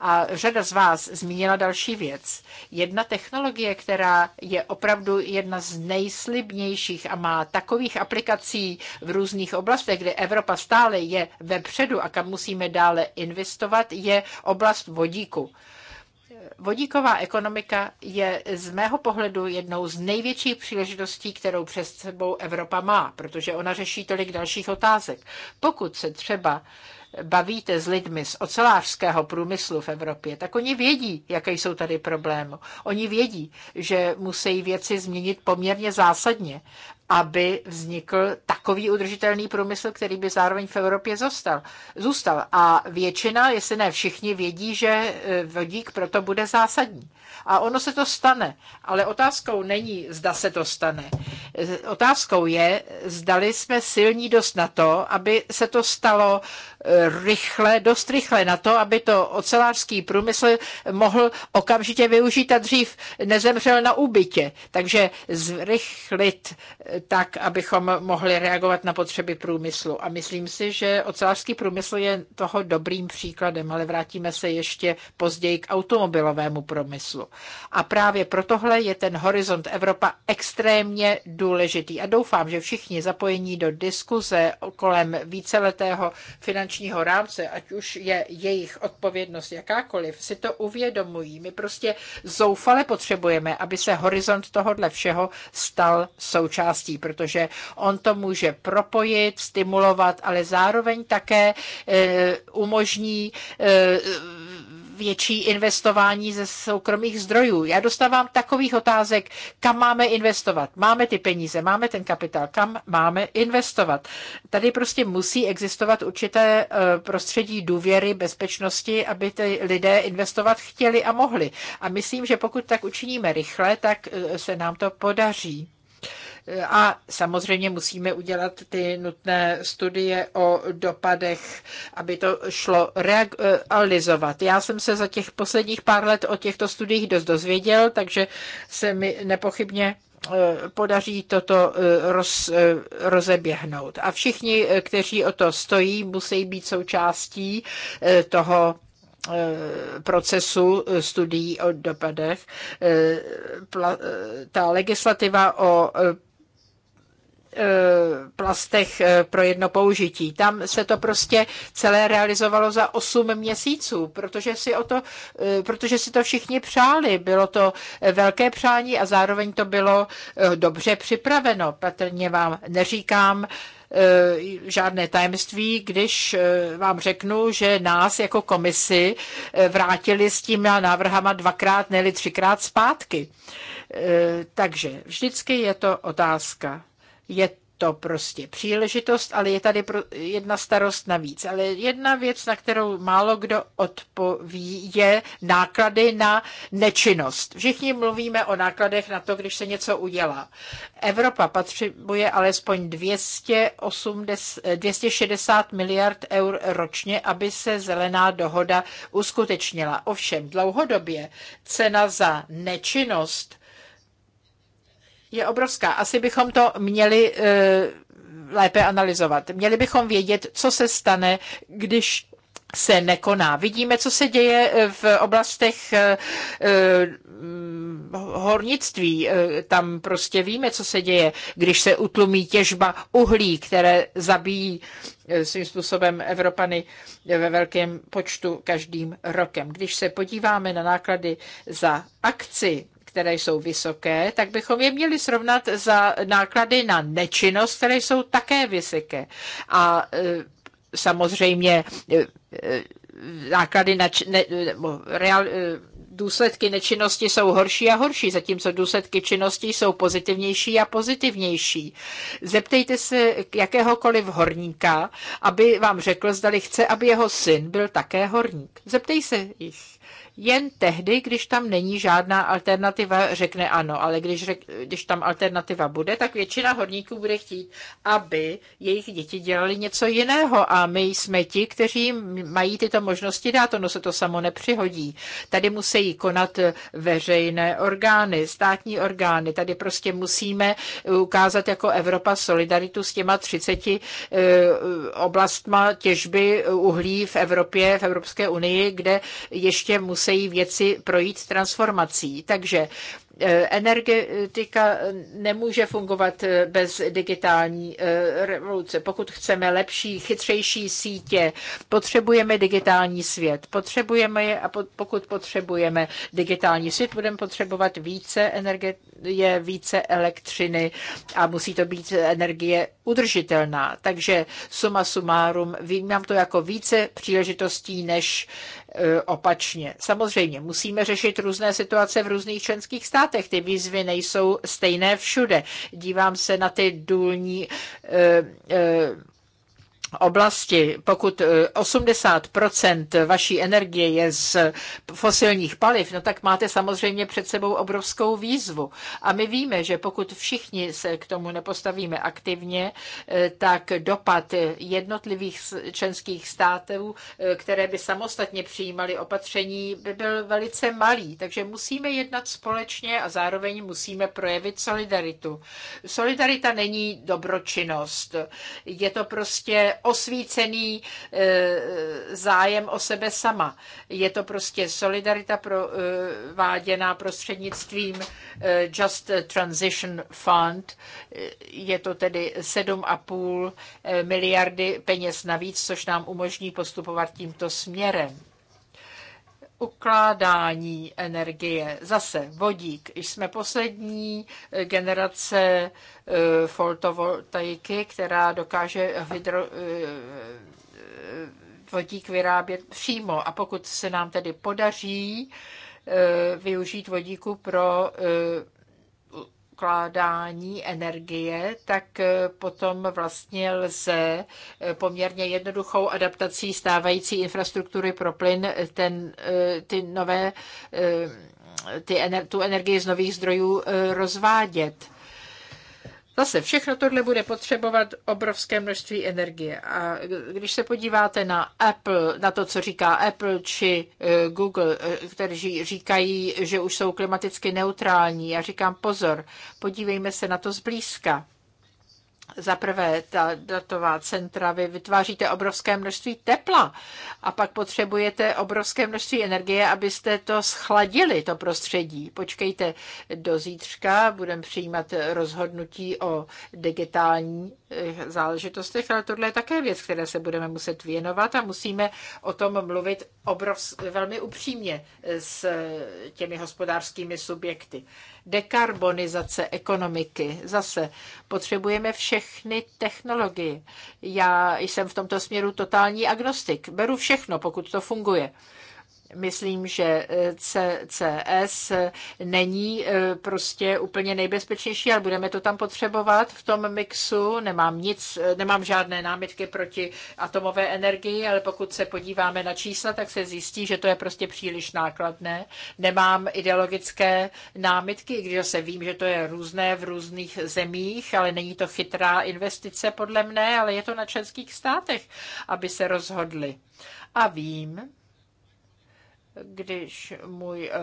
A řada z vás zmínila další věc. Jedna technologie, která je opravdu jedna z nejslibnějších a má takových aplikací v různých oblastech, kde Evropa stále je vepředu a kam musíme dále investovat, je oblast vodíku. Vodíková ekonomika je z mého pohledu jednou z největších příležitostí, kterou přes sebou Evropa má, protože ona řeší tolik dalších otázek. Pokud se třeba bavíte s lidmi z ocelářského průmyslu v Evropě, tak oni vědí, jaké jsou tady problémy. Oni vědí, že musí věci změnit poměrně zásadně, aby vznikl takový udržitelný průmysl, který by zároveň v Evropě zůstal. zůstal. A většina, jestli ne všichni, vědí, že eh, vodík proto bude zásadní. A ono se to stane. Ale otázkou není, zda se to stane. Eh, otázkou je, zdali jsme silní dost na to, aby se to stalo rychle, dost rychle na to, aby to ocelářský průmysl mohl okamžitě využít a dřív nezemřel na úbytě. Takže zrychlit tak, abychom mohli reagovat na potřeby průmyslu. A myslím si, že ocelářský průmysl je toho dobrým příkladem, ale vrátíme se ještě později k automobilovému průmyslu. A právě pro tohle je ten horizont Evropa extrémně důležitý. A doufám, že všichni zapojení do diskuze kolem víceletého finančního finančního rámce, ať už je jejich odpovědnost jakákoliv, si to uvědomují. My prostě zoufale potřebujeme, aby se horizont tohodle všeho stal součástí, protože on to může propojit, stimulovat, ale zároveň také eh, umožní eh, větší investování ze soukromých zdrojů. Já dostávám takových otázek, kam máme investovat. Máme ty peníze, máme ten kapitál, kam máme investovat. Tady prostě musí existovat určité eh, prostředí důvěry, bezpečnosti, aby ty lidé investovat chtěli a mohli. A myslím, že pokud tak učiníme rychle, tak eh, se nám to podaří. A samozřejmě musíme udělat ty nutné studie o dopadech, aby to šlo realizovat. Já jsem se za těch posledních pár let o těchto studiích dost dozvěděl, takže se mi nepochybně eh, podaří toto eh, roz, eh, rozeběhnout. A všichni, kteří o to stojí, musí být součástí toho procesu studií o dopadech. Ta legislativa o Eh, plastech eh, pro jedno použití. Tam se to prostě celé realizovalo za 8 měsíců, protože si, o to, eh, protože si to všichni přáli. Bylo to velké přání a zároveň to bylo dobře připraveno. Patrně vám neříkám, žádné tajemství, když vám řeknu, že nás jako komisi vrátili s tím návrhama dvakrát, neli třikrát zpátky. Takže vždycky je to otázka je to prostě příležitost, ale je tady jedna starost navíc. Ale jedna věc, na kterou málo kdo odpoví, je náklady na nečinnost. Všichni mluvíme o nákladech na to, když se něco udělá. Evropa potřebuje alespoň 280, 260 miliard eur ročně, aby se zelená dohoda uskutečnila. Ovšem dlouhodobě cena za nečinnost je obrovská. Asi bychom to měli eh, lépe analyzovat. Měli bychom vědět, co se stane, když se nekoná. Vidíme, co se děje eh, v oblastech eh, hornictví. Tam prostě víme, co se děje, když se utlumí těžba uhlí, které zabíjí svým způsobem Evropany ve velkém počtu každým rokem. Když se podíváme na náklady za akci, které jsou vysoké, tak bychom je měli srovnat za náklady na nečinnost, které jsou také vysoké. A e, samozřejmě e, e, náklady na či, ne, real, důsledky nečinnosti jsou horší a horší, zatímco důsledky činnosti jsou pozitivnější a pozitivnější. Zeptejte se jakéhokoliv horníka, aby vám řekl, zdali chce, aby jeho syn byl také horník. Zeptej se jich jen tehdy, když tam není žádná alternativa, řekne ano, ale když, řek, když tam alternativa bude, tak většina horníků bude chtít, aby jejich děti dělali něco jiného a my jsme ti, kteří mají tyto možnosti dát, ono se to samo nepřihodí. Tady musí konat veřejné orgány, státní orgány, tady prostě musíme ukázat jako Evropa solidaritu s těma 30 e, oblastma těžby uhlí v Evropě, v Evropské unii, kde ještě musí musí věci projít transformací. Takže eh, energetika nemůže fungovat eh, bez digitální eh, revoluce. Pokud chceme lepší, chytřejší sítě, potřebujeme digitální svět. Potřebujeme je a pokud potřebujeme digitální svět, budeme potřebovat více energie, více elektřiny a musí to být energie udržitelná. Takže suma sumárum, vnímám to jako více příležitostí než E, opačně. Samozřejmě musíme řešit různé situace v různých členských státech. Ty výzvy nejsou stejné všude. Dívám se na ty důlní e, e, oblasti, pokud 80 eh, vaší energie je z fosilních paliv, no tak máte samozřejmě před sebou obrovskou výzvu. A my víme, že pokud všichni se k tomu nepostavíme aktivně, eh, tak dopad jednotlivých členských států, eh, které by samostatně přijímaly opatření, by byl velice malý. Takže musíme jednat společně a zároveň musíme projevit solidaritu. Solidarita není dobročinnost. Je to prostě osvícený eh, zájem o sebe sama. Je to prostě solidarita prováděná prostřednictvím eh, Just Transition Fund. Eh, je to tedy 7,5 miliardy peněz navíc, což nám umožní postupovat tímto směrem ukládání energie. Zase vodík. Jsme poslední eh, generace eh, fotovoltaiky, která dokáže hydro, eh, vodík vyrábět přímo. A pokud se nám tedy podaří využít vodíku pro ukládání energie, tak eh, potom vlastně lze eh, poměrně jednoduchou adaptací stávající infrastruktury pro plyn eh, ten, ty nové, ty, tu energii z nových zdrojů rozvádět Zase všechno tohle bude potřebovat obrovské množství energie. A když se podíváte na Apple, na to, co říká Apple či eh, Google, eh, kteří říkají, že už jsou klimaticky neutrální, já říkám pozor, podívejme se na to zblízka za prvé ta datová centra, vy vytváříte obrovské množství tepla a pak potřebujete obrovské množství energie, abyste to schladili, to prostředí. Počkejte do zítřka, budeme přijímat rozhodnutí o digitální eh, záležitostech, ale tohle je také věc, které se budeme muset věnovat a musíme o tom mluvit obrov, velmi upřímně s těmi hospodářskými subjekty dekarbonizace ekonomiky. Zase potřebujeme všechny technologie. Já jsem v tomto směru totální agnostik. Beru všechno, pokud to funguje. Myslím, že eh, CCS není eh, prostě úplně nejbezpečnější, ale budeme to tam potřebovat v tom mixu. Nemám nic, eh, nemám žádné námitky proti atomové energii, ale pokud se podíváme na čísla, tak se zjistí, že to je prostě příliš nákladné. Nemám ideologické námitky, i když se vím, že to je různé v různých zemích, ale není to chytrá investice podle mne, ale je to na členských státech, aby se rozhodli. A vím, když můj eh,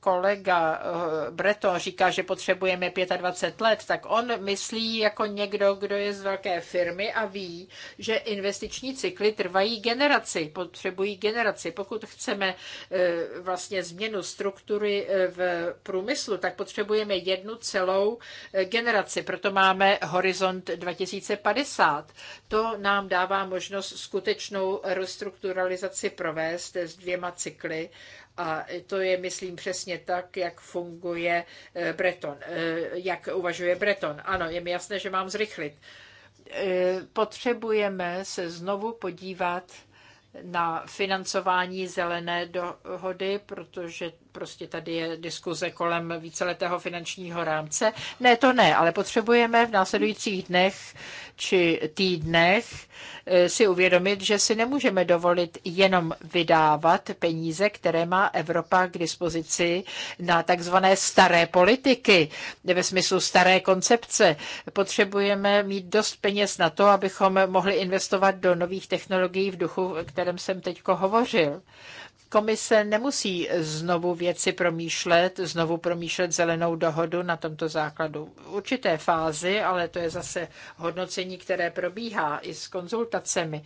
kolega eh, Breton říká, že potřebujeme 25 let, tak on myslí jako někdo, kdo je z velké firmy a ví, že investiční cykly trvají generaci, potřebují generaci. Pokud chceme eh, vlastně změnu struktury v průmyslu, tak potřebujeme jednu celou generaci. Proto máme horizont 2050. To nám dává možnost skutečnou restrukturalizaci provést s dvěma cykly a to je, myslím, přesně tak, jak funguje eh, Breton, eh, jak uvažuje Breton. Ano, je mi jasné, že mám zrychlit. Eh, potřebujeme se znovu podívat na financování zelené dohody, protože prostě tady je diskuze kolem víceletého finančního rámce. Ne, to ne, ale potřebujeme v následujících dnech či týdnech eh, si uvědomit, že si nemůžeme dovolit jenom vydávat peníze, které má Evropa k dispozici na takzvané staré politiky, ve smyslu staré koncepce. Potřebujeme mít dost peněz na to, abychom mohli investovat do nových technologií v duchu, o kterém jsem teď hovořil. Komise nemusí znovu věci promýšlet, znovu promýšlet zelenou dohodu na tomto základu. V určité fázi, ale to je zase hodnocení, které probíhá i s konzultacemi,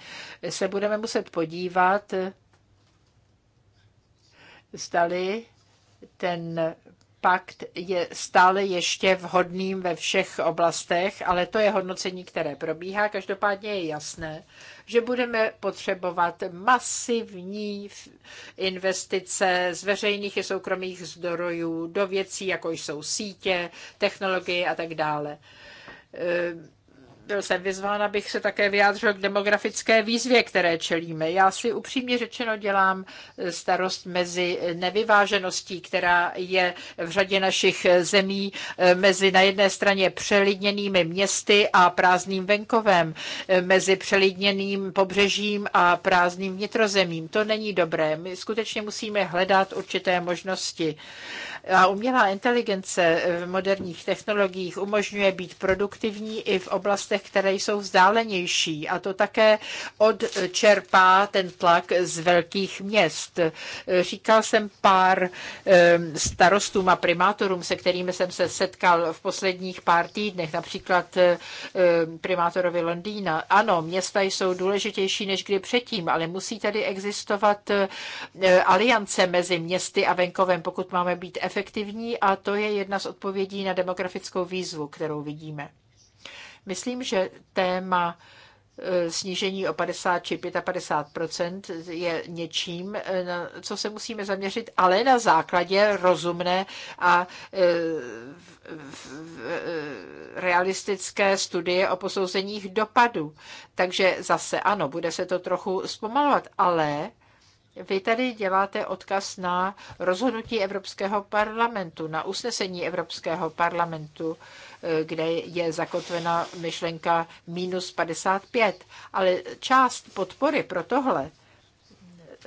se budeme muset podívat, zdali ten pakt je stále ještě vhodným ve všech oblastech, ale to je hodnocení, které probíhá. Každopádně je jasné, že budeme potřebovat masivní investice z veřejných i soukromých zdrojů do věcí, jako jsou sítě, technologie a tak dále ehm, byl jsem vyzván, abych se také vyjádřil k demografické výzvě, které čelíme. Já si upřímně řečeno dělám eh, starost mezi nevyvážeností, která je v řadě našich eh, zemí eh, mezi na jedné straně přelidněnými městy a prázdným venkovem, mezi přelidněným pobřežím a prázdným vnitrozemím. To není dobré. My skutečně musíme hledat určité možnosti. A umělá inteligence v moderních technologiích umožňuje být produktivní i v oblastech, které jsou vzdálenější. A to také odčerpá ten tlak z velkých měst. Říkal jsem pár starostům a primátorům, se kterými jsem se setkal v posledních pár týdnech, například primátorovi Londýna. Ano, města jsou důležitější než kdy předtím, ale musí tady existovat aliance mezi městy a venkovem, pokud máme být efektivní efektivní a to je jedna z odpovědí na demografickou výzvu, kterou vidíme. Myslím, že téma e, snížení o 50 či 55 je něčím, e, na co se musíme zaměřit, ale na základě rozumné a e, realistické studie o posouzeních dopadů. Takže zase ano, bude se to trochu zpomalovat, ale vy tady děláte odkaz na rozhodnutí Evropského parlamentu, na usnesení Evropského parlamentu, eh, kde je zakotvena myšlenka minus 55, ale část podpory pro tohle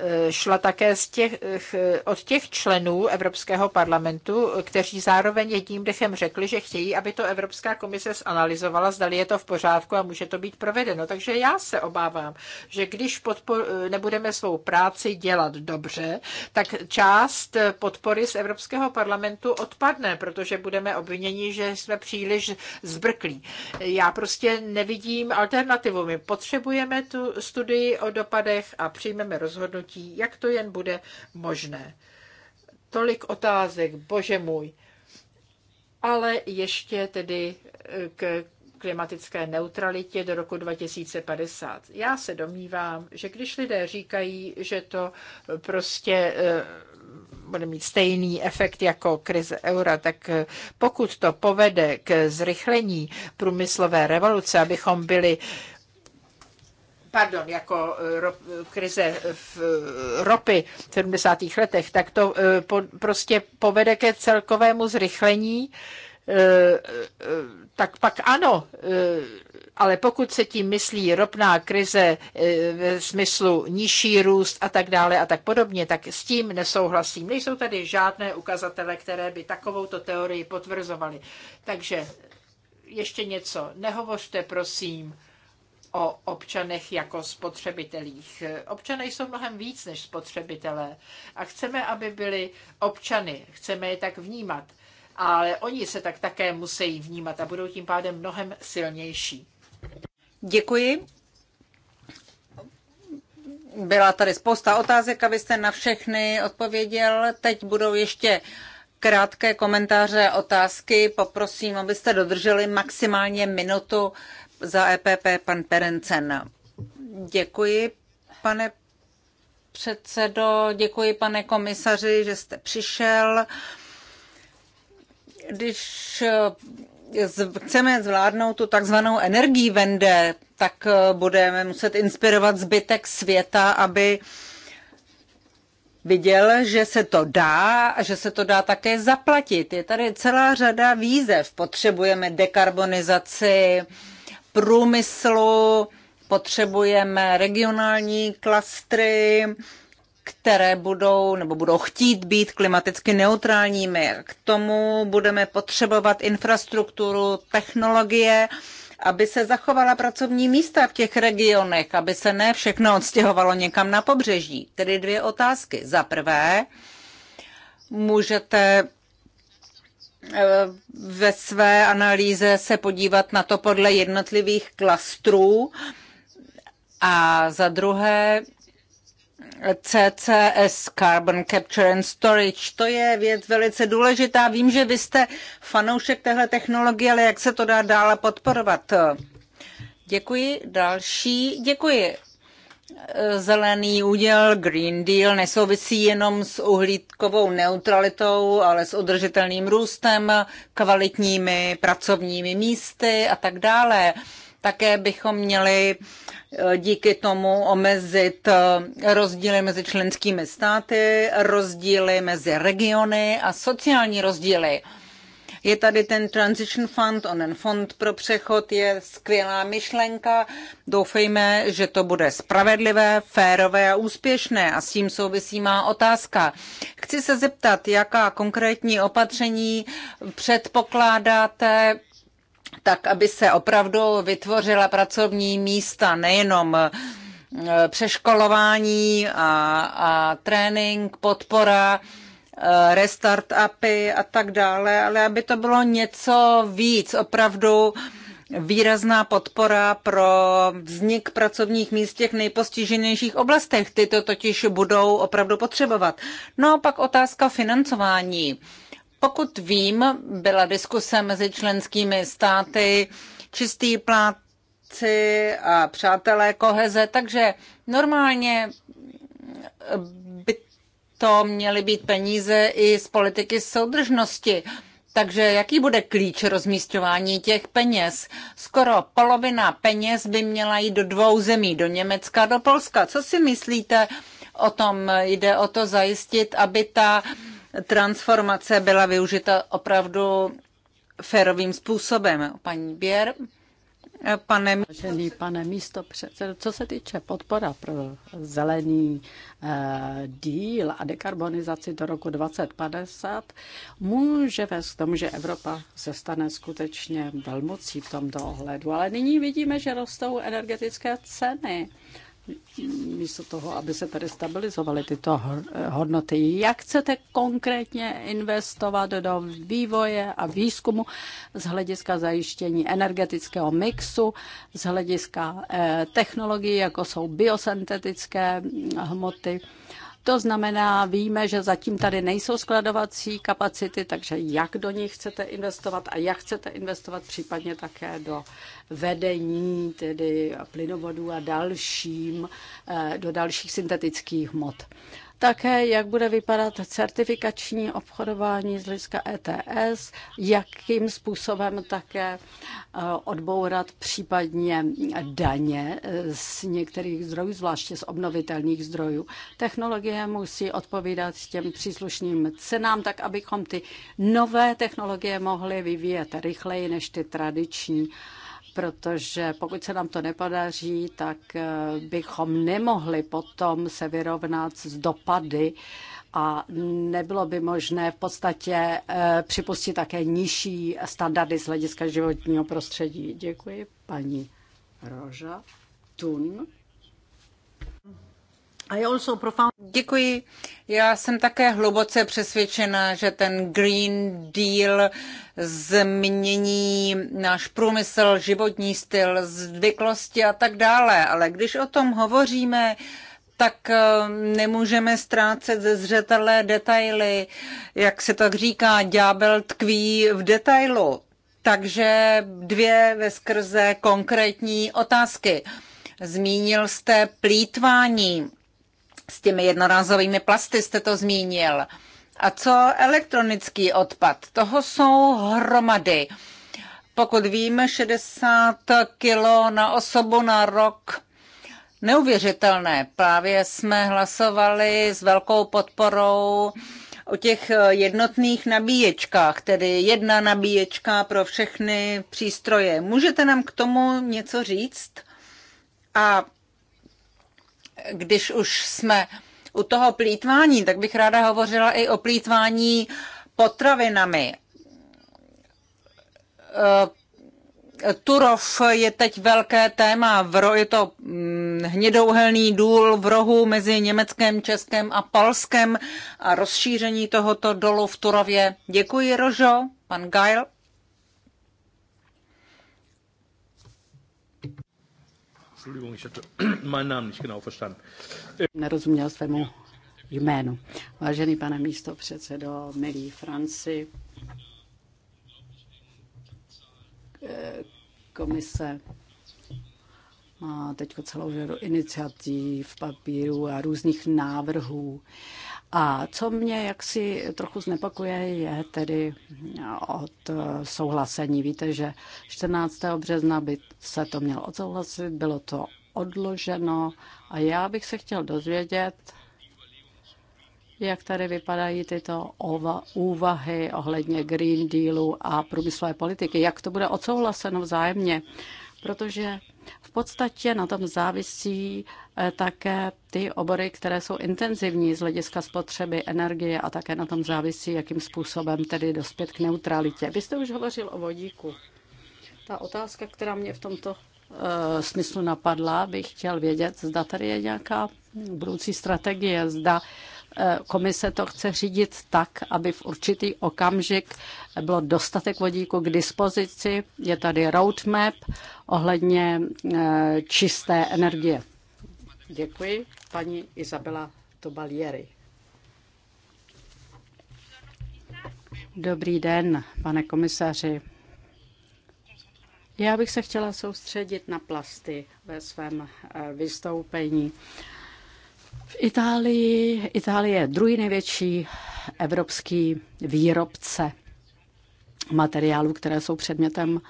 Eh, šla také z těch, eh, od těch členů Evropského parlamentu, kteří zároveň jedním dechem řekli, že chtějí, aby to Evropská komise zanalizovala, zdali je to v pořádku a může to být provedeno. Takže já se obávám, že když podpor, nebudeme svou práci dělat dobře, tak část podpory z Evropského parlamentu odpadne, protože budeme obviněni, že jsme příliš zbrklí. Já prostě nevidím alternativu. My potřebujeme tu studii o dopadech a přijmeme rozhodnutí rozhodnutí, jak to jen bude možné. Tolik otázek, bože můj. Ale ještě tedy eh, k klimatické neutralitě do roku 2050. Já se domnívám, že když lidé říkají, že to prostě eh, bude mít stejný efekt jako krize eura, tak eh, pokud to povede k zrychlení průmyslové revoluce, abychom byli pardon, jako eh, ro, krize v eh, ropy v 70. letech, tak to eh, po, prostě povede ke celkovému zrychlení, tak pak ano, ale pokud se tím myslí ropná krize ve smyslu nižší růst a tak dále a tak podobně, tak s tím nesouhlasím. Nejsou tady žádné ukazatele, které by takovouto teorii potvrzovaly. Takže ještě něco. Nehovořte, prosím, o občanech jako spotřebitelích. Občané jsou mnohem víc než spotřebitelé a chceme, aby byli občany, chceme je tak vnímat, ale oni se tak také musí vnímat a budou tím pádem mnohem silnější. Děkuji. Byla tady spousta otázek, abyste na všechny odpověděl. Teď budou ještě krátké komentáře, otázky. Poprosím, abyste dodrželi maximálně minutu za EPP pan Perencen. Děkuji, pane předsedo, děkuji, pane komisaři, že jste přišel. Když eh, chceme zvládnout tu takzvanou energii vende, tak eh, budeme muset inspirovat zbytek světa, aby viděl, že se to dá a že se to dá také zaplatit. Je tady celá řada výzev. Potřebujeme dekarbonizaci, průmyslu, potřebujeme regionální klastry, které budou nebo budou chtít být klimaticky neutrálními. K tomu budeme potřebovat infrastrukturu, technologie, aby se zachovala pracovní místa v těch regionech, aby se ne všechno odstěhovalo někam na pobřeží. Tedy dvě otázky. Za prvé, můžete ve své analýze se podívat na to podle jednotlivých klastrů. A za druhé CCS, Carbon Capture and Storage, to je věc velice důležitá. Vím, že vy jste fanoušek téhle technologie, ale jak se to dá dále podporovat? Děkuji. Další. Děkuji zelený úděl, Green Deal, nesouvisí jenom s uhlíkovou neutralitou, ale s udržitelným růstem, kvalitními pracovními místy a tak dále. Také bychom měli eh, díky tomu omezit eh, rozdíly mezi členskými státy, rozdíly mezi regiony a sociální rozdíly. Je tady ten Transition Fund, onen fond pro přechod je skvělá myšlenka. Doufejme, že to bude spravedlivé, férové a úspěšné. A s tím souvisí má otázka. Chci se zeptat, jaká konkrétní opatření předpokládáte tak, aby se opravdu vytvořila pracovní místa, nejenom eh, přeškolování a, a trénink, podpora, Eh, restart API a tak dále, ale aby to bylo něco víc, opravdu výrazná podpora pro vznik pracovních míst v těch nejpostiženějších oblastech. Ty to totiž budou opravdu potřebovat. No a pak otázka financování. Pokud vím, byla diskuse mezi členskými státy, čistý plátci a přátelé koheze, takže normálně by to měly být peníze i z politiky soudržnosti. Takže jaký bude klíč rozmístování těch peněz? Skoro polovina peněz by měla jít do dvou zemí, do Německa a do Polska. Co si myslíte o tom? Jde o to zajistit, aby ta transformace byla využita opravdu férovým způsobem. Paní Běr. Pane... Vážený pane místo předsedo, co se týče podpora pro zelený e, díl a dekarbonizaci do roku 2050, může vést k tomu, že Evropa se stane skutečně velmocí v tomto ohledu. Ale nyní vidíme, že rostou energetické ceny místo toho, aby se tady stabilizovaly tyto hodnoty. Jak chcete konkrétně investovat do vývoje a výzkumu z hlediska zajištění energetického mixu, z hlediska eh, technologií, jako jsou biosyntetické hmoty? To znamená, víme, že zatím tady nejsou skladovací kapacity, takže jak do nich chcete investovat a jak chcete investovat případně také do vedení tedy plynovodů a dalším, eh, do dalších syntetických hmot. Také, jak bude vypadat certifikační obchodování z hlediska ETS, jakým způsobem také eh, odbourat případně daně eh, z některých zdrojů, zvláště z obnovitelných zdrojů. Technologie musí odpovídat těm příslušným cenám, tak abychom ty nové technologie mohli vyvíjet rychleji než ty tradiční protože pokud se nám to nepodaří, tak eh, bychom nemohli potom se vyrovnat s dopady a nebylo by možné v podstatě eh, připustit také nižší standardy z hlediska životního prostředí. Děkuji, paní Roža Tun. Děkuji. Já jsem také hluboce přesvědčena, že ten Green Deal změní náš průmysl, životní styl, zvyklosti a tak dále. Ale když o tom hovoříme, tak eh, nemůžeme ztrácet ze zřetele detaily. Jak se tak říká, ďábel tkví v detailu. Takže dvě veskrze konkrétní otázky. Zmínil jste plítvání s těmi jednorázovými plasty jste to zmínil. A co elektronický odpad? Toho jsou hromady. Pokud víme, 60 kilo na osobu na rok. Neuvěřitelné. Právě jsme hlasovali s velkou podporou o těch jednotných nabíječkách, tedy jedna nabíječka pro všechny přístroje. Můžete nám k tomu něco říct? A když už jsme u toho plítvání, tak bych ráda hovořila i o plítvání potravinami. E, Turov je teď velké téma. Je to mm, hnědouhelný důl v rohu mezi Německem, Českem a Polskem a rozšíření tohoto dolu v Turově. Děkuji, Rožo. Pan Geil. Entschuldigung, ich hatte meinen Namen nicht genau verstanden. Nerozuměl svému jménu. Vážený pane místo předsedo, milí Franci, eh, komise má teď celou řadu iniciativ, papíru a různých návrhů. A co mě jaksi trochu znepokuje, je tedy eh, od eh, souhlasení. Víte, že 14. března by se to mělo odsouhlasit, bylo to odloženo a já bych se chtěl dozvědět, jak tady vypadají tyto ova, úvahy ohledně Green Dealu a průmyslové politiky, jak to bude odsouhlaseno vzájemně, protože v podstatě na tom závisí eh, také ty obory, které jsou intenzivní z hlediska spotřeby energie a také na tom závisí, jakým způsobem tedy dospět k neutralitě. Vy jste už hovořil o vodíku. Ta otázka, která mě v tomto eh, smyslu napadla, bych chtěl vědět, zda tady je nějaká budoucí strategie, zda Eh, komise to chce řídit tak, aby v určitý okamžik bylo dostatek vodíku k dispozici. Je tady roadmap ohledně eh, čisté energie. Děkuji, paní Izabela Tobalieri. Dobrý den, pane komisaři. Já bych se chtěla soustředit na plasty ve svém eh, vystoupení. V Itálii, Itálie je druhý největší evropský výrobce materiálů, které jsou předmětem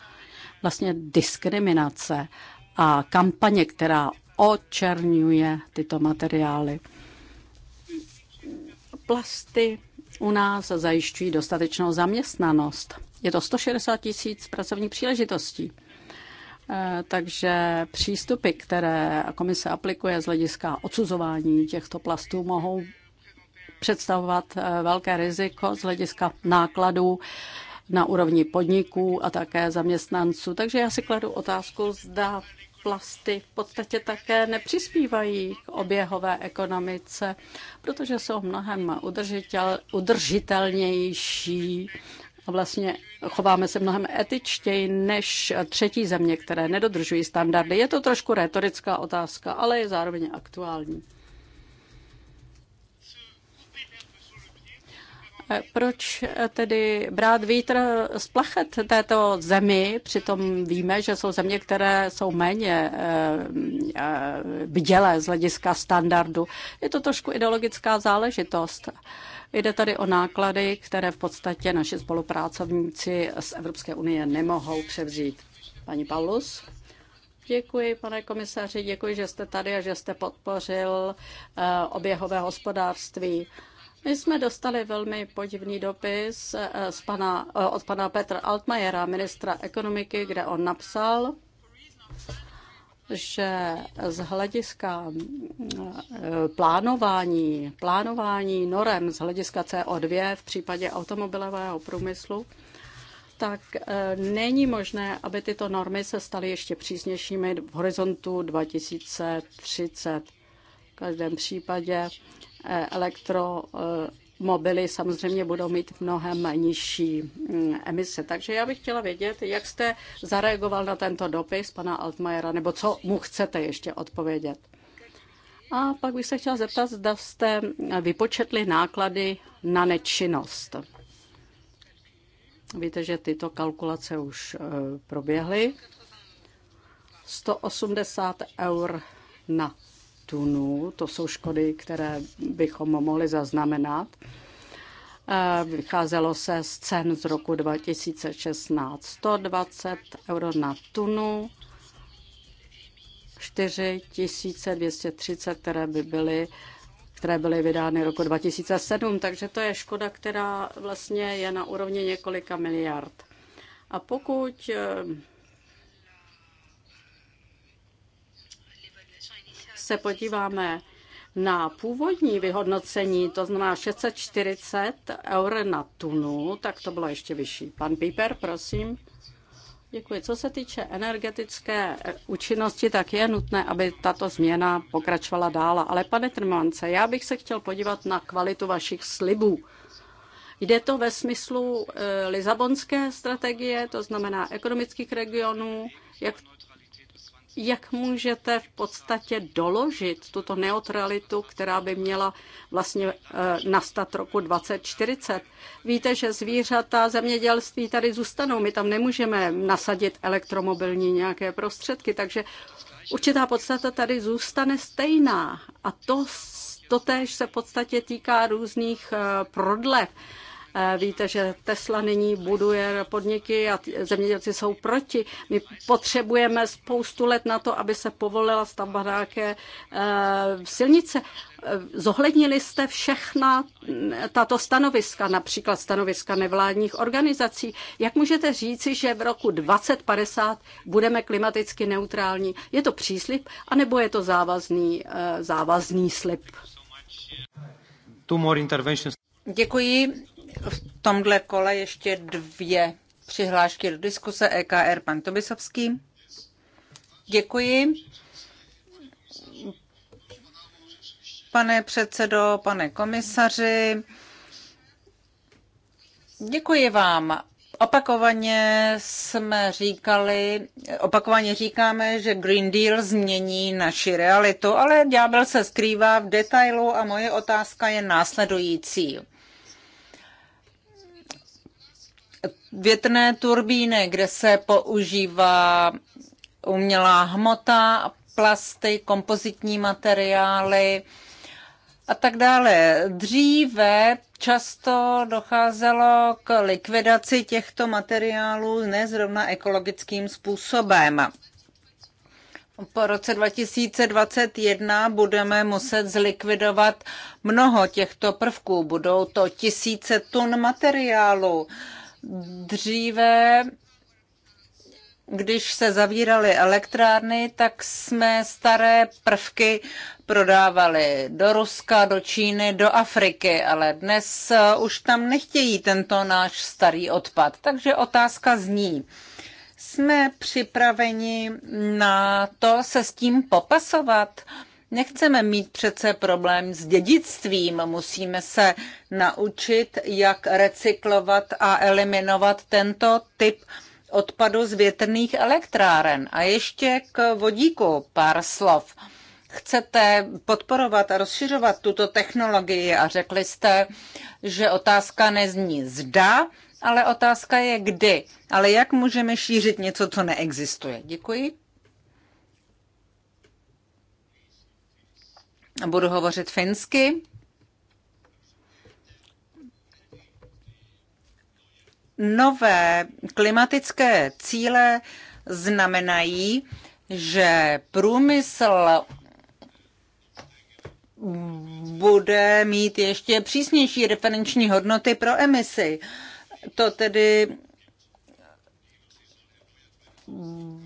vlastně diskriminace a kampaně, která očerňuje tyto materiály. Plasty u nás zajišťují dostatečnou zaměstnanost. Je to 160 tisíc pracovních příležitostí. Eh, takže přístupy, které komise aplikuje z hlediska odsuzování těchto plastů, mohou představovat eh, velké riziko z hlediska nákladů na úrovni podniků a také zaměstnanců. Takže já si kladu otázku, zda plasty v podstatě také nepřispívají k oběhové ekonomice, protože jsou mnohem udržitel, udržitelnější vlastně chováme se mnohem etičtěji než třetí země, které nedodržují standardy. Je to trošku retorická otázka, ale je zároveň aktuální. Proč tedy brát vítr z plachet této zemi? Přitom víme, že jsou země, které jsou méně eh, eh, bdělé z hlediska standardu. Je to trošku ideologická záležitost. Jde tady o náklady, které v podstatě naši spolupracovníci z Evropské unie nemohou převzít. Paní Paulus? Děkuji, pane komisaři, děkuji, že jste tady a že jste podpořil eh, oběhové hospodářství. My jsme dostali velmi podivný dopis eh, z pana, eh, od pana Petra Altmajera, ministra ekonomiky, kde on napsal, že z hlediska eh, plánování, plánování norem z hlediska CO2 v případě automobilového průmyslu, tak eh, není možné, aby tyto normy se staly ještě přísnějšími v horizontu 2030. V každém případě eh, elektro mobily samozřejmě budou mít mnohem nižší mm, emise. Takže já bych chtěla vědět, jak jste zareagoval na tento dopis pana Altmajera, nebo co mu chcete ještě odpovědět. A pak bych se chtěla zeptat, zda jste vypočetli náklady na nečinnost. Víte, že tyto kalkulace už eh, proběhly. 180 eur na tunů. To jsou škody, které bychom mohli zaznamenat. Eh, vycházelo se z cen z roku 2016 120 euro na tunu, 4230, které by byly které byly vydány roku 2007, takže to je škoda, která vlastně je na úrovni několika miliard. A pokud eh, se podíváme na původní vyhodnocení, to znamená 640 eur na tunu, tak to bylo ještě vyšší. Pan Piper, prosím. Děkuji. Co se týče energetické účinnosti, tak je nutné, aby tato změna pokračovala dál. Ale pane Trmance, já bych se chtěl podívat na kvalitu vašich slibů. Jde to ve smyslu e, eh, Lizabonské strategie, to znamená ekonomických regionů, jak jak můžete v podstatě doložit tuto neutralitu, která by měla vlastně eh, nastat roku 2040. Víte, že zvířata zemědělství tady zůstanou, my tam nemůžeme nasadit elektromobilní nějaké prostředky, takže určitá podstata tady zůstane stejná a to to též se v podstatě týká různých eh, prodlev. Eh, víte, že Tesla nyní buduje podniky a zemědělci jsou proti. My potřebujeme spoustu let na to, aby se povolila stavba nějaké eh, silnice. Eh, zohlednili jste všechna mm, tato stanoviska, například stanoviska nevládních organizací. Jak můžete říci, že v roku 2050 budeme klimaticky neutrální? Je to příslip, anebo je to závazný, závazný slib? Děkuji v tomhle kole ještě dvě přihlášky do diskuse EKR pan Tobisovský. Děkuji. Pane předsedo, pane komisaři, děkuji vám. Opakovaně jsme říkali, opakovaně říkáme, že Green Deal změní naši realitu, ale ďábel se skrývá v detailu a moje otázka je následující. větrné turbíny, kde se používá umělá hmota, plasty, kompozitní materiály a tak dále. Dříve často docházelo k likvidaci těchto materiálů nezrovna ekologickým způsobem. Po roce 2021 budeme muset zlikvidovat mnoho těchto prvků. Budou to tisíce tun materiálu. Dříve když se zavíraly elektrárny, tak jsme staré prvky prodávali do Ruska, do Číny, do Afriky, ale dnes uh, už tam nechtějí tento náš starý odpad. Takže otázka zní, jsme připraveni na to se s tím popasovat? Nechceme mít přece problém s dědictvím, musíme se naučit, jak recyklovat a eliminovat tento typ odpadu z větrných elektráren. A ještě k vodíku pár slov. Chcete podporovat a rozšiřovat tuto technologii a řekli jste, že otázka nezní zda, ale otázka je kdy. Ale jak můžeme šířit něco, co neexistuje? Děkuji. Budu hovořit finsky. Nové klimatické cíle znamenají, že průmysl bude mít ještě přísnější referenční hodnoty pro emisy. To tedy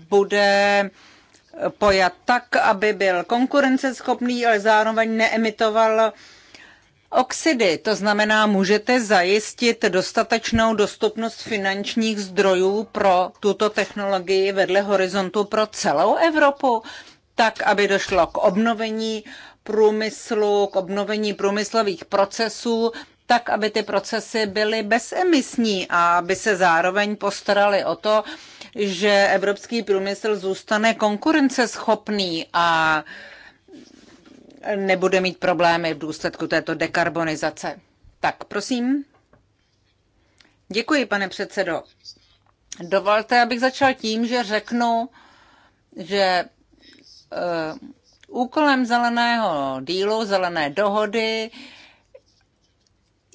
bude pojat tak, aby byl konkurenceschopný, ale zároveň neemitoval oxidy. To znamená, můžete zajistit dostatečnou dostupnost finančních zdrojů pro tuto technologii vedle horizontu pro celou Evropu, tak, aby došlo k obnovení průmyslu, k obnovení průmyslových procesů, tak, aby ty procesy byly bezemisní a aby se zároveň postarali o to, že evropský průmysl zůstane konkurenceschopný a nebude mít problémy v důsledku této dekarbonizace. Tak, prosím. Děkuji, pane předsedo. Dovolte, abych začal tím, že řeknu, že eh, úkolem zeleného dílu, zelené dohody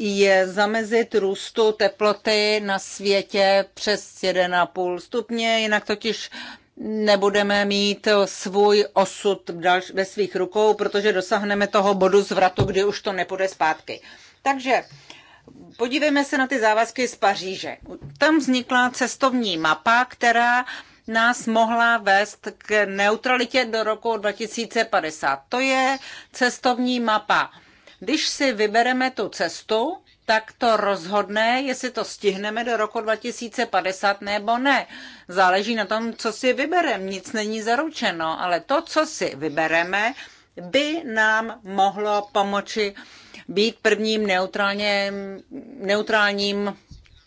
je zamezit růstu teploty na světě přes 1,5 stupně, jinak totiž nebudeme mít svůj osud ve svých rukou, protože dosáhneme toho bodu zvratu, kdy už to nepůjde zpátky. Takže podívejme se na ty závazky z Paříže. Tam vznikla cestovní mapa, která nás mohla vést k neutralitě do roku 2050. To je cestovní mapa když si vybereme tu cestu, tak to rozhodne, jestli to stihneme do roku 2050 nebo ne. Záleží na tom, co si vybereme. Nic není zaručeno, ale to, co si vybereme, by nám mohlo pomoci být prvním neutrálně, neutrálním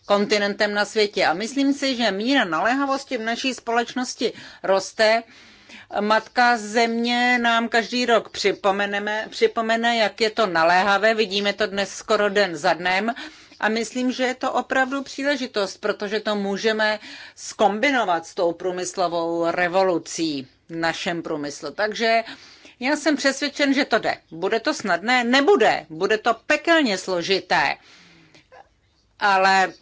kontinentem na světě. A myslím si, že míra naléhavosti v naší společnosti roste Matka země nám každý rok připomeneme, připomene, jak je to naléhavé. Vidíme to dnes skoro den za dnem. A myslím, že je to opravdu příležitost, protože to můžeme skombinovat s tou průmyslovou revolucí v našem průmyslu. Takže já jsem přesvědčen, že to jde. Bude to snadné? Nebude. Bude to pekelně složité. Ale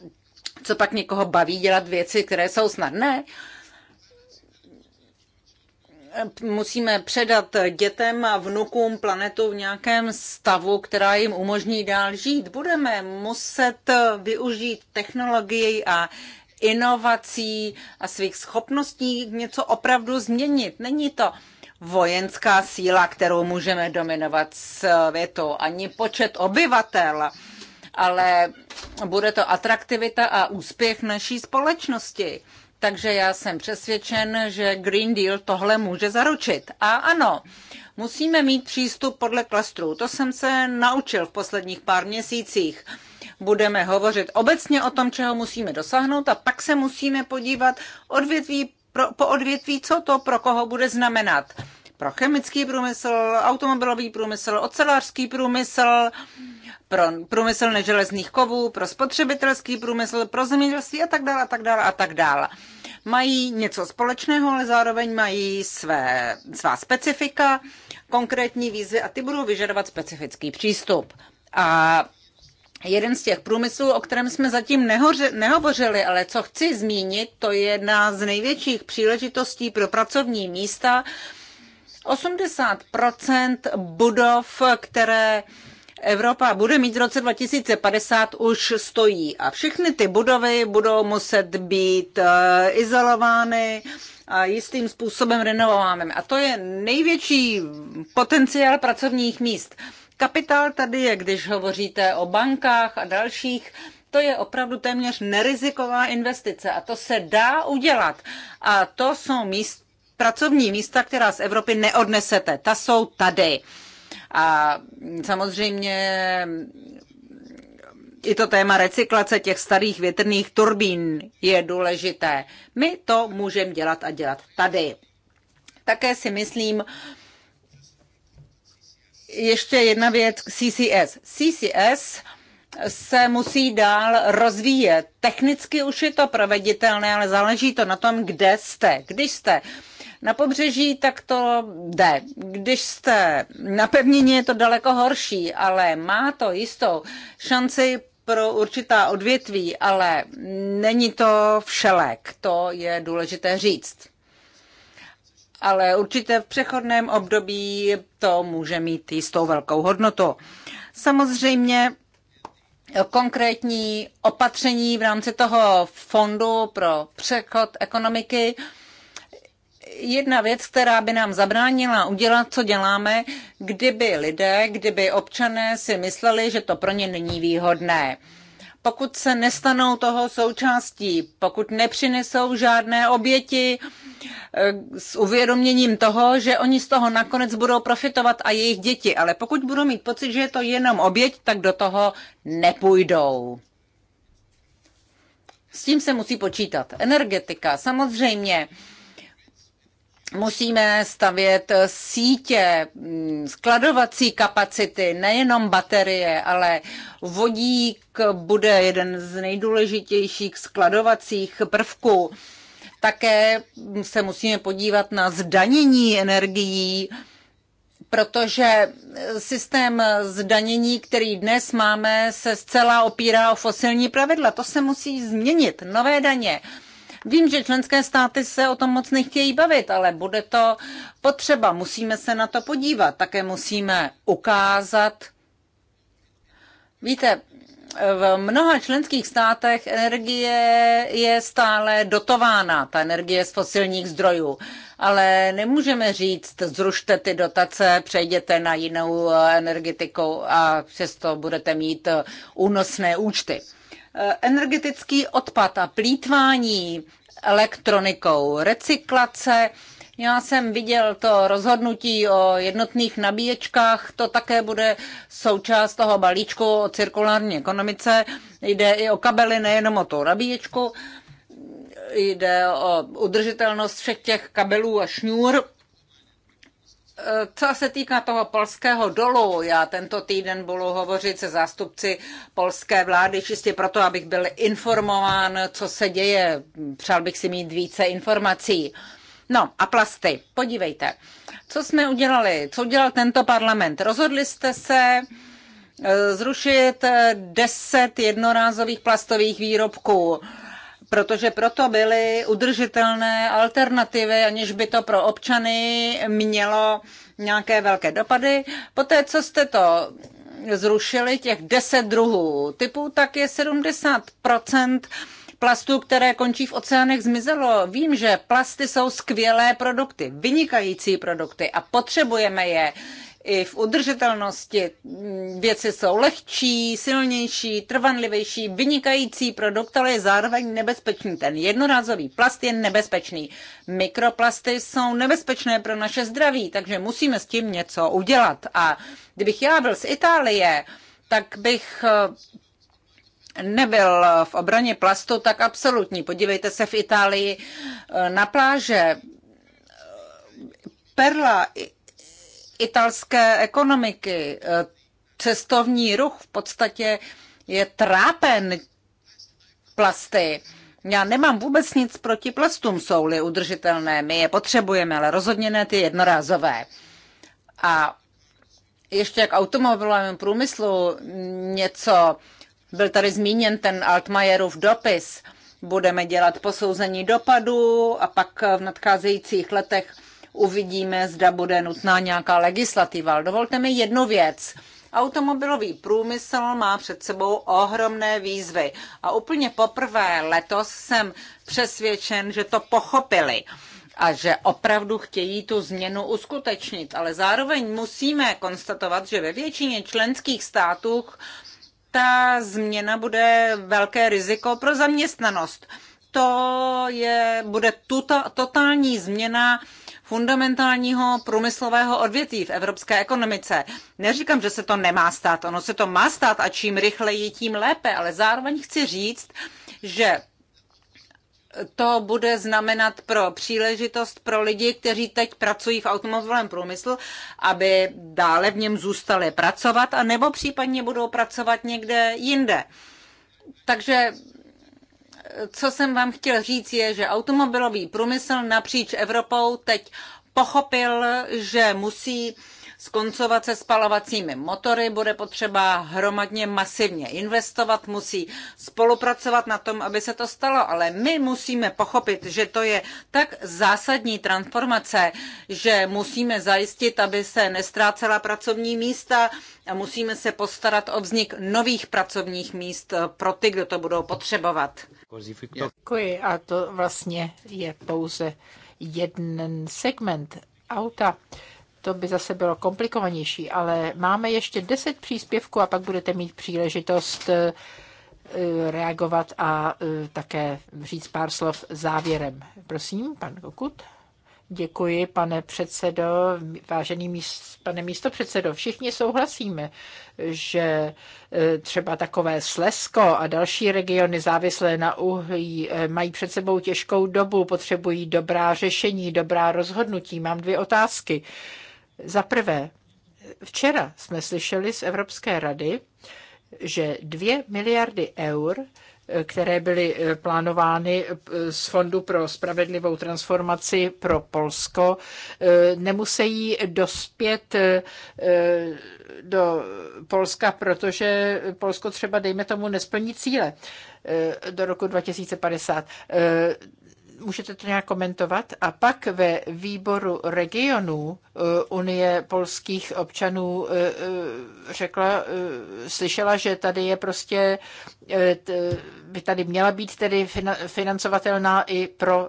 co pak někoho baví dělat věci, které jsou snadné? Uh, musíme předat dětem a vnukům planetu v nějakém stavu, která jim umožní dál žít. Budeme muset využít technologii a inovací a svých schopností něco opravdu změnit. Není to vojenská síla, kterou můžeme dominovat světu, ani počet obyvatel, ale bude to atraktivita a úspěch naší společnosti. Takže já jsem přesvědčen, že Green Deal tohle může zaručit. A ano, musíme mít přístup podle klastrů. To jsem se naučil v posledních pár měsících. Budeme hovořit obecně o tom, čeho musíme dosáhnout a pak se musíme podívat odvětví pro, po odvětví, co to pro koho bude znamenat pro chemický průmysl, automobilový průmysl, ocelářský průmysl, pro průmysl neželezných kovů, pro spotřebitelský průmysl, pro zemědělství a tak dále a tak dále a tak dále. Mají něco společného, ale zároveň mají své, svá specifika, konkrétní výzvy a ty budou vyžadovat specifický přístup. A Jeden z těch průmyslů, o kterém jsme zatím nehoře, nehovořili, ale co chci zmínit, to je jedna z největších příležitostí pro pracovní místa 80 budov, které Evropa bude mít v roce 2050, už stojí. A všechny ty budovy budou muset být eh, izolovány a jistým způsobem renovovány. A to je největší potenciál pracovních míst. Kapitál tady je, když hovoříte o bankách a dalších, to je opravdu téměř neriziková investice a to se dá udělat. A to jsou míst, pracovní místa, která z Evropy neodnesete. Ta jsou tady. A samozřejmě i to téma recyklace těch starých větrných turbín je důležité. My to můžeme dělat a dělat tady. Také si myslím, ještě jedna věc CCS. CCS se musí dál rozvíjet. Technicky už je to proveditelné, ale záleží to na tom, kde jste. Když jste uh, na pobřeží tak to jde. Když jste na pevnině, je to daleko horší, ale má to jistou šanci pro určitá odvětví, ale není to všelek, to je důležité říct. Ale určitě v přechodném období to může mít jistou velkou hodnotu. Samozřejmě konkrétní opatření v rámci toho fondu pro přechod ekonomiky jedna věc, která by nám zabránila udělat, co děláme, kdyby lidé, kdyby občané si mysleli, že to pro ně není výhodné. Pokud se nestanou toho součástí, pokud nepřinesou žádné oběti eh, s uvědoměním toho, že oni z toho nakonec budou profitovat a jejich děti, ale pokud budou mít pocit, že je to jenom oběť, tak do toho nepůjdou. S tím se musí počítat. Energetika, samozřejmě musíme stavět eh, sítě, mm, skladovací kapacity, nejenom baterie, ale vodík bude jeden z nejdůležitějších skladovacích prvků. Také se musíme podívat na zdanění energií, protože systém zdanění, který dnes máme, se zcela opírá o fosilní pravidla. To se musí změnit. Nové daně Vím, že členské státy se o tom moc nechtějí bavit, ale bude to potřeba. Musíme se na to podívat. Také musíme ukázat. Víte, v mnoha členských státech energie je stále dotována, ta energie z fosilních zdrojů. Ale nemůžeme říct, zrušte ty dotace, přejděte na jinou energetiku a přesto budete mít únosné účty. Eh, energetický odpad a plítvání elektronikou, recyklace. Já jsem viděl to rozhodnutí o jednotných nabíječkách, to také bude součást toho balíčku o cirkulární ekonomice. Jde i o kabely, nejenom o tu nabíječku. Jde o udržitelnost všech těch kabelů a šňůr co se týká toho polského dolu, já tento týden budu hovořit se zástupci polské vlády čistě proto, abych byl informován, co se děje. Přál bych si mít více informací. No a plasty. Podívejte, co jsme udělali, co udělal tento parlament. Rozhodli jste se eh, zrušit 10 jednorázových plastových výrobků protože proto byly udržitelné alternativy, aniž by to pro občany mělo nějaké velké dopady. Poté, co jste to zrušili, těch 10 druhů typů, tak je 70 plastů, které končí v oceánech, zmizelo. Vím, že plasty jsou skvělé produkty, vynikající produkty a potřebujeme je i v udržitelnosti. Mm, věci jsou lehčí, silnější, trvanlivější, vynikající produkt, ale je zároveň nebezpečný. Ten jednorázový plast je nebezpečný. Mikroplasty jsou nebezpečné pro naše zdraví, takže musíme s tím něco udělat. A kdybych já byl z Itálie, tak bych eh, nebyl v obraně plastu tak absolutní. Podívejte se v Itálii eh, na pláže. Eh, perla italské ekonomiky. E, cestovní ruch v podstatě je trápen plasty. Já nemám vůbec nic proti plastům, jsou-li udržitelné. My je potřebujeme, ale rozhodně ne ty jednorázové. A ještě k automobilovému průmyslu něco. Byl tady zmíněn ten Altmajerův dopis. Budeme dělat posouzení dopadu a pak v nadcházejících letech uvidíme, zda bude nutná nějaká legislativa. Ale dovolte mi jednu věc. Automobilový průmysl má před sebou ohromné výzvy a úplně poprvé letos jsem přesvědčen, že to pochopili a že opravdu chtějí tu změnu uskutečnit. Ale zároveň musíme konstatovat, že ve většině členských států ta změna bude velké riziko pro zaměstnanost. To je, bude tuta, totální změna fundamentálního průmyslového odvětví v evropské ekonomice. Neříkám, že se to nemá stát, ono se to má stát a čím rychleji, tím lépe, ale zároveň chci říct, že to bude znamenat pro příležitost pro lidi, kteří teď pracují v automobilovém průmyslu, aby dále v něm zůstali pracovat, a nebo případně budou pracovat někde jinde. Takže co jsem vám chtěl říct, je, že automobilový průmysl napříč Evropou teď pochopil, že musí skoncovat se spalovacími motory, bude potřeba hromadně masivně investovat, musí spolupracovat na tom, aby se to stalo, ale my musíme pochopit, že to je tak zásadní transformace, že musíme zajistit, aby se nestrácela pracovní místa a musíme se postarat o vznik nových pracovních míst pro ty, kdo to budou potřebovat. Děkuji a to vlastně je pouze jeden segment auta to by zase bylo komplikovanější, ale máme ještě 10 příspěvků a pak budete mít příležitost eh, reagovat a eh, také říct pár slov závěrem. Prosím, pan Kokut. Děkuji, pane předsedo, vážený míst, pane místopředsedo. Všichni souhlasíme, že eh, třeba takové Slesko a další regiony závislé na uhlí mají před sebou těžkou dobu, potřebují dobrá řešení, dobrá rozhodnutí. Mám dvě otázky. Za prvé, včera jsme slyšeli z Evropské rady, že 2 miliardy eur které byly eh, plánovány eh, z Fondu pro spravedlivou transformaci pro Polsko, eh, nemusí dospět do Polska, protože Polsko třeba, dejme tomu, nesplní cíle do roku 2050 můžete to nějak komentovat? A pak ve výboru regionů eh, Unie polských občanů eh, eh, řekla, slyšela, že tady je prostě, by tady měla být tedy financovatelná i pro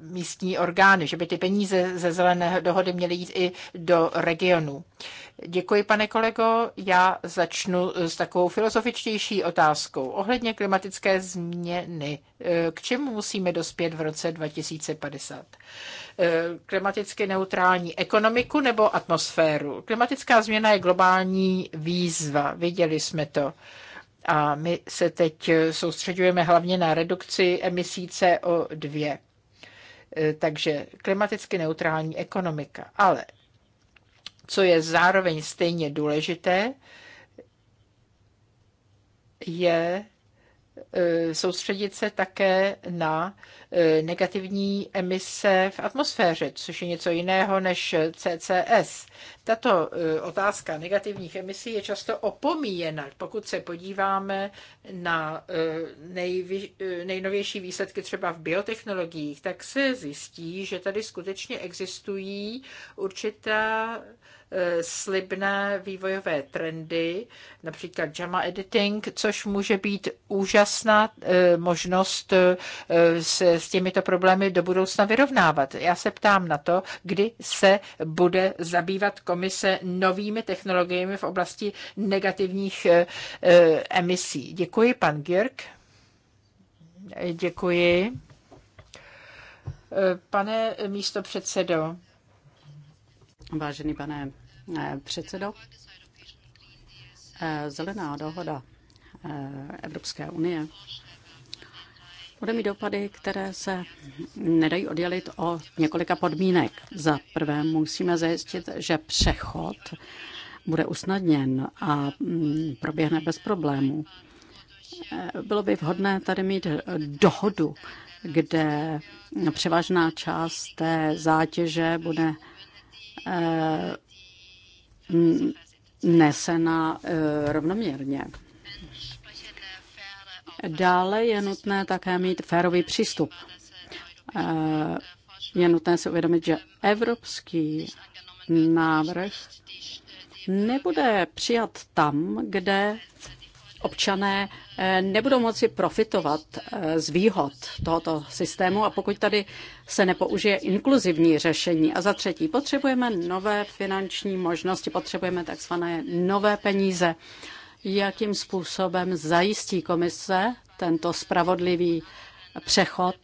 místní orgány, že by ty peníze ze zelené dohody měly jít i do regionů. Děkuji, pane kolego. Já začnu s takovou filozofičtější otázkou ohledně klimatické změny. Eh, k čemu musíme dospět v roce 2050? Eh, klimaticky neutrální ekonomiku nebo atmosféru? Klimatická změna je globální výzva. Viděli jsme to. A my se teď eh, soustředujeme hlavně na redukci emisí CO2 takže klimaticky neutrální ekonomika. Ale co je zároveň stejně důležité, je e, soustředit se také na e, negativní emise v atmosféře, což je něco jiného než CCS. Tato e, otázka negativních emisí je často opomíjena. Pokud se podíváme na nejvy, nejnovější výsledky třeba v biotechnologiích, tak se zjistí, že tady skutečně existují určitá Eh, slibné vývojové trendy, například JAMA Editing, což může být úžasná eh, možnost eh, se s těmito problémy do budoucna vyrovnávat. Já se ptám na to, kdy se bude zabývat komise novými technologiemi v oblasti negativních emisí. Děkuji, pan Gierk. Děkuji. Pane místo předsedo, Vážený pane eh, předsedo, eh, zelená dohoda eh, Evropské unie bude mít dopady, které se nedají oddělit o několika podmínek. Za prvé musíme zajistit, že přechod bude usnadněn a mm, proběhne bez problémů. Bylo by vhodné tady mít dohodu, kde převážná část té zátěže bude Eh, nesena eh, rovnoměrně. Dále je nutné také mít férový přístup. Eh, je nutné si uvědomit, že evropský návrh nebude přijat tam, kde v občané eh, nebudou moci profitovat eh, z výhod tohoto systému a pokud tady se nepoužije inkluzivní řešení. A za třetí, potřebujeme nové finanční možnosti, potřebujeme takzvané nové peníze. Jakým způsobem zajistí komise tento spravodlivý přechod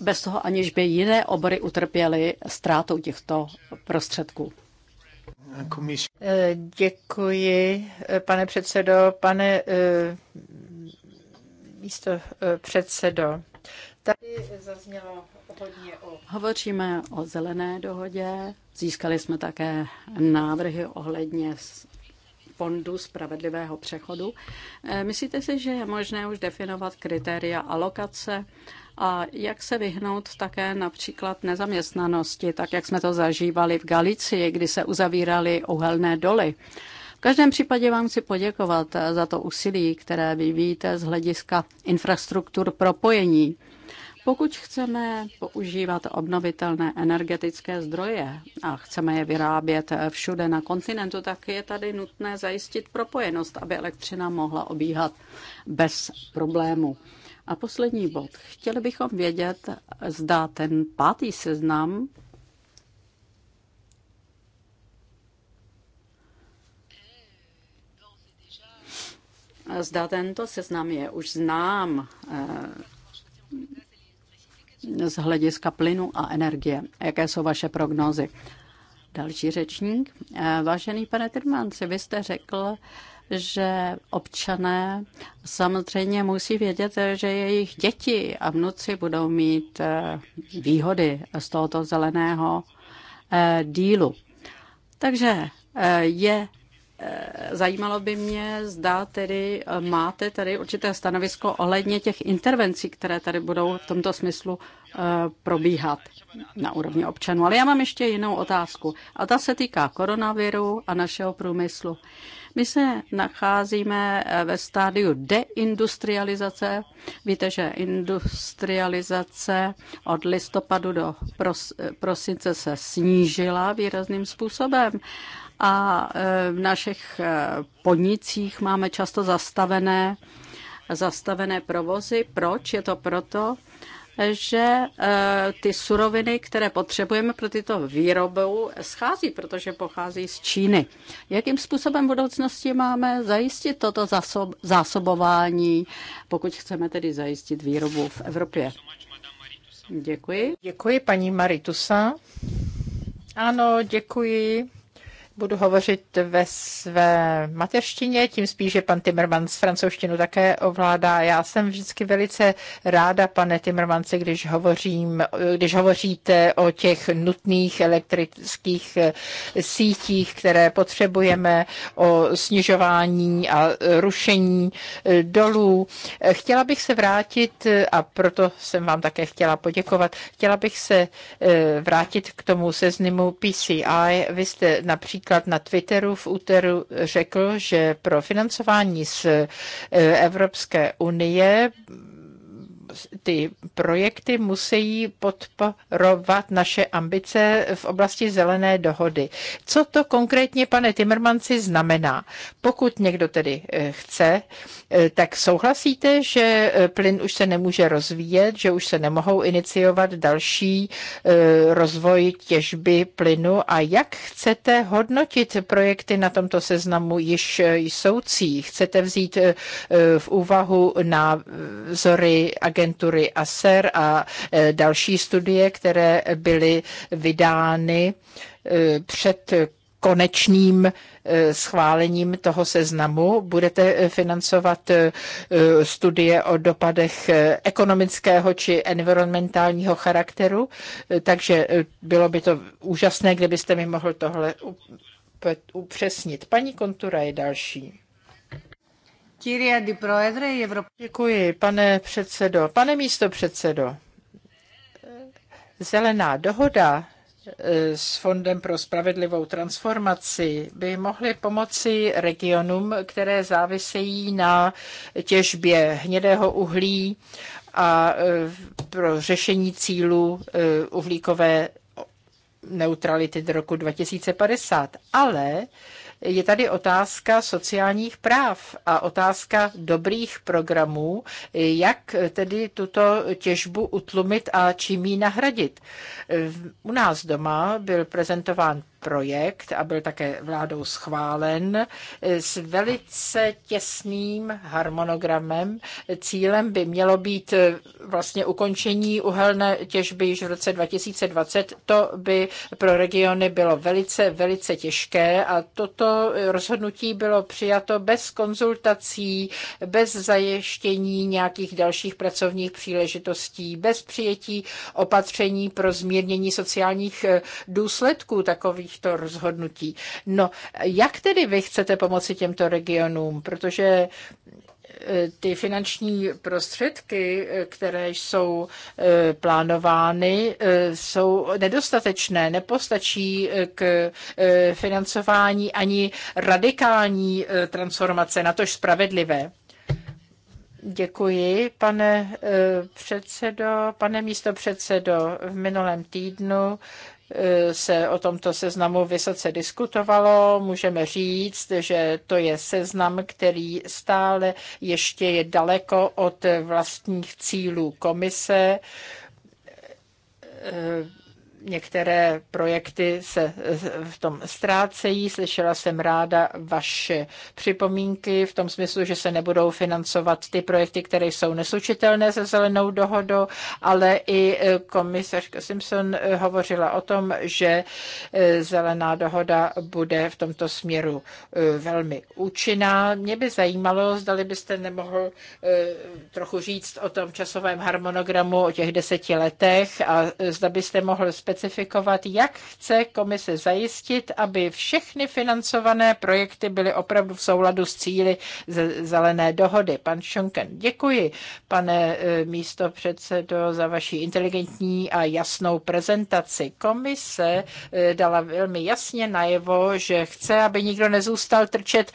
bez toho, aniž by jiné obory utrpěly ztrátou těchto prostředků? Eh, děkuji, eh, pane předsedo. Pane eh, místo předsedo, tady zaznělo hodně o... Hovoříme o zelené dohodě. Získali jsme také návrhy ohledně fondu spravedlivého přechodu. Myslíte si, že je možné už definovat kritéria alokace a jak se vyhnout také například nezaměstnanosti, tak jak jsme to zažívali v Galicii, kdy se uzavíraly uhelné doly. V každém případě vám chci poděkovat za to úsilí, které vyvíjíte z hlediska infrastruktur propojení. Pokud chceme používat obnovitelné energetické zdroje a chceme je vyrábět všude na kontinentu, tak je tady nutné zajistit propojenost, aby elektřina mohla obíhat bez problému. A poslední bod. Chtěli bychom vědět, zda ten pátý seznam Zda tento seznam je už znám eh, z hlediska plynu a energie. Jaké jsou vaše prognózy? Další řečník. Eh, vážený pane Tyrmanci, vy jste řekl, že občané samozřejmě musí vědět, že jejich děti a vnuci budou mít eh, výhody z tohoto zeleného eh, dílu. Takže eh, je Zajímalo by mě, zda tedy máte tady určité stanovisko ohledně těch intervencí, které tady budou v tomto smyslu probíhat na úrovni občanů. Ale já mám ještě jinou otázku. A ta se týká koronaviru a našeho průmyslu. My se nacházíme eh, ve stádiu deindustrializace. Víte, že industrializace od listopadu do pros, prosince se snížila výrazným způsobem a eh, v našich eh, podnicích máme často zastavené, zastavené provozy. Proč? Je to proto, že e, ty suroviny, které potřebujeme pro tyto výrobu, schází, protože pochází z Číny. Jakým způsobem v budoucnosti máme zajistit toto zásobování, pokud chceme tedy zajistit výrobu v Evropě? Děkuji. Děkuji, paní Maritusa. Ano, děkuji budu hovořit ve své mateřštině, tím spíš, že pan Timmermans francouzštinu také ovládá. Já jsem vždycky velice ráda, pane Timmermanse, když, hovořím, když hovoříte o těch nutných elektrických eh, sítích, které potřebujeme, o snižování a rušení eh, dolů. Eh, chtěla bych se vrátit, a proto jsem vám také chtěla poděkovat, chtěla bych se vrátit k tomu seznimu PCI. Vy jste například například na Twitteru v úteru řekl, že pro financování z eh, Evropské unie ty projekty musí podporovat naše ambice v oblasti zelené dohody. Co to konkrétně, pane Timmermanci, znamená? Pokud někdo tedy eh, chce, eh, tak souhlasíte, že eh, plyn už se nemůže rozvíjet, že už se nemohou iniciovat další rozvoj těžby plynu a jak chcete hodnotit projekty na tomto seznamu již jsoucí? Chcete vzít v úvahu názory agentů? agentury ASER a e e, další studie, které byly vydány e, před konečným schválením toho seznamu. Budete financovat studie o dopadech ekonomického či environmentálního charakteru, takže bylo by to úžasné, kdybyste mi mohl tohle upřesnit. Paní Kontura je další. Děkuji, pane předsedo. Pane místo předsedo, zelená dohoda eh, s Fondem pro spravedlivou transformaci by mohly pomoci regionům, které závisejí na těžbě hnědého uhlí a eh, pro řešení cílů eh, uhlíkové neutrality do roku 2050. Ale je tady otázka sociálních práv a otázka dobrých programů, jak tedy tuto těžbu utlumit a čím ji nahradit. U nás doma byl prezentován projekt a byl také vládou schválen s velice těsným harmonogramem. Cílem by mělo být eh, vlastně ukončení uhelné těžby již v roce 2020. To by pro regiony bylo velice, velice těžké a toto rozhodnutí bylo přijato bez konzultací, bez zajištění nějakých dalších pracovních příležitostí, bez přijetí opatření pro zmírnění sociálních eh, důsledků takových takovýchto rozhodnutí. No, jak tedy vy chcete pomoci těmto regionům? Protože e, ty finanční prostředky, e, které jsou e, plánovány, jsou nedostatečné, nepostačí k financování ani radikální transformace, natož spravedlivé. Děkuji, pane předsedo, pane místopředsedo. V minulém týdnu Eh, se o tomto seznamu vysoce diskutovalo. Můžeme říct, že to je seznam, který stále ještě je daleko od vlastních cílů komise eh, některé projekty se v tom ztrácejí. Slyšela jsem ráda vaše připomínky v tom smyslu, že se nebudou financovat ty projekty, které jsou neslučitelné se zelenou dohodou, ale i e, komisařka Simpson e, hovořila o tom, že e, zelená dohoda bude v tomto směru velmi účinná. Mě by zajímalo, zdali byste nemohl trochu říct o tom časovém harmonogramu, o těch deseti letech a zda byste mohl specifikovat specifikovat, jak chce komise zajistit, aby všechny financované projekty byly opravdu v souladu s cíly zelené dohody. Pan Šonken, děkuji, pane eh, místo předsedo, za vaši inteligentní a jasnou prezentaci. Komise eh, dala velmi jasně najevo, že chce, aby nikdo nezůstal trčet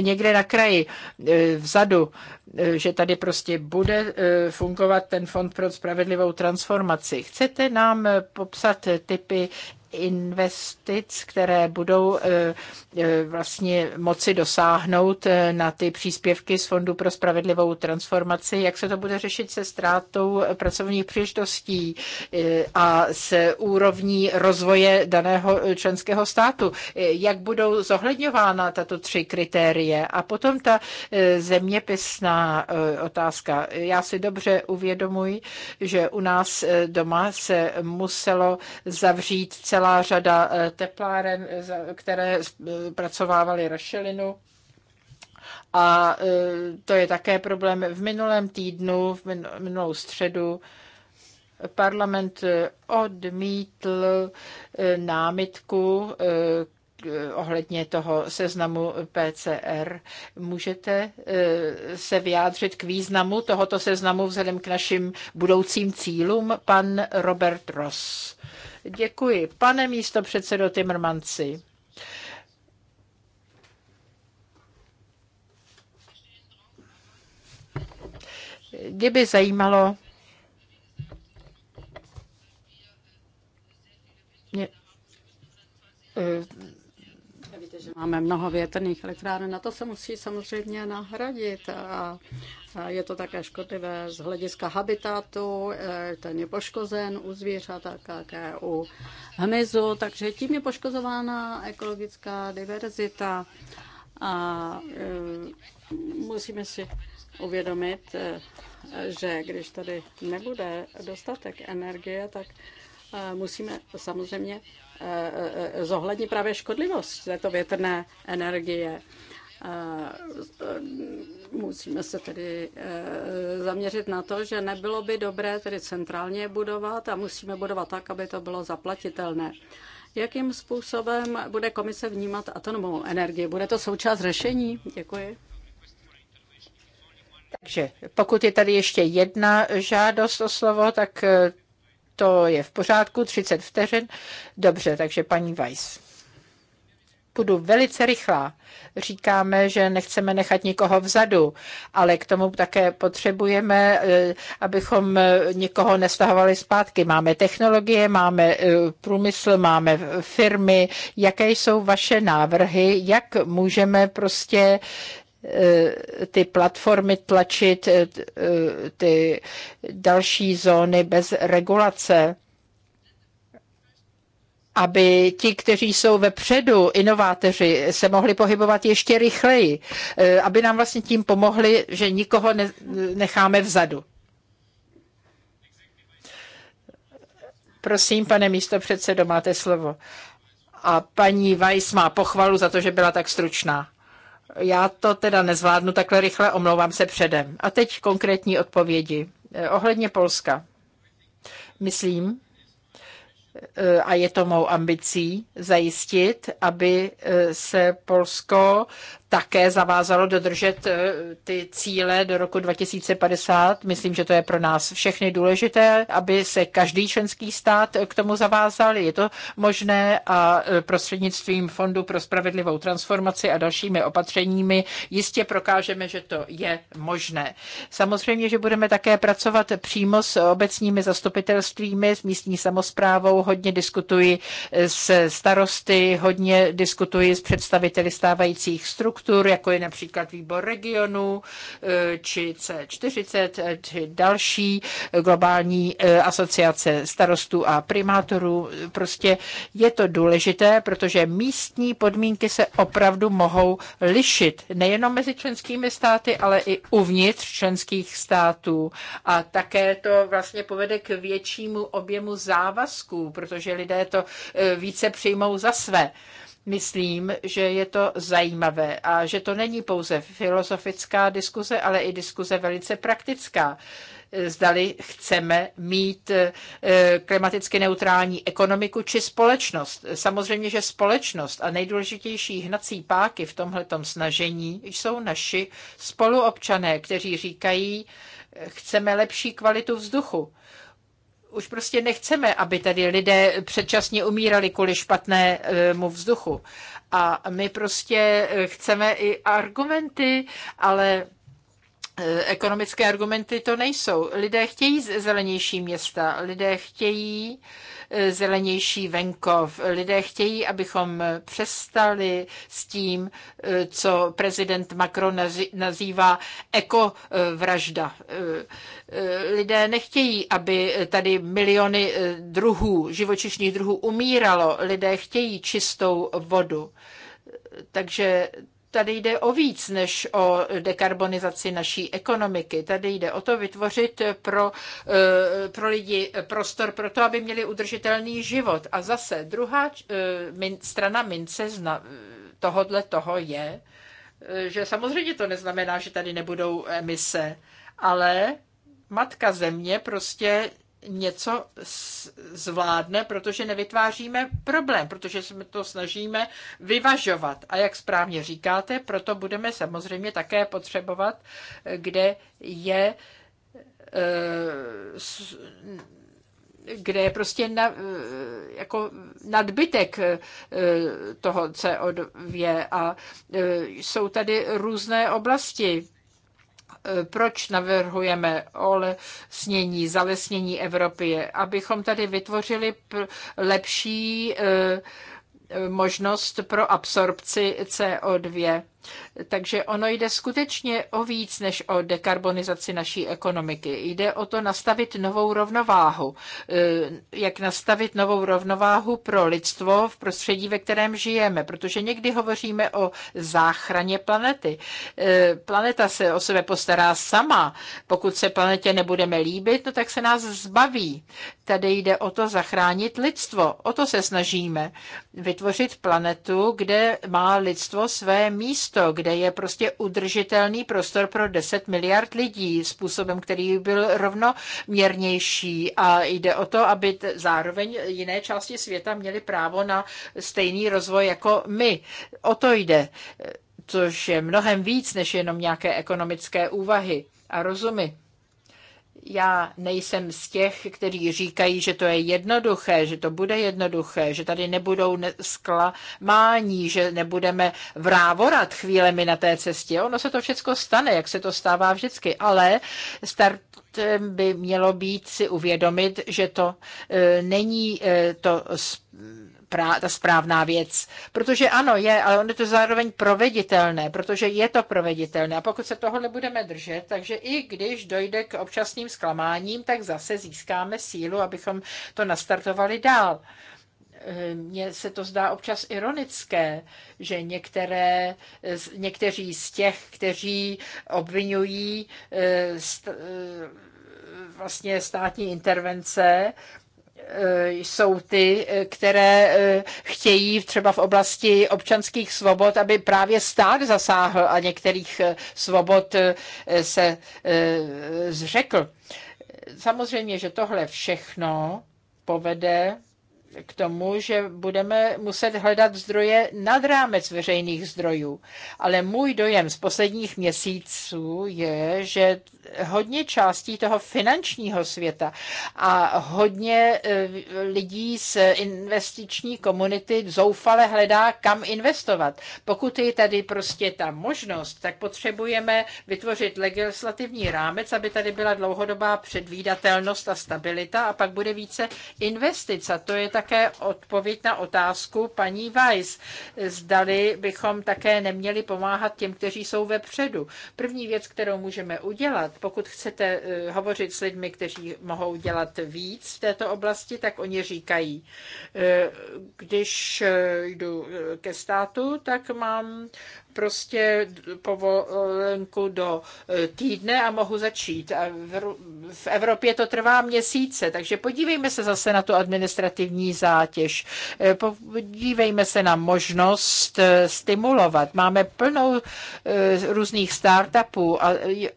někde na kraji eh, vzadu. E, že tady prostě bude e, fungovat ten Fond pro spravedlivou transformaci. Chcete nám e, popsat typy investic, které budou eh, eh, vlastně moci dosáhnout eh, na ty příspěvky z Fondu pro spravedlivou transformaci, jak se to bude řešit se ztrátou pracovních příležitostí a s úrovní rozvoje daného členského státu. Jak budou zohledňována tato tři kritérie? A potom ta zeměpisná otázka. Já si dobře uvědomuji, že u nás doma se muselo zavřít celé celá řada eh, tepláren, eh, které eh, pracovávaly rašelinu. A to je také problém. V minulém týdnu, v minulou středu, parlament odmítl námitku ohledně toho seznamu PCR. Můžete se vyjádřit k významu tohoto seznamu vzhledem k našim budoucím cílům? Pan Robert Ross. Děkuji. Pane místo předsedo Timmermanci. Mě zajímalo, mě, že máme mnoho větrných elektráren. Na to se musí samozřejmě nahradit a je to také škodlivé z hlediska habitatu, e, ten je poškozen u zvířat a také u hmyzu, takže tím je poškozována ekologická diverzita a e, musíme si uvědomit, e, že když tady nebude dostatek energie, tak musíme samozřejmě zohlední právě škodlivost této větrné energie. E, musíme se tedy e, zaměřit na to, že nebylo by dobré tedy centrálně budovat a musíme budovat tak, aby to bylo zaplatitelné. Jakým způsobem bude komise vnímat atomovou energii? Bude to součást řešení? Děkuji. Takže pokud je tady ještě jedna žádost o slovo, tak to je v pořádku, 30 vteřin. Dobře, takže paní Weiss. Budu velice rychlá. Říkáme, že nechceme nechat nikoho vzadu, ale k tomu také potřebujeme, eh, abychom eh, nikoho nestahovali zpátky. Máme technologie, máme eh, průmysl, máme firmy. Jaké jsou vaše návrhy, jak můžeme prostě Eh, ty platformy tlačit, eh, ty další zóny bez regulace, aby ti, kteří jsou vepředu, inovátoři, se mohli pohybovat ještě rychleji, eh, aby nám vlastně tím pomohli, že nikoho necháme vzadu. Prosím, pane místo předsedo, máte slovo. A paní Weiss má pochvalu za to, že byla tak stručná. Já to teda nezvládnu takhle rychle, omlouvám se předem. A teď konkrétní odpovědi. Eh, ohledně Polska. Myslím, eh, a je to mou ambicí zajistit, aby eh, se Polsko také zavázalo dodržet eh, ty cíle do roku 2050. Myslím, že to je pro nás všechny důležité, aby se každý členský stát k tomu zavázal. Je to možné a eh, prostřednictvím Fondu pro spravedlivou transformaci a dalšími opatřeními jistě prokážeme, že to je možné. Samozřejmě, že budeme také pracovat přímo s obecními zastupitelstvími, s místní samozprávou. Hodně diskutuji eh, s starosty, hodně diskutuji s představiteli stávajících struktur struktur, jako je například výbor regionu eh, či C40 eh, či další eh, globální asociace starostů a primátorů. Prostě je to důležité, protože místní podmínky se opravdu mohou lišit nejenom mezi členskými státy, ale i uvnitř členských států. A také to vlastně povede k většímu objemu závazků, protože lidé to více přijmou za své myslím, že je to zajímavé a že to není pouze filozofická diskuze, ale i diskuze velice praktická. Zdali chceme mít e, klimaticky neutrální ekonomiku či společnost. Samozřejmě, že společnost a nejdůležitější hnací páky v tomto snažení jsou naši spoluobčané, kteří říkají, chceme lepší kvalitu vzduchu už prostě nechceme, aby tady lidé předčasně umírali kvůli špatnému vzduchu. A my prostě chceme i argumenty, ale Eh, ekonomické argumenty to nejsou. Lidé chtějí zelenější města, lidé chtějí eh, zelenější venkov, lidé chtějí, abychom přestali s tím, eh, co prezident Macron nazývá ekovražda. Lidé nechtějí, aby tady miliony druhů, živočišních druhů umíralo. Lidé chtějí čistou vodu. Takže tady jde o víc než o dekarbonizaci naší ekonomiky. Tady jde o to vytvořit pro, eh, pro lidi prostor pro to, aby měli udržitelný život. A zase druhá eh, strana mince eh, tohodle toho je, že samozřejmě to neznamená, že tady nebudou emise, ale matka země prostě něco zvládne, protože nevytváříme problém, protože jsme to snažíme vyvažovat. A jak správně říkáte, proto budeme samozřejmě také potřebovat, kde je eh, kde je prostě na, eh, jako nadbytek eh, toho CO2 a jsou tady různé oblasti proč navrhujeme olesnění, zalesnění Evropy? Je, abychom tady vytvořili lepší eh, eh, možnost pro absorpci CO2 takže ono jde skutečně o víc než o dekarbonizaci naší ekonomiky. Jde o to nastavit novou rovnováhu. E, jak nastavit novou rovnováhu pro lidstvo v prostředí, ve kterém žijeme, protože někdy hovoříme o záchraně planety. E, planeta se o sebe postará sama. Pokud se planetě nebudeme líbit, no tak se nás zbaví. Tady jde o to zachránit lidstvo. O to se snažíme. Vytvořit planetu, kde má lidstvo své místo město, kde je prostě udržitelný prostor pro 10 miliard lidí způsobem, který byl rovnoměrnější a jde o to, aby zároveň jiné části světa měly právo na stejný rozvoj jako my. O to jde, což je mnohem víc než jenom nějaké ekonomické úvahy a rozumy. Já nejsem z těch, kteří říkají, že to je jednoduché, že to bude jednoduché, že tady nebudou sklamání, že nebudeme vrávorat chvílemi na té cestě. Ono se to všechno stane, jak se to stává vždycky, ale start by mělo být si uvědomit, že to e, není e, to prá, ta správná věc. Protože ano, je, ale ono je to zároveň proveditelné, protože je to proveditelné. A pokud se toho nebudeme držet, takže i když dojde k občasným zklamáním, tak zase získáme sílu, abychom to nastartovali dál mně se to zdá občas ironické, že některé, někteří z těch, kteří obvinují eh, st, eh, vlastně státní intervence, Eh, jsou ty, eh, které eh, chtějí třeba v oblasti občanských svobod, aby právě stát zasáhl a některých svobod se zřekl. Samozřejmě, že tohle všechno povede k tomu, že budeme muset hledat zdroje nad rámec veřejných zdrojů. Ale můj dojem z posledních měsíců je, že hodně částí toho finančního světa a hodně e, lidí z investiční komunity zoufale hledá, kam investovat. Pokud je tady prostě ta možnost, tak potřebujeme vytvořit legislativní rámec, aby tady byla dlouhodobá předvídatelnost a stabilita a pak bude více investic. A to je ta také odpověď na otázku paní Weiss. Zdali bychom také neměli pomáhat těm, kteří jsou vepředu. První věc, kterou můžeme udělat, pokud chcete eh, hovořit s lidmi, kteří mohou dělat víc v této oblasti, tak oni říkají, eh, když eh, jdu ke státu, tak mám prostě povolenku do eh, týdne a mohu začít. A v Evropě to trvá měsíce, takže podívejme se zase na tu administrativní zátěž. Eh, podívejme se na možnost eh, stimulovat. Máme plnou různých startupů,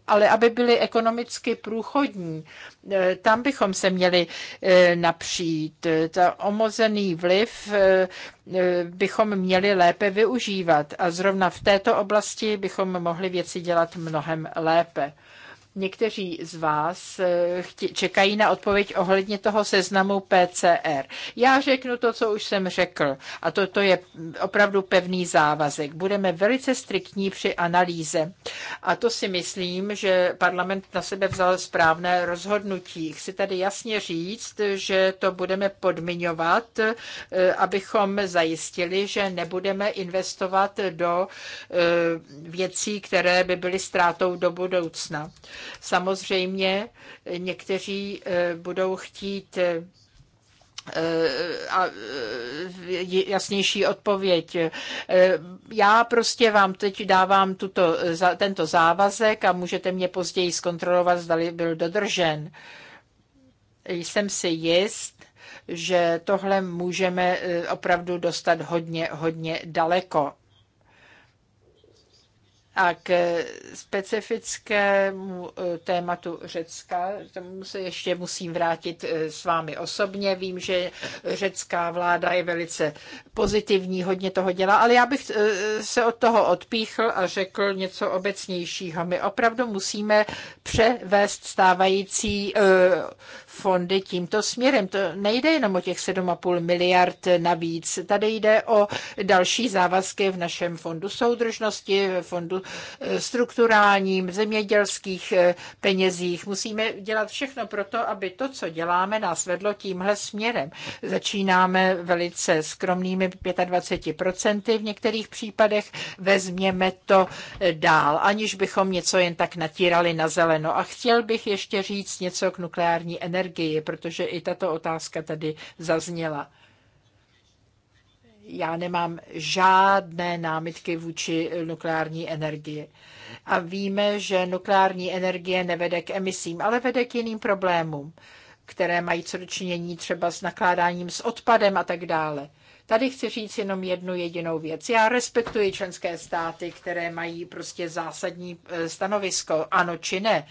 ale aby byly ekonomicky průchodní, Eh, tam bychom se měli eh, napřít. Eh, ta omozený vliv bychom měli lépe využívat a zrovna v této oblasti bychom mohli věci dělat mnohem lépe. Někteří z vás eh, čekají na odpověď ohledně toho seznamu PCR. Já řeknu to, co už jsem řekl, a toto to je opravdu pevný závazek. Budeme velice striktní při analýze. A to si myslím, že parlament na sebe vzal správné rozhodnutí. Chci tady jasně říct, že to budeme podmiňovat, eh, abychom zajistili, že nebudeme investovat do eh, věcí, které by byly ztrátou do budoucna. Samozřejmě někteří eh, budou chtít eh, eh, a jasnější odpověď. Já prostě vám teď dávám tuto, tento závazek a můžete mě později zkontrolovat, zda byl dodržen. Jsem si jist, že tohle můžeme opravdu dostat hodně, hodně daleko. A k specifickému e, tématu Řecka, tomu se ještě musím vrátit e, s vámi osobně. Vím, že řecká vláda je velice pozitivní, hodně toho dělá, ale já bych e, se od toho odpíchl a řekl něco obecnějšího. My opravdu musíme převést stávající fondy tímto směrem. To nejde jenom o těch 7,5 miliard navíc. Tady jde o další závazky v našem fondu soudržnosti, fondu eh, strukturálním, zemědělských eh, penězích. Musíme dělat všechno pro to, aby to, co děláme, nás vedlo tímhle směrem. Začínáme velice skromnými 25% v některých případech. Vezměme to eh, dál, aniž bychom něco jen tak natírali na zeleno. A chtěl bych ještě říct něco k nukleární energii energii, protože i tato otázka tady zazněla. Já nemám žádné námitky vůči nukleární energii. A víme, že nukleární energie nevede k emisím, ale vede k jiným problémům, které mají co dočinění třeba s nakládáním s odpadem a tak dále. Tady chci říct jenom jednu jedinou věc. Já respektuji členské státy, které mají prostě zásadní eh, stanovisko, ano či ne.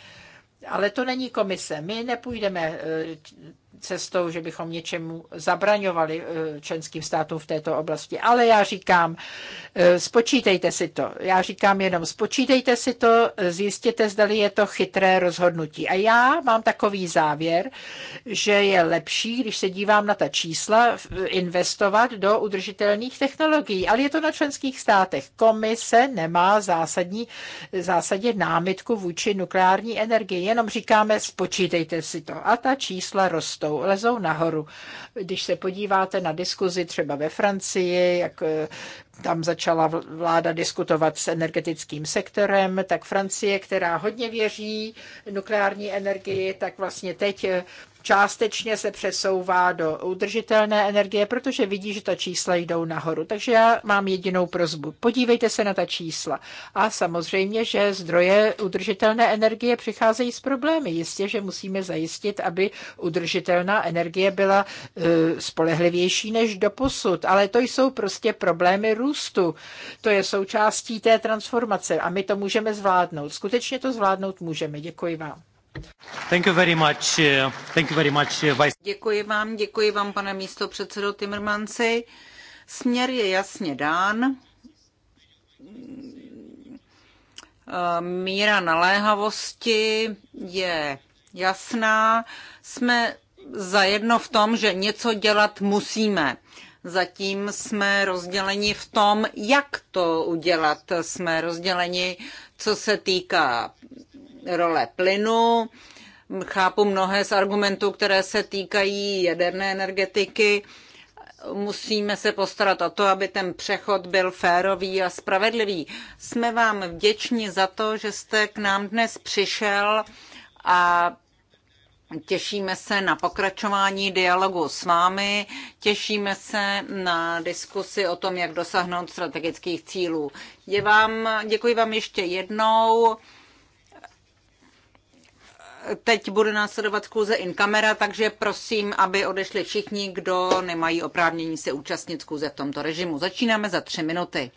Ale to není komise. My nepůjdeme eh, cestou, že bychom něčemu zabraňovali eh, členským státům v této oblasti. Ale já říkám, eh, spočítejte si to. Já říkám jenom, spočítejte si to, zjistěte, zda je to chytré rozhodnutí. A já mám takový závěr, že je lepší, když se dívám na ta čísla, investovat do udržitelných technologií. Ale je to na členských státech. Komise nemá zásadní, zásadě námitku vůči nukleární energii. Jenom říkáme, spočítejte si to. A ta čísla rostou lezou, lezou nahoru. Když se podíváte na diskuzi třeba ve Francii, jak eh, tam začala vláda diskutovat s energetickým sektorem, tak Francie, která hodně věří nukleární energii, tak vlastně teď eh, částečně se přesouvá do udržitelné energie, protože vidí, že ta čísla jdou nahoru. Takže já mám jedinou prozbu. Podívejte se na ta čísla. A samozřejmě, že zdroje udržitelné energie přicházejí s problémy. Jistě, že musíme zajistit, aby udržitelná energie byla e, spolehlivější než doposud. Ale to jsou prostě problémy růstu. To je součástí té transformace a my to můžeme zvládnout. Skutečně to zvládnout můžeme. Děkuji vám. Děkuji vám, děkuji vám, pane místo předsedo Timmermansi. Směr je jasně dán. Eh, míra naléhavosti je jasná. Jsme zajedno v tom, že něco dělat musíme. Zatím jsme rozděleni v tom, jak to udělat. Jsme rozděleni, co se týká role plynu. Chápu mnohé z argumentů, které se týkají jaderné energetiky. Musíme se postarat o to, aby ten přechod byl férový a spravedlivý. Jsme vám vděční za to, že jste k nám dnes přišel a Těšíme se na pokračování dialogu s vámi, těšíme se na diskusi o tom, jak dosáhnout strategických cílů. Je vám, děkuji vám ještě jednou teď bude následovat kůze in kamera, takže prosím, aby odešli všichni, kdo nemají oprávnění se účastnit kůze v tomto režimu. Začínáme za tři minuty.